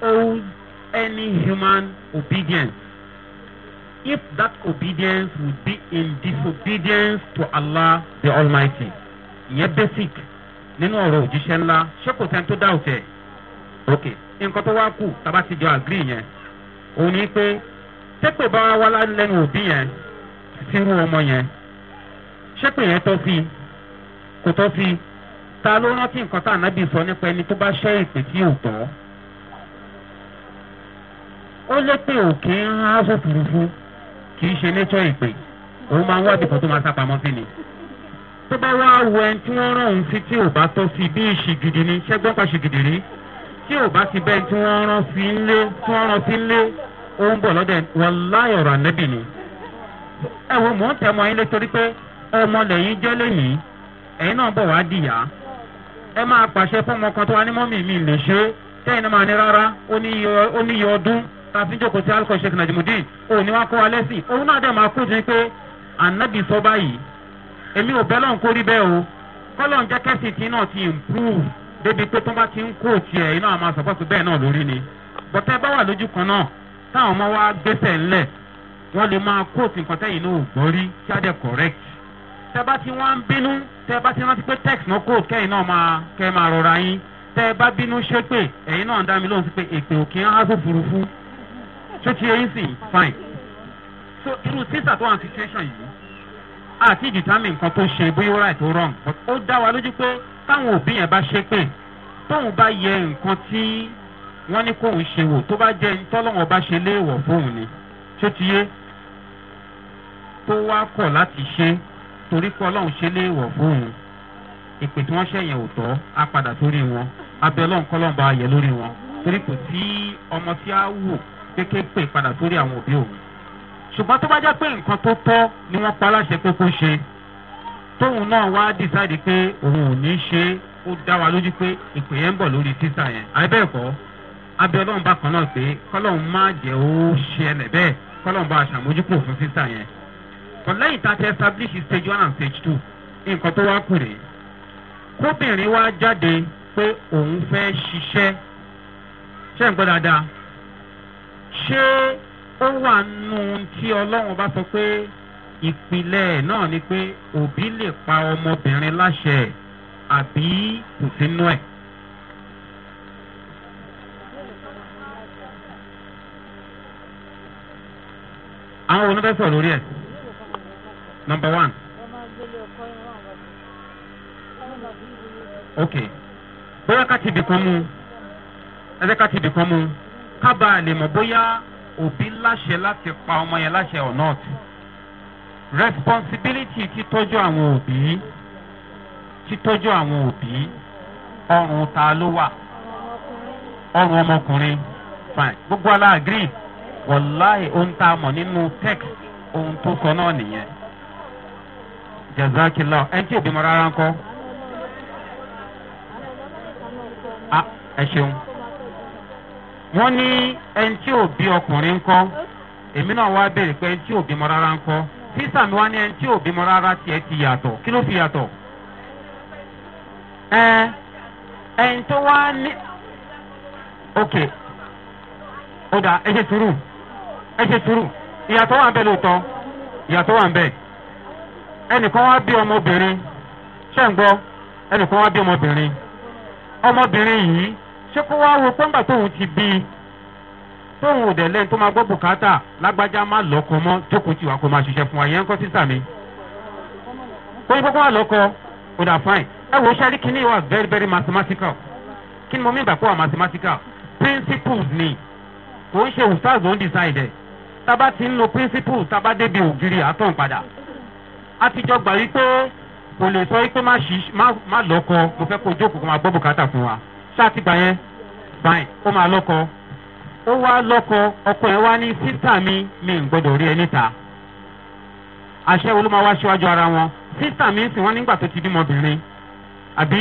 owes any human obedience if that obedience would be in disobedience to Allah the Almighty. Ìyẹn basic nínú ọ̀rọ̀ òjíṣẹ́ ńlá ṣé kò sẹ́ni tó dá òtẹ̀? Ok nǹkan tó wá kù tába ti jọ àgírí yẹn òun ni pé tẹ́pẹ̀ bá wá lẹ́nu òbí yẹn sírú ọmọ yẹn ṣẹ́pẹ̀ yẹn tọ́ sí kò tọ́ sí ta ló rántí nǹkan tá ànábì sọ nípa ẹni tó bá ṣẹ́ ìpè tí ò tọ́ ó lépè ò kí ń rán sófurufú kì í ṣe nature ìpè òun máa ń wá dìbò tó máa sápamọ́ sí ni. tó bá wá wo ẹni tí wọ́n rán òun sí tí ò bá tọ́ sí bí ìṣègidì ni ṣẹ́gbọ́n pa ṣègidì rí tí ò bá ti bẹ́ẹ̀ tí wọ́n rán sí ńlé tí wọ́n rán sí ńlé ó ń bọ̀ lọ́dẹ̀ wọn láyọ̀ rà nẹ́bì ni. ẹ wo mò ń tẹ́ ọmọ yín lé pé ọmọ lẹ́yìn jẹ́ lẹ́yìn ẹ̀yin náà bọ̀ wá dìyà ẹ máa pàṣẹ fún ọmọ kan tó wá ní mọ́mì mi lè ṣe tẹ́yìn náà máa ní rárá ó ní ọdún tàbí jókòó sí alukọ sheikh najimudin òun ni wọn kọ alẹ sí òun náà dẹ máa kó tún pé anabi sọ báyìí èmi ò bẹ́ lọ́n kórí bẹ́ẹ̀ o kọ́lọ́n jẹ́ kẹ́sì tí náà ti improve débi pé tó bá ti ń kó tiẹ̀ iná àmọ́ sọ́kọ́sọ́ bẹ́ẹ̀ náà lórí ni bọ́tẹ́ bá wà lójú kan náà táwọn ọmọ wa gbẹ́sẹ̀ ńlẹ̀ wọ́n lè máa kó tí nǹkan tẹ́yìn náà ò gbọ́ rí kí á dẹ̀ correct tẹ bá ti wá ń bínú tẹ bá ti rántí pé text náà kó kẹ́yìn náà máa kẹ́ máa rọra yín tẹ bá bínú ṣépè ẹ̀yin náà ń dá mi lóhùn sí pé èpè òkè ń há fòfurufú ṣé ti eyín sì fine so irú sísà tó wà ní situation yìí àti determine nǹkan tó ṣe bí ó right or wrong but ó dá wa lójú pé táwọn òbí yẹn bá ṣe pé tóun bá yẹ nǹkan tí wọ́n ní kóun ṣe wò tó bá jẹ́ tọ́lọ́wọ́n bá ṣe léèwọ̀ fóun ni ṣé ti yé tó wá kọ̀ láti ṣe torí pé ọlọ́run ṣe léèwọ̀ fóun ìpè tí wọ́n ṣẹ̀yìn ò tọ́ á padà sórí wọn abẹ́ ọlọ́run kọ́ lọ́nba ayẹ lórí wọn torí kò sí ọmọ tí a wò kéké pè padà sórí àwọn òbí òun ṣùgbọ́n tó bá jẹ́ pé nǹkan tó tọ́ ni wọ́n pa aláṣẹ pé kó ṣe tóun náà wá dísáàdì pé òun ò ní ṣe ó dá wa lójú pé ìpè yẹn ń bọ̀ lórí títà yẹn àbẹ́ẹ̀kọ́ abẹ́ ọlọ́run bákan náà pé kọ́lọ́run má jẹ́ ó ṣẹlẹ̀ bẹ́ẹ̀ kọ́lọ́run bá aṣàmójúkò fún títà yẹn but lẹ́yìn tá a ti establish stage one and stage two nǹkan tó wá kù rèé kóbìnrin wá jáde pé òun fẹ́ ṣiṣẹ́ ṣé dáadáa ṣé ó wà nù tí ọlọ́run bá sọ pé ìpìlẹ̀ náà ni pé òbí lè pa ọmọbìnrin láṣẹ àbí kò sínú ẹ̀. àwọn onífẹ́sọ̀ lórí ẹ̀ number one. ok bóyá ká ti bìkan mu ẹ jẹ́ ká ti bìkan mu. kábà lè mọ̀ bóyá òbí láṣẹ láti pa ọmọ yẹn láṣẹ or not responsibility títọ́jú àwọn òbí títọ́jú àwọn òbí ọrùn ta ló wà ọrùn ọmọkùnrin fine gbogbo ala agree wàláhì ohun tá a mọ̀ nínú text ohun tó sọ náà nìyẹn jazakila ẹni tí òbí mọ rárá ń kọ́ ah, ẹ ṣeun. wọ́n ní ẹni tí ọkùnrin ńkọ́ èmi náà wá béèrè pé ẹni tí ò bímọ rárá ńkọ́ sísà mi wá ní ẹni tí ò rárá ti yàtọ̀ kí ló fi yàtọ̀ ẹ ẹni tó wá ní ok ó dà ẹ ṣe sùúrù ẹ ṣe sùúrù ìyàtọ̀ wà ń bẹ̀ lóòótọ́ ìyàtọ̀ wà ń bẹ̀ ẹnìkan wá bí ọmọbìnrin ṣẹ́ ń gbọ́ ẹnìkan wá bí ọmọbìnrin ọmọbìnrin yìí. ṣé kó wá wo pọ́ńgbà tóun ti bí i tóun ò dẹ̀ lẹ́yìn tó máa gbọ́ bùkátà lágbájá má lọ́kọ mọ́ jókòó tì wá kó máa ṣiṣẹ́ fún wa yẹn ń kọ́ sísà mi. kó ní kókó wà lọ́kọ kò dà fine ẹ wò ó ṣáà rí kíní very very mathematical kí ni mo mìíràn pé wa mathematical principles ni kò ń ṣe ustaz ló ń decide tába ti ń lo principles tába débi ògiri àtọ̀ padà a ti jọ gbà wípé kò lè sọ wípé má lọ́kọ mo fẹ́ kó jókòó kó máa gbọ́ bùkátà fún wa. sáàtì gbà yẹn fine ó máa lọkọ ó wá lọ́kọ ọkọ ẹ wá ní sísà mi mi ń gbọ́dọ̀ rí ẹ níta àṣẹ olóma wá síwájú ara wọn sísà mi ń sìn wọ́n nígbà tó ti bímọ obìnrin àbí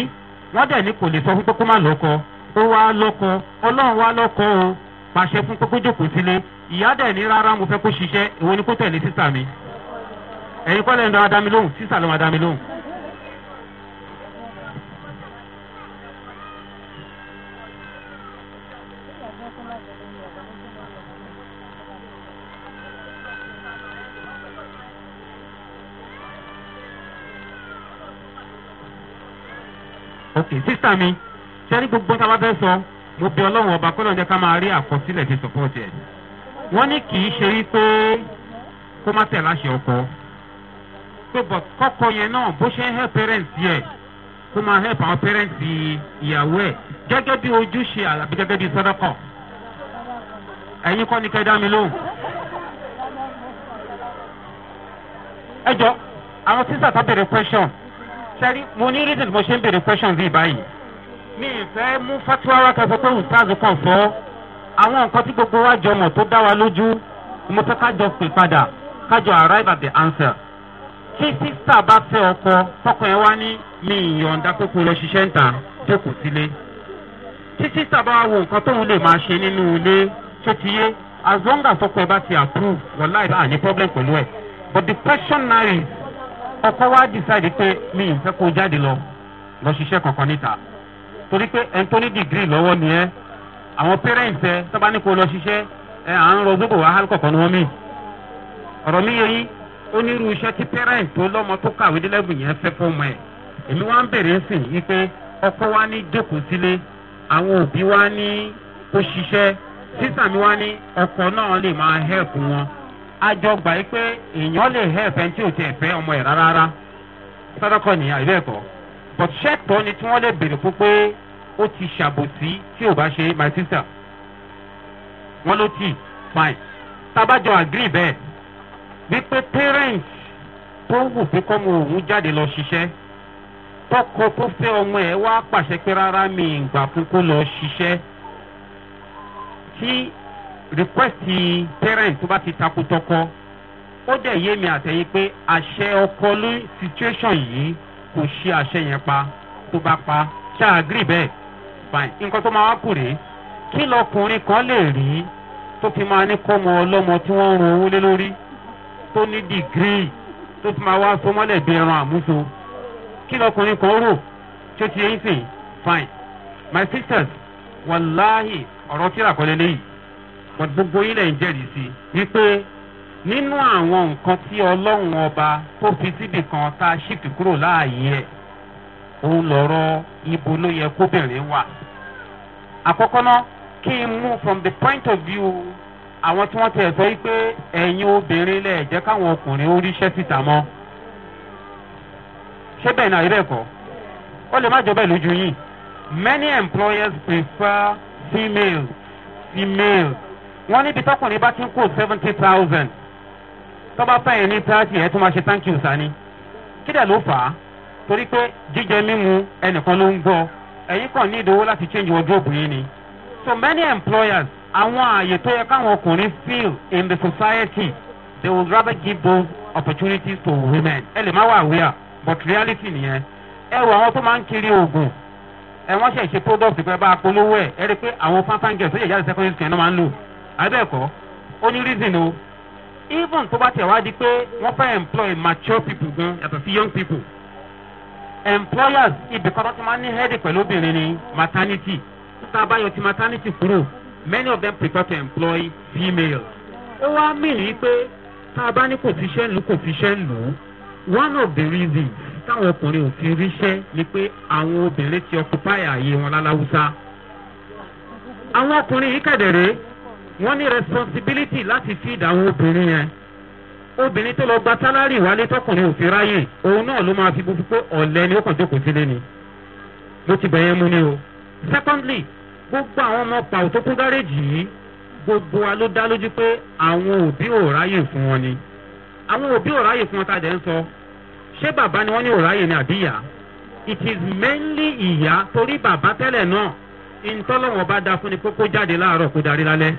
wọ́n dẹ̀ ní kò lè sọ fún pé kó má ó wá wá o pàṣẹ fún pé sílé ìyá dẹ̀ ní rárá mo ṣiṣẹ́ ni kó mi Ẹyin kọ́lẹ̀ ń dá ma dá ok sísá mi sẹ́ni gbogbo tá a bá fẹ́ sọ mo bí ọlọ́run ọba kọ́lọ́ jẹ́ ká máa rí àkọsílẹ̀ ti support ẹ̀ wọ́n ní kì í ṣe rí pé kó má tẹ̀ láṣẹ ọkọ pé but kọ́kọ yẹn náà bó ṣe ń help parents yẹ kó máa help àwọn parents ìyàwó ẹ̀ gẹ́gẹ́ bí ojúṣe àbí gẹ́gẹ́ bí sọ́dọ́kọ̀ ẹ̀yin kọ́ ni kẹ́ dá mi lóhùn. ẹ jọ àwọn sísà tá bẹ̀rẹ̀ question sẹ́rí mo ní reason mo ṣe ń bèrè question bíi báyìí mi ìfẹ́ mú fatuwa wa kan sọ pé ustaz kan fọ́ àwọn nǹkan tí gbogbo wa jọ mọ̀ tó dá wa lójú mo fẹ́ kájọ pè padà kájọ arrive at the answer tí sísà bá fẹ́ ọkọ tọkọ ẹ wá ní mi ìyọ̀ǹda kókó lọ ṣiṣẹ́ ń ta jókòó sílé tí sísà bá wo nǹkan tóun lè máa ṣe nínú ilé tó ti yé as long as ọkọ ẹ bá ti approve wọ́n láì bá àní problem pẹ̀lú ẹ̀ but the question now is ọkọ wa decide pé mi ì fẹ́ kó jáde lọ lọ ṣiṣẹ́ kankan níta torí pé ẹni tó ní degree lọ́wọ́ ni ẹ àwọn parents ẹ tọ́ba ní kó lọ ṣiṣẹ́ ẹ à ń rọ gbogbo wàhálà kọ̀ọ̀kan ni wọ́n mì ọ̀rọ̀ mi yẹ yín ó ní irú iṣẹ́ tí parent tó lọ́mọ tó kàwé délẹ́bù yẹn fẹ́ fún ọmọ ẹ̀ èmi wá ń bèrè sí i pé ọkọ wa ní jókòó sílé àwọn òbí wa ní kó ṣiṣẹ́ sísàmì wa ní ọkọ náà lè máa help wọn àjọ gbà yí pé èèyàn lè hẹ́ ẹ̀fẹ́ tí ò ti ẹ̀fẹ́ ọmọ ẹ̀ rárá sọ́dọ̀kọ̀ nìyà ìlú ẹ̀kọ́ but ṣẹ́tọ́ ni tí wọ́n lè bèrè fún pé ó ti ṣàbòsí tí ò bá ṣe my sister wọ́n ló tì fine tábàjọ agree bẹ́ẹ̀ wípé parent tó wù pé kọ́mọ òun jáde lọ ṣiṣẹ́ tọkọ tó fẹ́ ọmọ ẹ̀ wá pàṣẹ pé rárá mi ìgbà fún kó lọ ṣiṣẹ́ tí rìkwẹ́sì parent tó bá ti takò tọkọ ó dẹ̀ yé mi àtẹ̀yìn pé àṣẹ ọkọ ló situation yìí kò ṣe àṣẹ yẹn pa tó bá pa ṣáà agree bẹ́ẹ̀ fine nǹkan tó máa wá kù rèé kí lọkùnrin kan lè rí tó fi máa ní kọ́mọ ọlọ́mọ tí wọ́n ń ran owó lé lórí tó ní dìgírì tó fi máa wá sọmọ́lẹ̀ bí ẹran àmúso kí lọkùnrin kan rò tí ti yẹn sìn fine my sisters wàláhì ọ̀rọ̀ tíra kọ́lé but gbogbo yín lẹ̀ jẹ́rìí sí wípé nínú àwọn nǹkan tí ọlọ́run ọba tó fi síbì kan tá a ṣìkì kúrò láàyè ẹ̀ òun lọ̀rọ̀ ibo ló yẹ kóbìnrin wà. àkọ́kọ́ náà kí n mú from the point of view àwọn tí wọ́n tẹ̀ sọ wípé ẹ̀yin obìnrin lẹ̀ jẹ́ káwọn ọkùnrin ó ríṣẹ́ síta mọ́. ṣé bẹ́ẹ̀ náà irú ẹ̀kọ́ ó lè má jọ bẹ́ẹ̀ lójú yìí many employers prefer females females wọ́n níbi tọkùnrin bá ti ń kó seventy thousand tọ́ba fẹ́yìn ní thirty ẹ̀ tó máa ṣe thank you sani kí dẹ̀ ló fà á torí pé jíjẹ mímu ẹnìkan ló ń gbọ́ ẹ̀yìn kan ní ìdówó láti change wardrobe yìí ni so many employers àwọn ààyè tó yẹ káwọn ọkùnrin feel in the society they would rather give those opportunities to women ẹ lè má wà wíyà but reality nìyẹn ẹ wọ àwọn tó máa ń kiri oògùn ẹ wọ́n ṣe ṣe product pẹ́ bá a polówó ẹ̀ ẹ rí i pé àwọn fanfan girls tó yẹ jáde secondary school ẹ̀ náà máa ń lò. abẹ́ẹ̀kọ́ ó ní reason o even tó bá tẹ̀ wá di pé wọ́n fẹ́ employ mature people gan yàtọ̀ sí young people employers ibi kan tó ti máa ní headache pẹ̀lú obìnrin ni maternity tá a bá yọ ti maternity kúrò many of them prefer to employ female ó wá mìíràn pé tá a bá ní kò fi iṣẹ́ ń lù kò fi lù one of the reasons táwọn ọkùnrin ò fi ríṣẹ́ ni pé àwọn obìnrin ti occupy ààyè wọn láláwúsá àwọn ọkùnrin yìí kẹ̀dẹ̀ rèé. wọ́n ní responsibility láti feed àwọn obìnrin yẹn obìnrin tó lọ gba sálárì wálé tọkùnrin òfin ráyè òun náà ló máa fi bu pé ọ̀lẹ́ ni ó kàn jókòó sílé ni ló ti bẹ̀yẹn mú ni o. secondly gbogbo àwọn ọmọ pàwọ́ tó kún gáréèjì yìí gbogbo wa ló dá lójú pé àwọn òbí ò ráyè fún wọn ni àwọn òbí ò ráyè fún wọn tá a jẹ́ ń sọ ṣé bàbá ni wọ́n ní ò ráyè ni àbí ìyá it is mainly ìyá torí bàbá tẹ́lẹ̀ náà ìtọ́lọ́wọ̀n bá da fún ni kókó jáde láàárọ̀ kó darí lálẹ́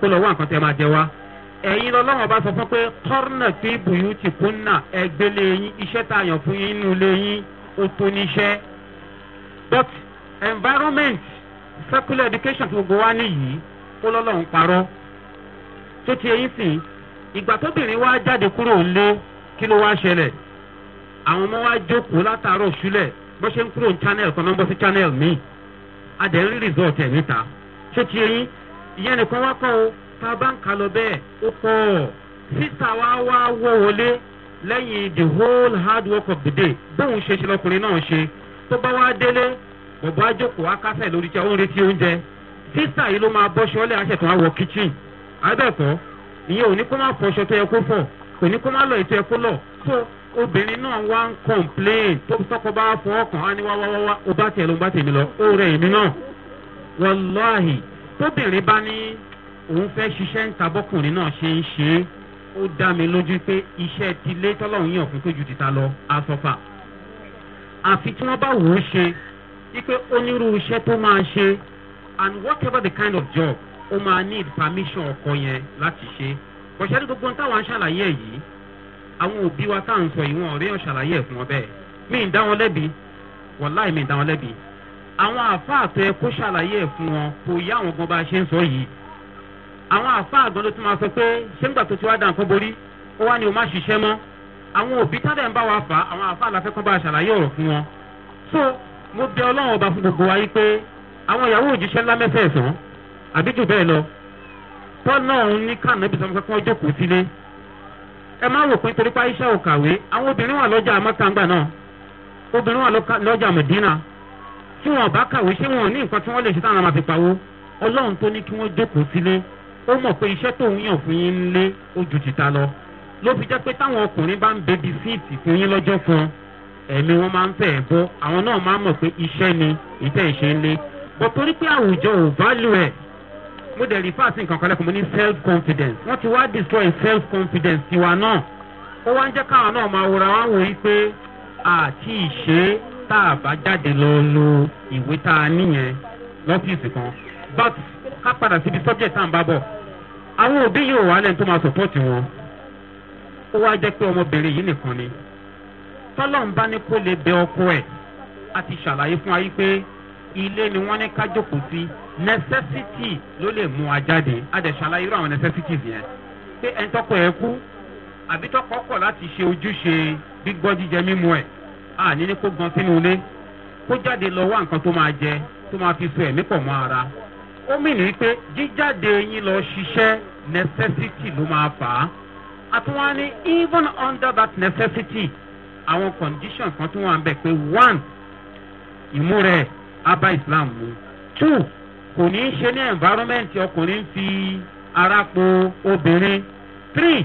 kó lọ wá nǹkan tẹ́ máa jẹ wá. ẹ̀yin lọ́lọ́wọ́n bá sọ fún pé kọ́rọ́nà tí bùyú ti kún náà ẹgbẹ́lẹ̀ yín iṣẹ́ tá a yàn fún yín nínú ilé yín ó tó níṣẹ́. but environment circular education tí gbogbo wa níyìí kó lọ́lọ́run parọ́ tó ti eyín sìn ìgbà tóbìnrin wá jáde kúrò ńlé kí ló wá ṣẹlẹ̀ àwọn ọmọ wa jókòó látàárọ̀ ṣúlẹ̀ bó ṣe ń kúrò ní channel kan náà ń bọ́ sí channel míì adẹ̀ resort rí result ẹ̀ níta ṣé ti eyín ìyẹn nìkan wá kọ́ o tá a bá ń kà lọ bẹ́ẹ̀ ó pọ̀ sísà wa wá wọ́ wọlé lẹ́yìn the whole hard work of the day bóun ṣe ṣe lọkùnrin náà ṣe tó bá wá délé bọ̀bọ̀ àjòkò akásẹ̀ lórí tí a ó ń retí oúnjẹ sísà yìí ló máa bọ́ṣọ lẹ́ àṣẹ tó wá wọ kitchen abẹ́ẹ̀kọ́ ìyẹn ò ní kó má fọṣọ tó yẹ kó fọ̀ kò ní kó má lọ ètò ẹ̀kọ́ lọ tó obìnrin náà wá ń complain tó tọkọ bá fọ ọkàn á ní wá wá wá ó bá tiẹ̀ ló ń bá tèmi lọ ó rẹ̀ èmi náà wàláhì tóbìnrin bá ní òun fẹ́ ṣiṣẹ́ ń tabọ́kùnrin náà ṣe ń ṣe é ó dá mi lójú pé iṣẹ́ ti lé tọ́lọ́hún yàn fún tójú títa lọ asọ́fà àfi tí wọ́n bá wò ó ṣe wípé onírúurú iṣẹ́ tó máa ṣe and whatever the kind of job ó máa need permission ọkọ yẹn láti ṣe kọ̀ṣẹ́ ní gbogbo táwọn aṣàlàyé yìí àwọn òbí wa tá à ń sọ yìí wọn ọ̀rẹ́ ẹ̀ fún ọ bẹ́ẹ̀ mí ì dá wọn lẹ́bi wọ́n láì mí ì dá wọn lẹ́bi àwọn àáfàá tó yẹ kó ṣàlàyé ẹ̀ fún wọn kò yá àwọn gan bá a ṣe ń sọ yìí àwọn àáfàá gan ló tún máa sọ pé ṣé ń gbà tó ti wá dà nǹkan borí ó wá ní o má ṣiṣẹ́ mọ́ àwọn òbí tá dẹ̀ ń bá wa fà àwọn àáfàá la fẹ́ bá a ṣàlàyé ọ̀rọ̀ fún wọn so mo bẹ ọlọ́run ọba fún gbogbo wa yìí pé àwọn ìyàwó òjíṣẹ́ ńlá mẹ́fẹ̀ẹ̀sán àbí jù bẹ́ẹ̀ lọ tọ́nà òun ní kànáàbì sọmọ kí wọ́n jókòó sílé ẹ má rò pé torípa iṣẹ́ òkàwé àwọn obìnrin wà lọ́jà amọ́tàǹgbà náà obìnrin wà lọ́jà mọ̀dínà tí wọn bá kàwé ṣé wọn ò ní nǹkan tí wọn lè ṣe táwọn máa fi pawó ọlọ́run tó ní kí wọ́n jókòó sílé ó mọ̀ pé iṣẹ́ tóun yàn fún yín lé ó ju tìta lọ ló fi jẹ́ pé táwọn ọkùnrin bá ń bebi síìtì fún yín lọ́jọ́ kan ẹ̀mí wọn máa ń fẹ́ ẹ̀ bọ́ àwọn náà máa ń mọ̀ pé iṣẹ́ ni ìtẹ́ ìṣe ń lé bọ̀ torí pé àwùjọ ò value ẹ̀ mo dẹ̀ rí fáàsì nǹkan kan lẹ́kọ̀ọ́ mo ní self confidence wọ́n ti wá destroy self confidence tiwa náà ó wá ń jẹ́ káwọn náà máa wòra wá wòye pé àti ìṣe tá a bá jáde lọ lo ìwé tá a níyẹn lọ́fíìsì kan but ká padà síbi subject tá à ń bá bọ̀ àwọn òbí yóò wà lẹ́nu tó máa sọ̀pọ̀tì wọn ó wá jẹ́ pé ọmọbìnrin yìí nìkan ni tọ́lọ́n bá ní kó lè bẹ ọkọ ẹ̀ a ti ṣàlàyé fún wa pé ilé ni wọ́n ní ká jókòó sí necessity ló lè mú wa jáde a dẹ̀ ṣàlàyé irú àwọn necessities yẹn pé ẹni tọ́kọ ẹ̀ kú àbí tọ́kọ kọ̀ láti ṣe ojúṣe gbígbọ́ jíjẹ mímu ẹ̀ àní ní kó gan sínú ilé kó jáde lọ wá nǹkan tó máa jẹ tó máa fi so ẹ̀mí pọ̀ mọ́ ara ó mìíràn pé jíjáde yín lọ ṣiṣẹ́ necessity ló máa fà á àtúwọ́n ní even under that necessity àwọn condition kan tó wà ń bẹ̀ pé one ìmúra ẹ̀ islam mu two kò ní í ṣe ní environment ọkùnrin fi arápo obìnrin three.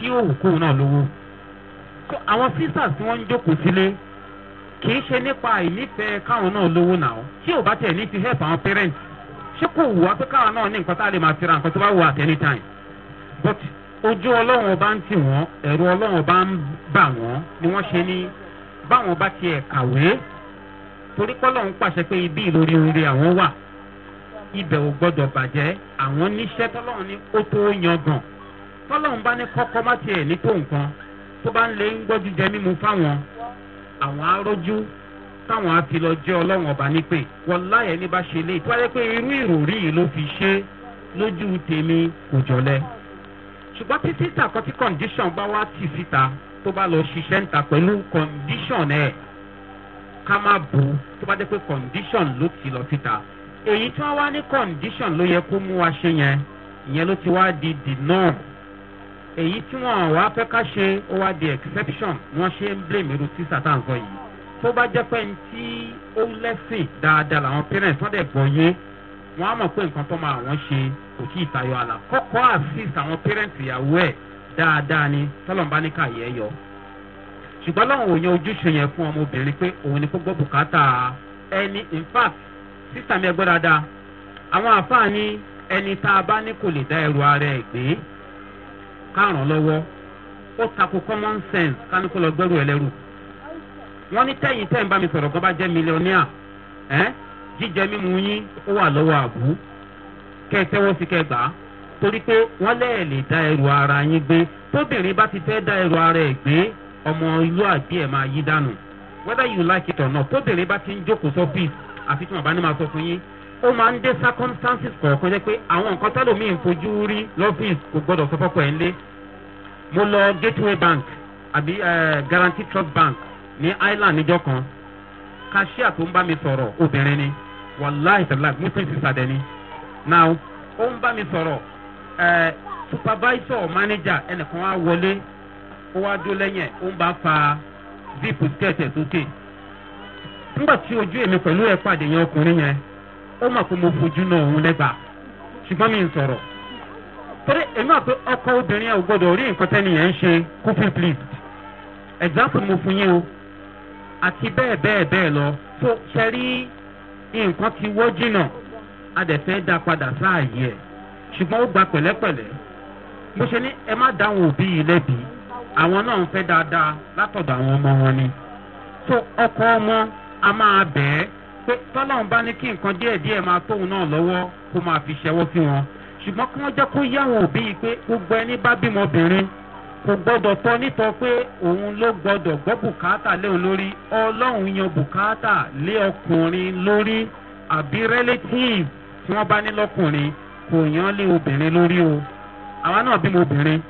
tí yóò wù kóun náà lówó so àwọn sisters tí wọ́n ń jókòó sílé kì í ṣe nípa àìnífẹ̀ẹ́ káwọn náà lówó náà tí ò bá tẹ̀ ní ti help àwọn parents ṣé kò wù wá pé káwọn náà ní nǹkan tá a lè máa fira nǹkan tó bá wù at any time but ojú ọlọ́run ọba ń tì wọ́n ẹ̀rù ọlọ́run ọba ń bà wọ́n ni wọ́n ṣe ní báwọn bá tiẹ̀ kàwé torí pọ́lọ́run pàṣẹ pé ibi ìlórí orí àwọn wà ibẹ̀ ò gbọ́dọ̀ bàjẹ́ àwọn níṣẹ́ tọ́lọ́run ní ó tó yan gan-an tọ́lọ́run bá ní kọ́kọ́ má tiẹ̀ ní tó nǹkan tó bá ń lè ń gbọ́ jíjẹ mímu fáwọn àwọn arójú táwọn á fi lọ jẹ́ ọlọ́run ọba nípè wọ́n láyẹ̀ ní bá ṣe lé tó wáyé pé irú ìròrí yìí ló fi ṣe lójú tèmi kò jọlẹ̀ ṣùgbọ́n títí tàkọ́ tí condition bá wá tì síta tó bá lọ ṣiṣẹ́ ń pẹ̀lú condition ẹ̀ ká má bù ú tó bá dé pé condition ló ti lọ síta èyí tí wọ́n wá ní condition ló yẹ kó mú wa ṣe yẹn ìyẹn ló ti wá di the norm èyí tí wọn wá fẹ́ ká ṣe ó wá di exception wọn ṣe ń blame irú sísà tá à ń sọ yìí tó bá jẹ́ pé tí ó lẹ́sìn dáadáa làwọn parents wọ́n dẹ̀ gbọ́ yé wọ́n á mọ̀ pé nǹkan tó máa wọ́n ṣe kò tí ì àlà kọ́kọ́ assist àwọn parents ìyàwó ẹ̀ dáadáa ni tọ́lọ̀mbá ní káyé ẹ yọ ṣùgbọ́n láwọn òòyàn ojúṣe yẹn fún ọmọbìnrin pé òun ni kó gbọ́ bùkátà ẹni in fact sísà mi ẹgbẹ́ dáadáa àwọn àfáà ní ẹni tá a bá ní kò lè dá ẹrù ara ẹ̀ gbé kárùn lọwọ ó takò common sense kánikó lọ gbẹ́rù ẹlẹ́rù wọ́n ní tẹ́yìn tẹ́yìn bá mi sọ̀rọ̀ gan bá jẹ́ mílíọ̀nìà ẹ́ jíjẹ mímu yín ó wà lọ́wọ́ àbú kẹ́ ẹ sí gbà torí pé da ẹrù ara yín gbé tóbìnrin bá ti da ẹrù ara egbe gbé ọmọ ìlú àbí ẹ̀ máa yí dànù whether you like it or not tóbìnrin bá ti ń jókòó peace àfi ó máa ń dé circumstances kọ̀ọ̀kan jẹ́ pé àwọn nǹkan tẹ́lòmíì ń fojú rí lọ́fíìsì kò gbọ́dọ̀ sọ fọ́kọ̀ ẹ̀ ńlé mo lọ gateway bank àbí guarantee trust bank ní island níjọ́ kan cashier tó ń bá mi sọ̀rọ̀ obìnrin ni wàláhì tẹ̀lá muslim sister dẹ̀ ni now ó ń bá mi sọ̀rọ̀ uh, supervisor manager ẹnìkan wá wọlé ó wá dó lẹ́yìn ẹ̀ ó ń bá fa zip skirt ẹ̀ sókè nígbà tí ojú èmi pẹ̀lú ẹ̀ pàdé yẹn ọkùnrin yẹn. ó mà pé mo fojú náà òun lẹ́bàá ṣùgbọ́n mi ń sọ̀rọ̀ torí èmi àpé ọkọ obìnrin ẹ̀ ò gbọ́dọ̀ rí nǹkan tẹ́ni yẹn ń ṣe kó fi please example mo fún yín o àti bẹ́ẹ̀ bẹ́ẹ̀ bẹ́ẹ̀ lọ tó ṣe rí nǹkan ti wọ́ jìnà a dẹ̀ fẹ́ da padà sáàyè ẹ̀ ṣùgbọ́n ó gba pẹ̀lẹ́pẹ̀lẹ́ mo ṣe ní ẹ má dáhùn òbí yìí lẹ́bi àwọn náà ń fẹ́ dáadáa látọ̀dọ̀ àwọn ọmọ wọn ni tó ọkọ ọmọ a máa bẹ̀ẹ́ pé tọ́lọ́run bá ní kí nǹkan díẹ̀ díẹ̀ máa tóun náà lọ́wọ́ kó máa fi ṣẹ́wọ́ fún wọn ṣùgbọ́n kí wọ́n jẹ́ kó yáwọn òbí yìí pé gbogbo ẹni bá bímọ obìnrin kò gbọ́dọ̀ tọ́ nítọ́ pé òun ló gbọ́dọ̀ gbọ́ bùkátà léun lórí ọlọ́run yan bùkátà lé ọkùnrin lórí àbí relative tí wọ́n bá ní lọ́kùnrin kò yan lé obìnrin lórí o àwa náà bímọ obìnrin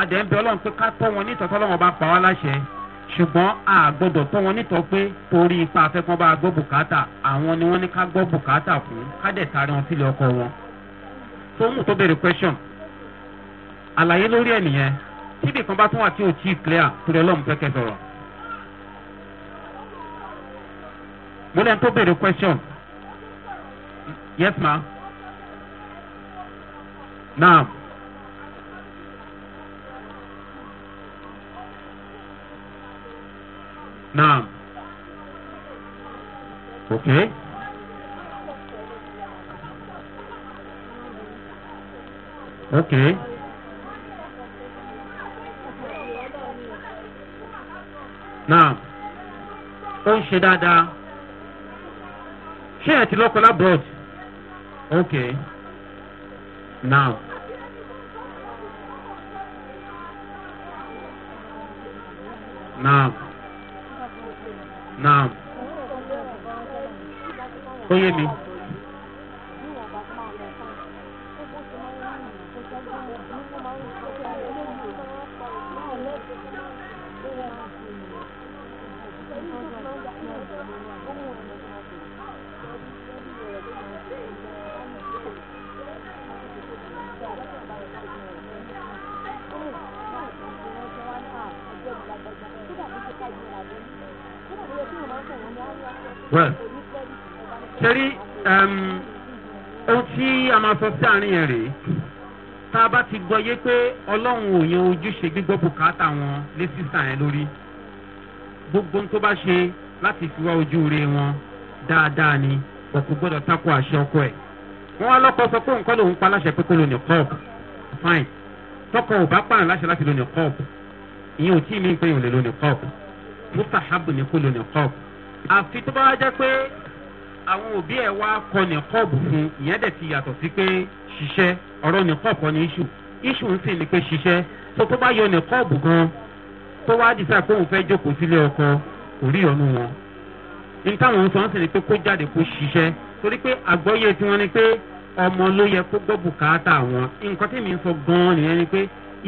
adẹ̀ ọlọ́run pé ká tọ́ wọn nítọ́tọ́ ọlọ́run bá pa wá láṣẹ ṣùgbọ́n a gbọ́dọ̀ tó wọn nítọ́ pé torí ipa afẹ́kọ́ bá gbọ́ bùkátà àwọn ni wọ́n ní ká gbọ́ bùkátà fún kádẹ̀ wọn sílẹ̀ ọkọ wọn. tó mú tó bèrè question àlàyé lórí ẹ̀ nìyẹn tíbi kan bá tún wà tí ò tí clear torí ọlọ́run fẹ́ kẹ́ sọ̀rọ̀. mo lẹ́nu tó bèrè question yes ma. naam. Naam. Okay. Okay. Naam. Ó ń ṣe dáadáa. Ṣé ẹ ti lọ́kọ lábọ́ọ̀d? Okay. Naam. Naam. Naam. Ó yé máa sọ sí àárín ẹ̀ rèé tá a bá ti gbọ́ yé pé ọlọ́run ò yan ojúṣe gbígbọ́ bùkátà wọn lé sísà yẹn lórí gbogbo tó bá ṣe láti fi wá ojú rè wọn dáadáa ni ọkọ gbọdọ̀ takò àṣẹ ọkọ ẹ̀ wọn wá lọ́kọ sọ pé nǹkan lòun pa láṣẹ pé kó lò ní cup fine tọkọ ò bá pààrọ̀ láṣẹ láti lò ní cup ìyẹn ò tí ì mí pé òun lè lò ní cup mustahabu ni kó lò ní cup àfi tó bá wá jẹ́ pé àwọn òbí ẹ̀ wá kọ ní kọ́ọ̀bù fún ìyẹn dẹ̀ ti yàtọ̀ sí pé ṣiṣẹ́ ọ̀rọ̀ ní kọ́ọ̀bù kan ní iṣu iṣu ń sìn ní pé ṣiṣẹ́ tó tó bá yọ ní kọ́ọ̀bù gan tó wá dìsá pé òun fẹ́ jókòó sílé ọkọ kò rí ọ̀nù wọn. n táwọn sọ ń sìn ní pé kó jáde kó ṣiṣẹ́ torí pé àgbọ́yé tí wọ́n pé ọmọ ló yẹ kó gbọ́ bùkátà wọn nǹkan tí mi ń sọ gan-an nìyẹn ni pé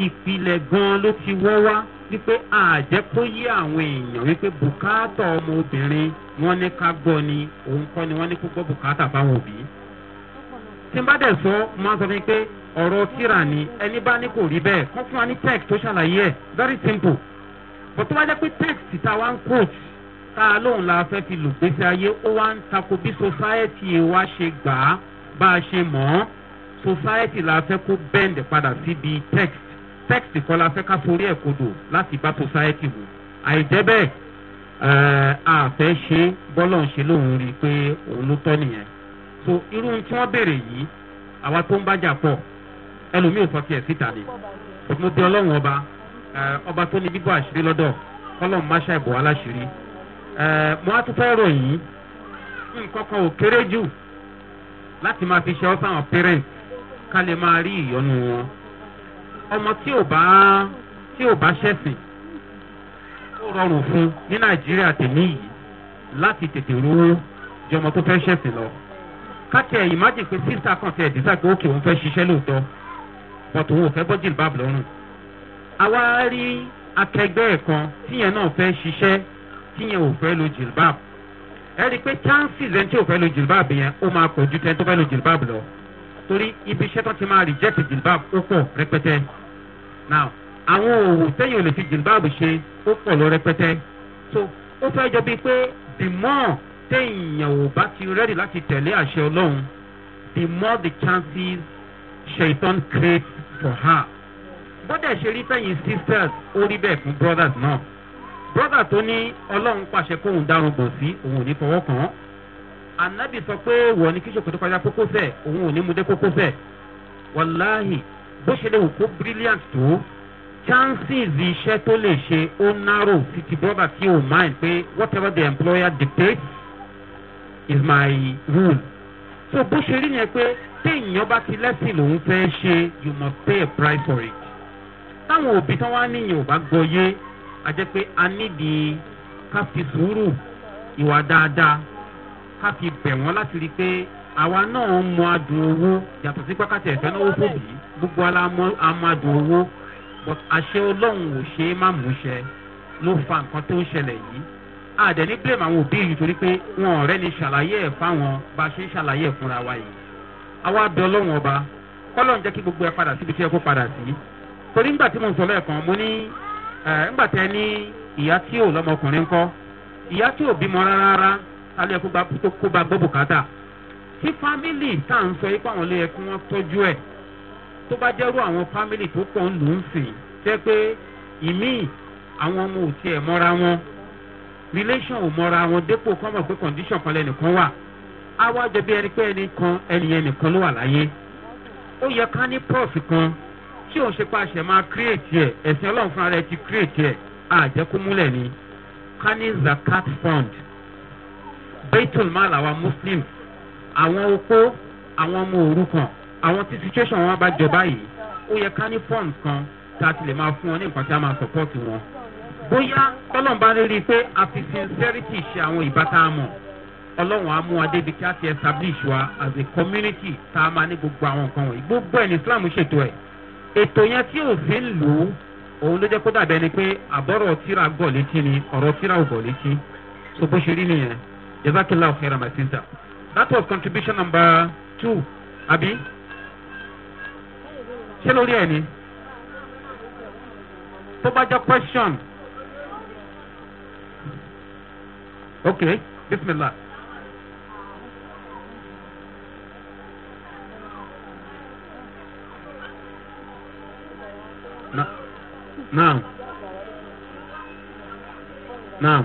ìpìlẹ̀ gan-an ló ti wọ́ wá wípé àjẹ́ kó yí àwọn èèyàn wípé bùkátà ọmọ obìnrin wọn ní ká gbọ́ ni òun kọ́ ni wọ́n ní kó gbọ́ bùkátà fáwọn òbí. tí n bá dẹ̀ sọ máa sọ fún pé ọ̀rọ̀ tíra ni ẹni bá ní kò rí bẹ́ẹ̀ kọ́ fún wa ní text tó ṣàlàyé ẹ̀ very simple. bó tó bá jẹ́ pé text ta wá ń quote tá a lóun la fẹ́ fi lùgbésí ayé ó wá ń tako bí society wa ṣe gbà á bá a ṣe mọ̀ ọ́ society la fẹ́ kó bend padà síbi text sex kan la fẹ́ ká forí ẹ̀ kodò láti bá society wò àìjẹ́ bẹ́ẹ̀ àfẹ́ eh, ṣe bọ́lọ̀ ń ṣe lóun rí i pé òun ló tọ́ nìyẹn so irú tí wọ́n béèrè yìí àwa tó ń bájà pọ̀ ẹlòmíì ò sọ tiẹ̀ síta ni mo di ọlọ́run ọba eh, ọba tó ní bíbọ̀ àṣírí lọ́dọ̀ kọ́lọ́n máṣá ìbò aláṣírí eh, mo á tún fẹ́ ròyìn nǹkan ò kéré jù láti máa fi ṣe ọ́ sáwọn parents ká lè máa rí ìyọnu wọn ọmọ tí ò bá tí ò bá ṣẹ̀sìn ó rọrùn fún ní nàìjíríà tèmi yìí láti tètè rówó jẹ ọmọ tó fẹ́ ṣẹ̀sìn lọ káàkiri ẹ̀yìn má jẹ́ pé sísá kan ti ẹ̀dísà pé òkè òun fẹ́ ṣiṣẹ́ lóòótọ́ but òun ò fẹ́ bọ́ jìn báàbù lọ́rùn àwa rí akẹgbẹ́ ẹ̀ kan tíyẹn náà fẹ́ ṣiṣẹ́ tíyẹn ò fẹ́ lo jìlbáàbù ẹ rí i pé chances ẹni tí ò fẹ́ lo jìlbáàbù yẹn ó máa pọ̀ ju tẹ́ni tó fẹ́ lo jìlbáàbù lọ torí ibi iṣẹ́ tó ti máa reject jìlbáàbù ó pọ̀ rẹpẹtẹ now àwọn òwò sẹ́yìn ò lè fi jìlbáàbù ṣe ó pọ̀ lọ rẹpẹtẹ so ó fẹ́ jọ bíi pé the more téèyàn ò bá ti rẹ́dì láti tẹ̀lé àṣẹ ọlọ́run the more the chances shaitan create for her bọ́dẹ̀ ṣe rí sẹ́yìn sisters ó rí bẹ́ẹ̀ fún brothers náà brother tó ní ọlọ́run pàṣẹ kóun dárun bò sí òun ò ní fọwọ́ kàn án anabi sọ pé wọ́n ní kí ṣòkòtò kọjá kókósẹ̀ òun ò ní mú dé kókósẹ̀ wàláhì bó ṣe lè wù kó brilliant tó chances iṣẹ́ tó lè ṣe ó narrow títí brother tí ò mind pé whatever the employer dictates is my rule. so bó ṣe rí yẹn pé téèyàn bá ti lẹ́sìn lòun fẹ́ ṣe you must pay a price for it. táwọn òbí tán wá níyìn ò bá gbọ́ yé a jẹ́ pé a nídìí ká fi sùúrù ìwà dáadáa ká fi bẹ̀ wọ́n láti rí i pé àwa náà ń mọ adùn owó yàtọ̀ sí pákàtí ẹ̀fẹ́ náà ó fòbí gbogbo alámọ̀dùn owó but àṣẹ ọlọ́run ò ṣe é má mú ṣẹ ló fa nǹkan tó ń ṣẹlẹ̀ yìí àdẹ̀ ní blame àwọn òbí yìí torí pé wọn ọ̀rẹ́ ni ṣàlàyé ẹ̀ fáwọn bá a ṣe ń ṣàlàyé ẹ̀ fúnra wa yìí àwa bẹ ọlọ́run ọba kọ́lọ́n jẹ́ kí gbogbo ẹ padà síbi tí ẹ kó padà sí torí ńgbà tí mo sọ lẹ́ẹ̀kan mo ní ńgbà tẹ ní ìyá tí ò lọ́mọkùnrin kọ́ ìyá tí ò bímọ rárá alẹ́ kó bá gbọ́ bùkátà tí fámìlì tá à ń sọ yìí pé àwọn lè yẹ kí wọ́n tọ́jú ẹ̀ tó bá jẹ́rú àwọn fámìlì tó pọ̀ ń lù ú sìn jẹ́ pé ìmíì àwọn ọmọ ò tiẹ̀ mọ́ra wọn relation ò mọ́ra wọn dépò kọ́ mọ̀ pé condition kan lẹ́nìkan wà á wá jẹ bí ẹni pé ẹni kan ẹni ẹnìkan ló wà láyé ó yẹ ká ní prof kan tí òun ṣe pàṣẹ máa create ẹ ẹ̀sìn ọlọ́run fúnra rẹ ti create ẹ àjẹkúmúlẹ̀ ni ká ní zakat fund baitul mal àwa muslim àwọn opó àwọn ọmọ òrukàn àwọn tí situation wọn bá jọ báyìí ó yẹ ká ní form kan tá a ti lè máa fún wọn ní nǹkan tí a máa support wọn bóyá tọ́lọ́n bá rí i pé a fi sincerity ṣe àwọn ìbátan mọ̀ ọlọ́run á débi kí a ti establish wa as a community tá a máa ní gbogbo àwọn nǹkan wọ̀nyí gbogbo ẹ̀ ní islam ṣètò ẹ̀ ètò yẹn tí ò sí ń lò ó òun ló jẹ́ kó dàbẹ́ ni pé àbọ̀rọ̀ tíra gọ̀ létí ni ọ̀rọ̀ tíra ò gọ̀ létí so bó ṣe rí nìyẹn jazakillah ọ̀kẹ́ra my that was contribution number two abi. ṣé lórí ẹ̀ ni tó bá jẹ́ question ok bisimilah. نعم نعم نعم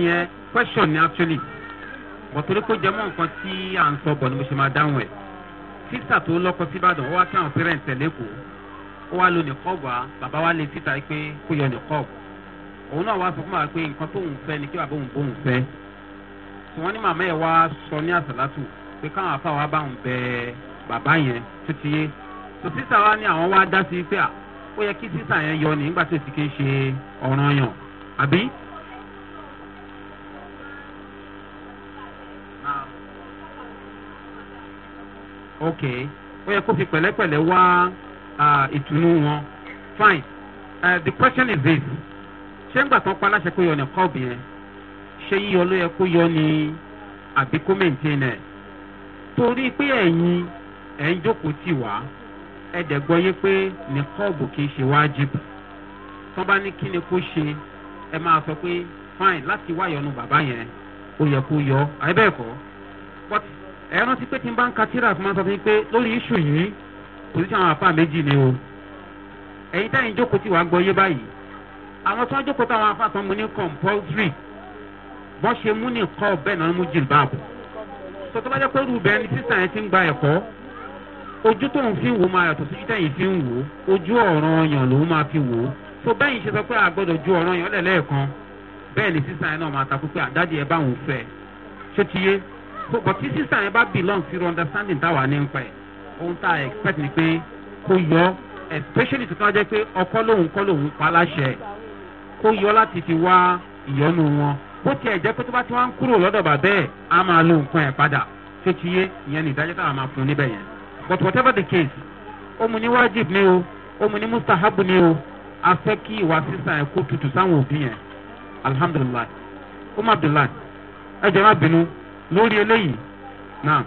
question yẹn question ni actually wọ́n torí kó jẹ́ mọ́ nǹkan tí à ń sọ bọ̀ ni mo ṣe máa dáhùn ẹ̀ sísà tó lọ́kọ síbàdàn ó wá kí àwọn parents ẹ̀ lẹ́kọ̀ọ́ ó wá lo nìkọ́ọ̀bù á bàbá wa lè síta pé kó yọ nìkọ́ọ̀bù òun náà wá sọ fún bàbá pé nǹkan tóun fẹ́ ni kí bàbá òun bóun fẹ́ tí wọ́n ní màmá ẹ̀ wá sọ ní àsàlátù pé káwọn afá wa bá òun bẹ bàbá yẹn tó ti yé tó sísà wa ní àwọn wá dá sí pé à ó yẹ kí sísà yẹn yọ nígbà tó ti ké ṣe ọ̀ràn yàn àbí ok ó yẹ kó fi pẹ̀lẹ́pẹ̀lẹ́ wá ìtùnú wọn fine uh, the question is this ṣé ńgbà tán pa aláṣẹ kó yọ ní kọ́ọ̀bù yẹn ṣé yíyọ ló yẹ kó yọ ní àbí kó maintain ẹ̀ torí pé ẹ̀yin ẹ̀ ń jókòó tì wá ẹ̀dẹ̀ gbọ́ yé pé ní kọ́ọ̀bù kì í ṣe wájib tán bá ní kí ni kó ṣe ẹ máa sọ pé fine láti wá ìyọnu bàbá yẹn ó yẹ kó yọ ẹ bẹ́ẹ̀ kọ́ but ẹ rántí pé tí n bá ń ka tíra fún ma sọ fún yín pé lórí iṣu yìí pòsíṣàn àwọn àfa méjì ni o ẹ̀yin táyìn jókòó tí wàá gbọ́ yé báyìí àwọn tí wọ́n jókòó táwọn afa mu ní compulsory bọ́n ṣe mú ní kọ́ bẹ́ẹ̀ náà mú jìn báàbò tó tó bá jẹ́ pé rúbẹ́ ni sísà yẹn ti ń gba ẹ̀kọ́ ojú tó ń fi wò máa yàtọ̀ sí tẹ̀yìn fi ń wò ojú ọ̀ràn ọyàn ló máa fi wò tó bẹ́yìn ṣe sọ pé àgbọ̀dọ̀ ju ọ̀ràn ọyàn lẹ̀lẹ́ẹ̀kan bẹ́ẹ̀ ni sísà yẹn náà máa ta pé àdájẹ́ ẹ báwọn fẹ́ ṣé ti yé so but tí sísá yẹn bá belong sí understanding táwa ní npa ẹ̀ ohun tá a expect ni pé kó yọ especially to ká jẹ́ pé ọkọ lòun kọ́ lòun pa láṣẹ kó yọ láti fi wá ìyọnu wọn bó tiẹ̀ jẹ́ pé tó bá ti wá ń kúrò lọ́dọ̀ bàbá ẹ̀ á máa lo nǹkan ẹ̀ padà ṣé yé ìyẹn ní ìdájọ́ táwa máa fún níbẹ̀ yẹn but whatever the case ó mu ní wájib ni o ó mu ní mustahabu ni o a fẹ́ kí ìwà sísá ẹ̀ kó tutù sáwọn òbí yẹn alhamdulilayi ó umm má ẹ jẹ́ má bínú lórí eléyìí náà.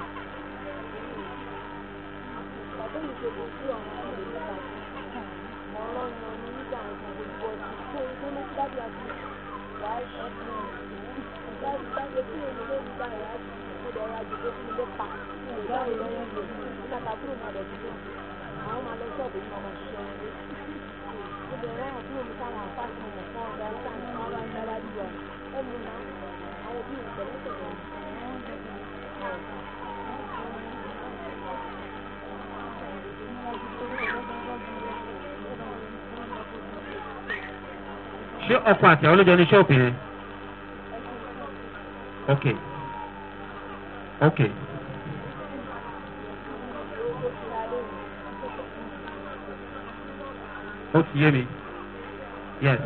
ọkọ àti àwọn olójọ ní ṣọ́ọ̀bù yẹn. ok ok. ó ti yé mi yes.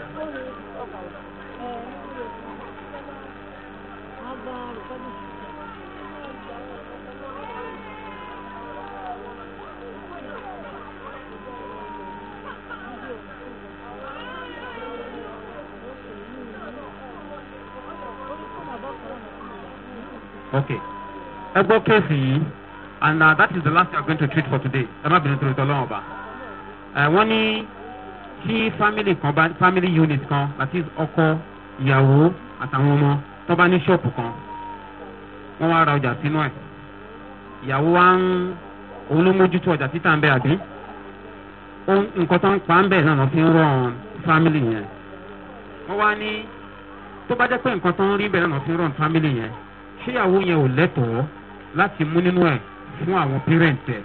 ẹ gbọ́ kéèsì yìí and uh, that is the last thing I'm going to treat for today ẹ bìnrin lọ́wọ́ ọba. wọ́n ní kí family kan bá family unit kan that ọkọ ìyàwó àtàwọn ọmọ tó bá kan wọ́n wá ra ọjà sínú ẹ̀ ìyàwó wa ń òun ọjà títà ń bẹ àbí nǹkan tó ń pa ń bẹ̀ náà family yẹn wọ́n wá ní tó bá jẹ́ pé nǹkan tó ń rí bẹ̀ náà fi family yẹn yẹn ò lẹ́tọ̀ọ́ láti mú nínú ẹ̀ fún àwọn parents ẹ̀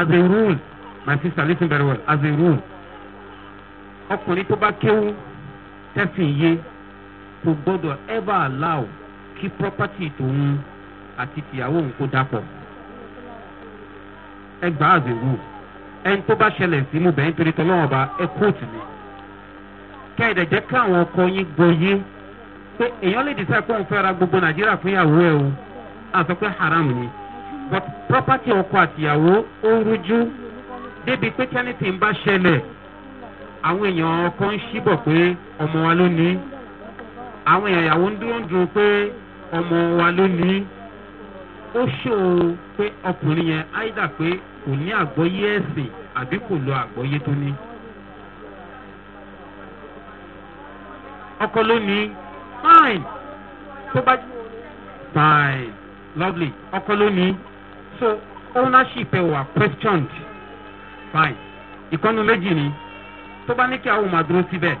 as a rule my sister lis ten very well as a rule ọkùnrin tó bá kéwú tẹ́sìn yé kò gbọ́dọ̀ ever allow kí property tòun àti tìyàwó òun kó dapọ̀ ẹ gbà as a rule ẹni tó bá ṣẹlẹ̀ sí mo bẹ̀yìn torí tọ́lọ́wọ́n ọba ẹ kóòtù mi kẹ́ẹ̀dẹ̀ jẹ́ káwọn ọkọ yín gbọ́ yé pé èèyàn lè dìísẹ́ pé òun fẹ́ ra gbogbo nàìjíríà fún ìyàwó ẹ o. àsọ haram ni but property ọkọ àtìyàwó ó ń rújú débi pé tẹ́nìtì ń bá ṣẹlẹ̀ àwọn èèyàn ọkọ ń ṣíbọ̀ pé ọmọ wa ló ní àwọn èèyàn ìyàwó ń dúró ń dúró pé ọmọ wa ló ní ó ṣòro pé ọkùnrin yẹn áìdà pé kò ní àgbọ́yé ẹ̀sìn àbí kò lọ àgbọ́yé tó ní. ọkọ ló fine tó bá fine. lovely ọkọ ló so ownership ẹ wà questioned fine ìkọ́nu méjì ni tó bá ní kí àwọn máa dúró síbẹ̀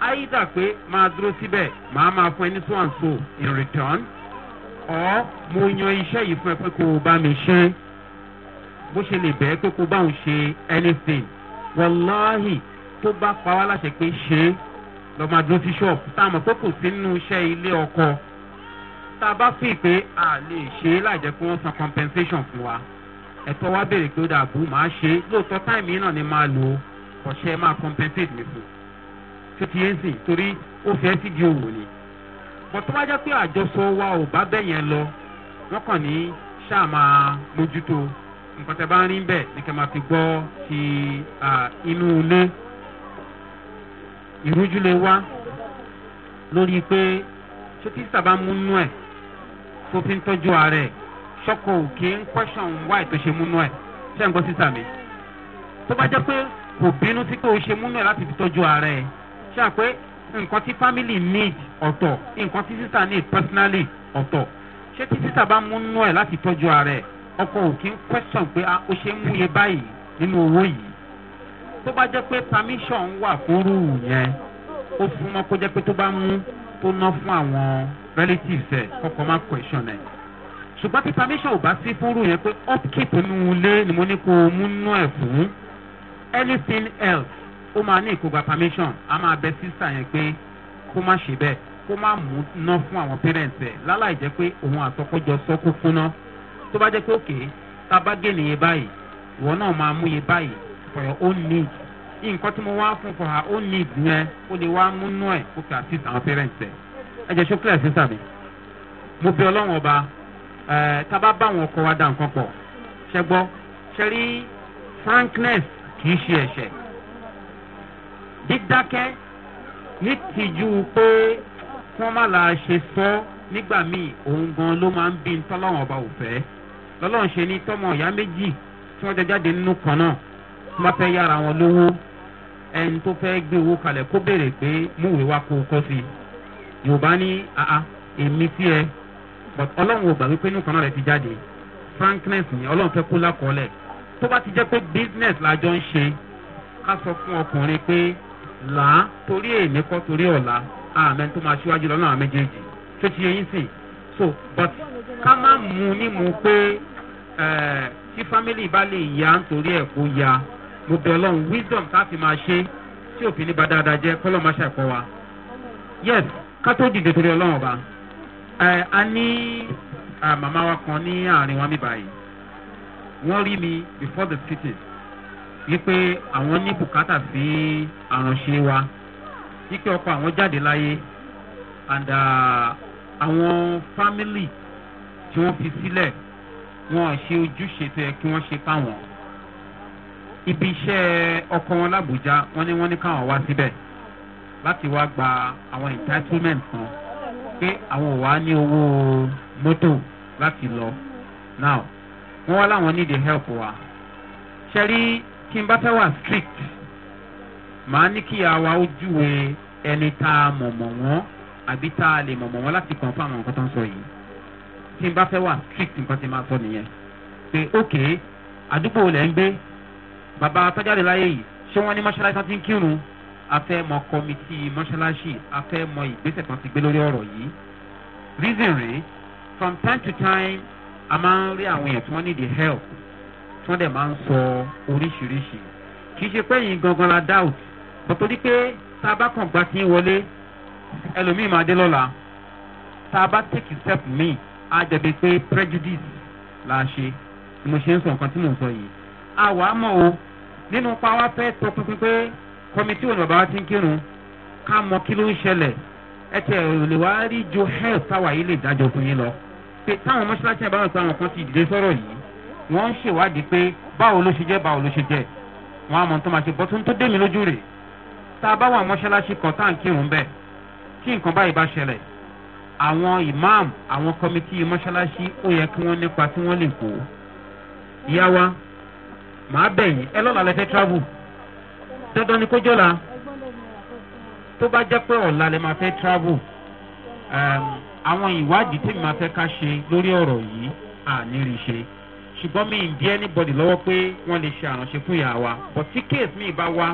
either pé máa dúró síbẹ̀ máa máa fún ẹni so and so in return ọ mo yan iṣẹ́ yìí fún ẹ pé kò bá mi ṣe bó ṣe lè bẹ́ẹ̀ pé kò bá òun ṣe anything wàláhì tó bá pa wá láṣẹ pé ṣe lọ́ọ́ máa dúró sí ṣọ́ọ̀bù táwọn mọ̀ pé kò sí nínú iṣẹ́ ilé ọkọ̀. tá a bá fi pé a lè ṣe é láì jẹ́ pé wọ́n san compensation fún wa ẹ̀tọ́ wa béèrè pé ó dà bú màá ṣe é lóòótọ́ táìmì náà ni máa lò ó kọ̀ṣẹ́ máa compensate mi fún tó ti yẹn sìn torí ó fẹ́ sí di òwò ni bọ̀tú wájá pé àjọsọ wa ò bá bẹ̀ yẹn lọ wọ́n kàn ní ṣáà máa mójútó nǹkan tẹ bá ń rí bẹ́ẹ̀ ni kẹ́ máa fi gbọ́ ti inú ilé ìrújú lè wá lórí pé ṣé tí sábà mú nú ẹ̀ tó fi ń tọ́jú ààrẹ ṣọ́kọ òkè ń pẹ́ṣọ̀n wá ètò ṣe múnú ẹ̀ ṣé ń gbọ́ sísà mi tó bá jẹ́ pé kò bínú sí pé o ṣe múnú ẹ̀ láti fi tọ́jú ààrẹ ẹ̀ ṣé à pé nǹkan tí family need ọ̀tọ̀ nǹkan tí sísà need personally ọ̀tọ̀ ṣé tí sísà bá múnú ẹ̀ láti tọ́jú ààrẹ ọkọ òkè ń pẹ́ṣọ̀n pé ah, o ṣe ń múye báyìí nínú owó yìí tó bá jẹ́ pé permission wà fóró yẹn ó súnmọ́ kó jẹ́ pé tó tó ná fún àwọn relatives ẹ̀ kọ́kọ́ má question ẹ̀ ṣùgbọ́n tí permission ò bá sí fúnrú yẹn pé upkeep nínú ilé ni mo ní kó o mú nú ẹ̀ fún anything else ó máa ní ìkógba permission a máa bẹ sísà yẹn pé kó má ṣe bẹ́ẹ̀ kó má mú ná fún àwọn parents ẹ̀ láláì jẹ́ pé òun àtọkọ́jọ sọ kó fúnná tó bá jẹ́ pé òkè tá a bá gé nìyẹn báyìí ìwọ náà máa mú yẹn báyìí for your own needs nǹkan tí mo wá fún fún ha ó ní ìdíyẹn ó lè wá múnú ẹ̀ kó fi àti àwọn parents ẹ̀ ẹ jẹ́ ṣókè ẹ̀sìn sàbí mo fi ọlọ́run ba ẹ̀ tá a bá bá wa dá nǹkan pọ̀ ṣẹ gbọ́ ṣe frankness kì í ṣe ẹ̀ṣẹ̀ dídákẹ́ ní pé wọ́n má la ṣe sọ nígbà míì òun gan ló máa ń bí tọ́lọ́run ọba òfẹ́ lọ́lọ́run ṣe ní tọ́mọ ìyá méjì tí wọ́n jẹ jáde nínú kan náà wọ́n fẹ́ yára wọn lówó ẹni tó fẹ́ gbé owó kalẹ̀ kó béèrè pé múwèé wá kó kọ́ sí i yorùbá ní àá èmi sí ẹ but ọlọ́run ò gbà wípé inú kan náà rẹ ti jáde frankness ni ọlọ́run fẹ́ kó lákọọ́lẹ̀ tó bá ti jẹ́ pé business la jọ ń ṣe ká sọ fún ọkùnrin pé là á torí èmi kọ́ torí ọ̀la àmẹ́ tó máa ṣíwájú lọ́nà àwọn méjèèjì tó ti yẹn sìn so but ká má mú ní mú pé eh, tí family bá lè yá nítorí ẹ̀ kó ya mo bẹ ọlọ́run wisdom tá a fi máa ṣe tí òfin ní ba dáadáa jẹ́ kọ́lọ́ máa ṣàkọ́ wa. yes ká tó dìde torí ọlọ́run ọba ẹ a ní màmá wa kan ní àárín wa mi báyìí wọ́n rí mi before the city wípé àwọn ní bùkátà sí àránṣe wa wípé ọkọ àwọn jáde láyé and uh, àwọn family tí wọ́n fi sílẹ̀ wọn ṣe ojúṣe tó yẹ kí wọ́n ṣe fáwọn ibi iṣẹ́ ọkọ̀ wọn làbújá wọ́n ní wọ́n ní káwọn wá síbẹ̀ láti wá gba àwọn entitlement kan pé àwọn ò wá ní owó mọ́tò láti lọ now wọ́n wá láwọn need help wa ṣe rí kí n bá fẹ́ wà strict màá ní kí àwa ó ẹni tá a mọ̀mọ̀ wọn àbí tá a lè mọ̀mọ̀ wọn láti confam àwọn nǹkan tó ń sọ yìí tí n bá fẹ́ wà strict nǹkan ti máa sọ nìyẹn pé ok àdúgbò lẹ́ ń gbé bàbá tọ́jáde láyé yìí ṣé wọ́n ní mọ́ṣáláṣí tán ti ń kírun afẹ́ mọ kọ́mítì mọ́ṣáláṣí afẹ́ mọ ìgbésẹ̀ kan ti gbé lórí ọ̀rọ̀ yìí reason rèé from time to time a máa ń rí àwọn èèyàn tí wọ́n need help tí wọ́n dẹ̀ máa ń sọ oríṣiríṣi kì í ṣe pé yìí gangan la doubt but torí pé tá a bá kàn gba kí wọlé ẹlòmíì máa dé lọ́la tá a bá take step míì á jẹ̀bi pé prejudice la ṣe ni mo ṣe ń sọ nǹkan tí mò ń sọ yìí àwa mọ̀ o nínú pa wá fẹ́ tó tuntun pé kọmitì òní bàbá ti ń kírun ká mọ kí ló ń ṣẹlẹ̀ ẹ tẹ òlè wá rí jo health táwa yìí lè dájọ fún yín lọ pé táwọn mọ́ṣáláṣí àbáwọn ìgbà wọn kan ti dìde sọ̀rọ̀ yìí wọ́n ń ṣèwádìí pé báwo ló ṣe jẹ́ báwo ló ṣe jẹ́ wọn àmọ̀ tó máa ṣe bọ́ tó ń tó dé mi lójú rè tá a bá wà mọ́ṣáláṣí kan tá à ń kírun bẹ́ẹ̀ tí nǹkan báyìí bá ṣẹlẹ̀ àwọn ìmáàmù àwọn kọmitì mọ́ṣáláṣí ó yẹ kí wọ́n nípa tí wọ́n lè kó yá wa màá bẹ̀ yín ẹ lọ́la lẹ fẹ́ travel dandan ni kó jọ́la tó bá jẹ́ pé ọ̀la lẹ máa fẹ́ travel àwọn ìwádìí tí mi máa fẹ́ ká ṣe lórí ọ̀rọ̀ yìí àní rí ṣe ṣùgbọ́n mi ń bí anybody lọ́wọ́ pé wọ́n lè ṣe àránṣe fún ìyá wa but tí case mi bá wá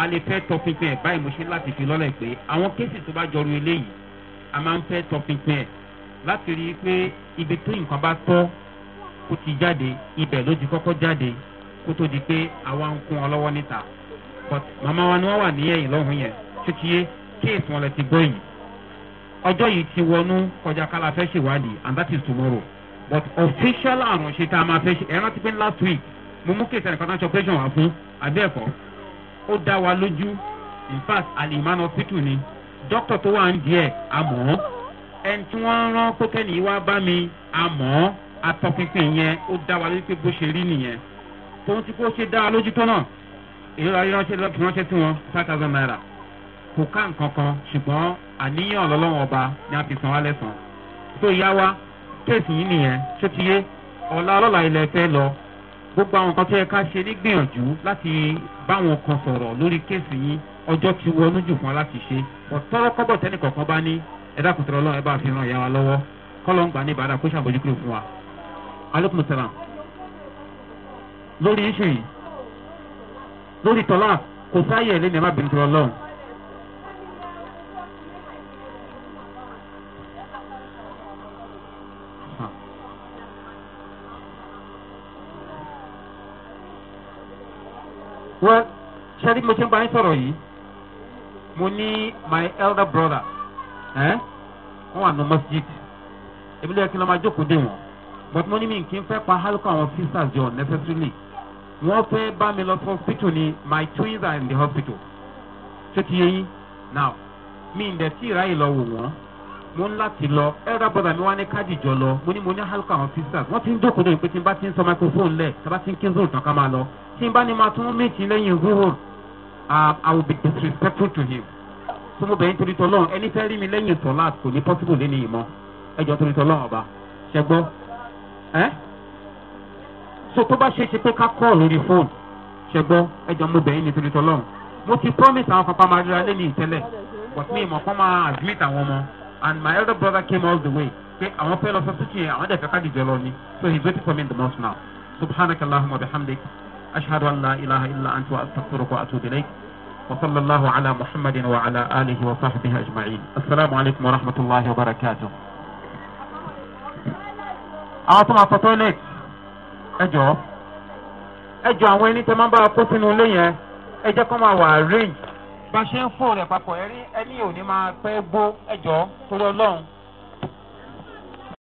a lè fẹ́ tọpinpin ẹ̀ báyìí mo ṣe láti fi lọ́lẹ̀ pé àwọn kéèsì tó bá jọrú eléyìí a máa ń fẹ́ tọpinpin ẹ̀ láti rí i pé ibi tó nǹkan bá tọ́ kó ti jáde ibẹ̀ ló ti kọ́kọ́ jáde kó tó di pé àwa ń kún ọ lọ́wọ́ níta but màmá wa ni wọ́n wà ní ẹ̀yìn lọ́hùn yẹn títí yé kéèsì wọn lẹ ti gbọ́ yìí ọjọ́ yìí ti wọnú kọjá kálá fẹ́ ṣèwádìí and that is tomorrow but official àrùn ṣe tá a máa fẹ́ ṣe ẹ̀rọ ti pé last week mo mú kéèsì ẹnìkan náà ṣọpẹ́ṣọ̀ wá fún abẹ́ẹ̀kọ́ ó dá wa lójú in fact alimán hospital ni dókítà tó wà ń díẹ̀ àmọ́ ẹni tí wọ́n rán kókẹ́ni wá bá mi àmọ́ atọ́pinpin yẹn ó dá wa lójú pé bó ṣe rí nìyẹn tòun ti kó ṣe dára lójú tó náà ìrora ríránṣẹ́ ránṣẹ́ sí wọn five thousand naira kò ká nǹkan kan ṣùgbọ́n àníyàn lọ́lọ́wọ́n ọba ni a fi san wá lẹ́sàn tó yá wa kéèsì yìí nìyẹn ṣó ti yé ọ̀la ọlọ́la ilẹ̀ fẹ́ lọ gbogbo àwọn kan tó yẹ ká ṣe nígbìyànjú láti báwọn kan sọ̀rọ̀ lórí kéèsì yìí ọjọ́ ti wọnú jù fún wa láti ṣe ọ̀tọ́rọ́ kọ́bọ̀ tẹ́nì kọ̀ọ̀kan bá ní ẹ̀dá kùtùrọ̀ ọlọ́run ẹ bá fi ràn ìyá wa lọ́wọ́ kọ́lọ́ ń gbà ní ìbára kó ṣàbójúkúrò fún wa. alókùnrin sẹ́wọ̀n lórí iṣu yìí lórí tọ́lá kò sáyẹ̀ ẹ̀ lẹ́nu ẹ̀ má bínú tó lọ́wọ́. wọ́n ṣẹ́ni mo ti ń bá yín sọ̀rọ̀ yìí mo ní my elder brother wọ́n wà ní masjid èmi lóye kí n lọ́ máa jókòó dé wọn but mo ní mi kí n fẹ́ pa hálùkọ́ àwọn sisters jọ necessarily wọ́n fẹ́ bá mi lọ sí hospital ni my twins are in the hospital ṣé ti yẹ now mi ń dẹ̀ tí ìráyè lọ wò wọ́n mo ń láti lọ elder brother mi wá ní káàdì jọ lọ mo ní mo ní halka àwọn sisters wọ́n ti ń dókòdó ìpè tí n bá ti ń sọ microphone lẹ̀ tí a bá ti ń kí zoro tán ká máa lọ tí n bá ní máa tún méjì lẹ́yìn zoro uh, i will be disrespectful to him tó mo bẹ̀yìn torí tọ́lọ́run ẹni fẹ́ rí mi lẹ́yìn sọ́lá kò ní possible lé ní ìmọ̀ ẹjọ́ torí tọ́lọ́run ọba ṣẹgbọ́n ẹ́ so tó bá ṣeéṣe pé ká kọ́ lórí fóònù ṣẹgbọ́n ẹjọ́ mo bẹ̀yìn nítorí tọ́lọ́run mo ti promise àwọn papa máa ríra lẹ́yìn tẹ́lẹ̀ but mi ìmọ̀ kan máa admit àwọn ọmọ and my elder brother came all the way pé àwọn fẹ́ lọ sọ sókè yẹn àwọn dẹ̀fẹ́ káàdì jọ lọ ni so he is waiting for me in the mosque now subhanaka allahumma bihamdik ashhadu an la ilaha illa anta wa astaghfiruka wa atubu ilayk wa sallallahu ala muhammadin wa ala alihi wa sahbihi ajma'in assalamu alaykum wa rahmatullahi wa barakatuh. àwọn tó máa fọ toilet. ẹ jọ ẹ jọ àwọn ẹni tẹ máa bá kó sínú ilé yẹn ẹ jẹ́ máa wà arrange bá ṣe ń fò rẹ papọ ẹni ò ní máa pẹ gbó ẹ jọ torí ọlọ́run.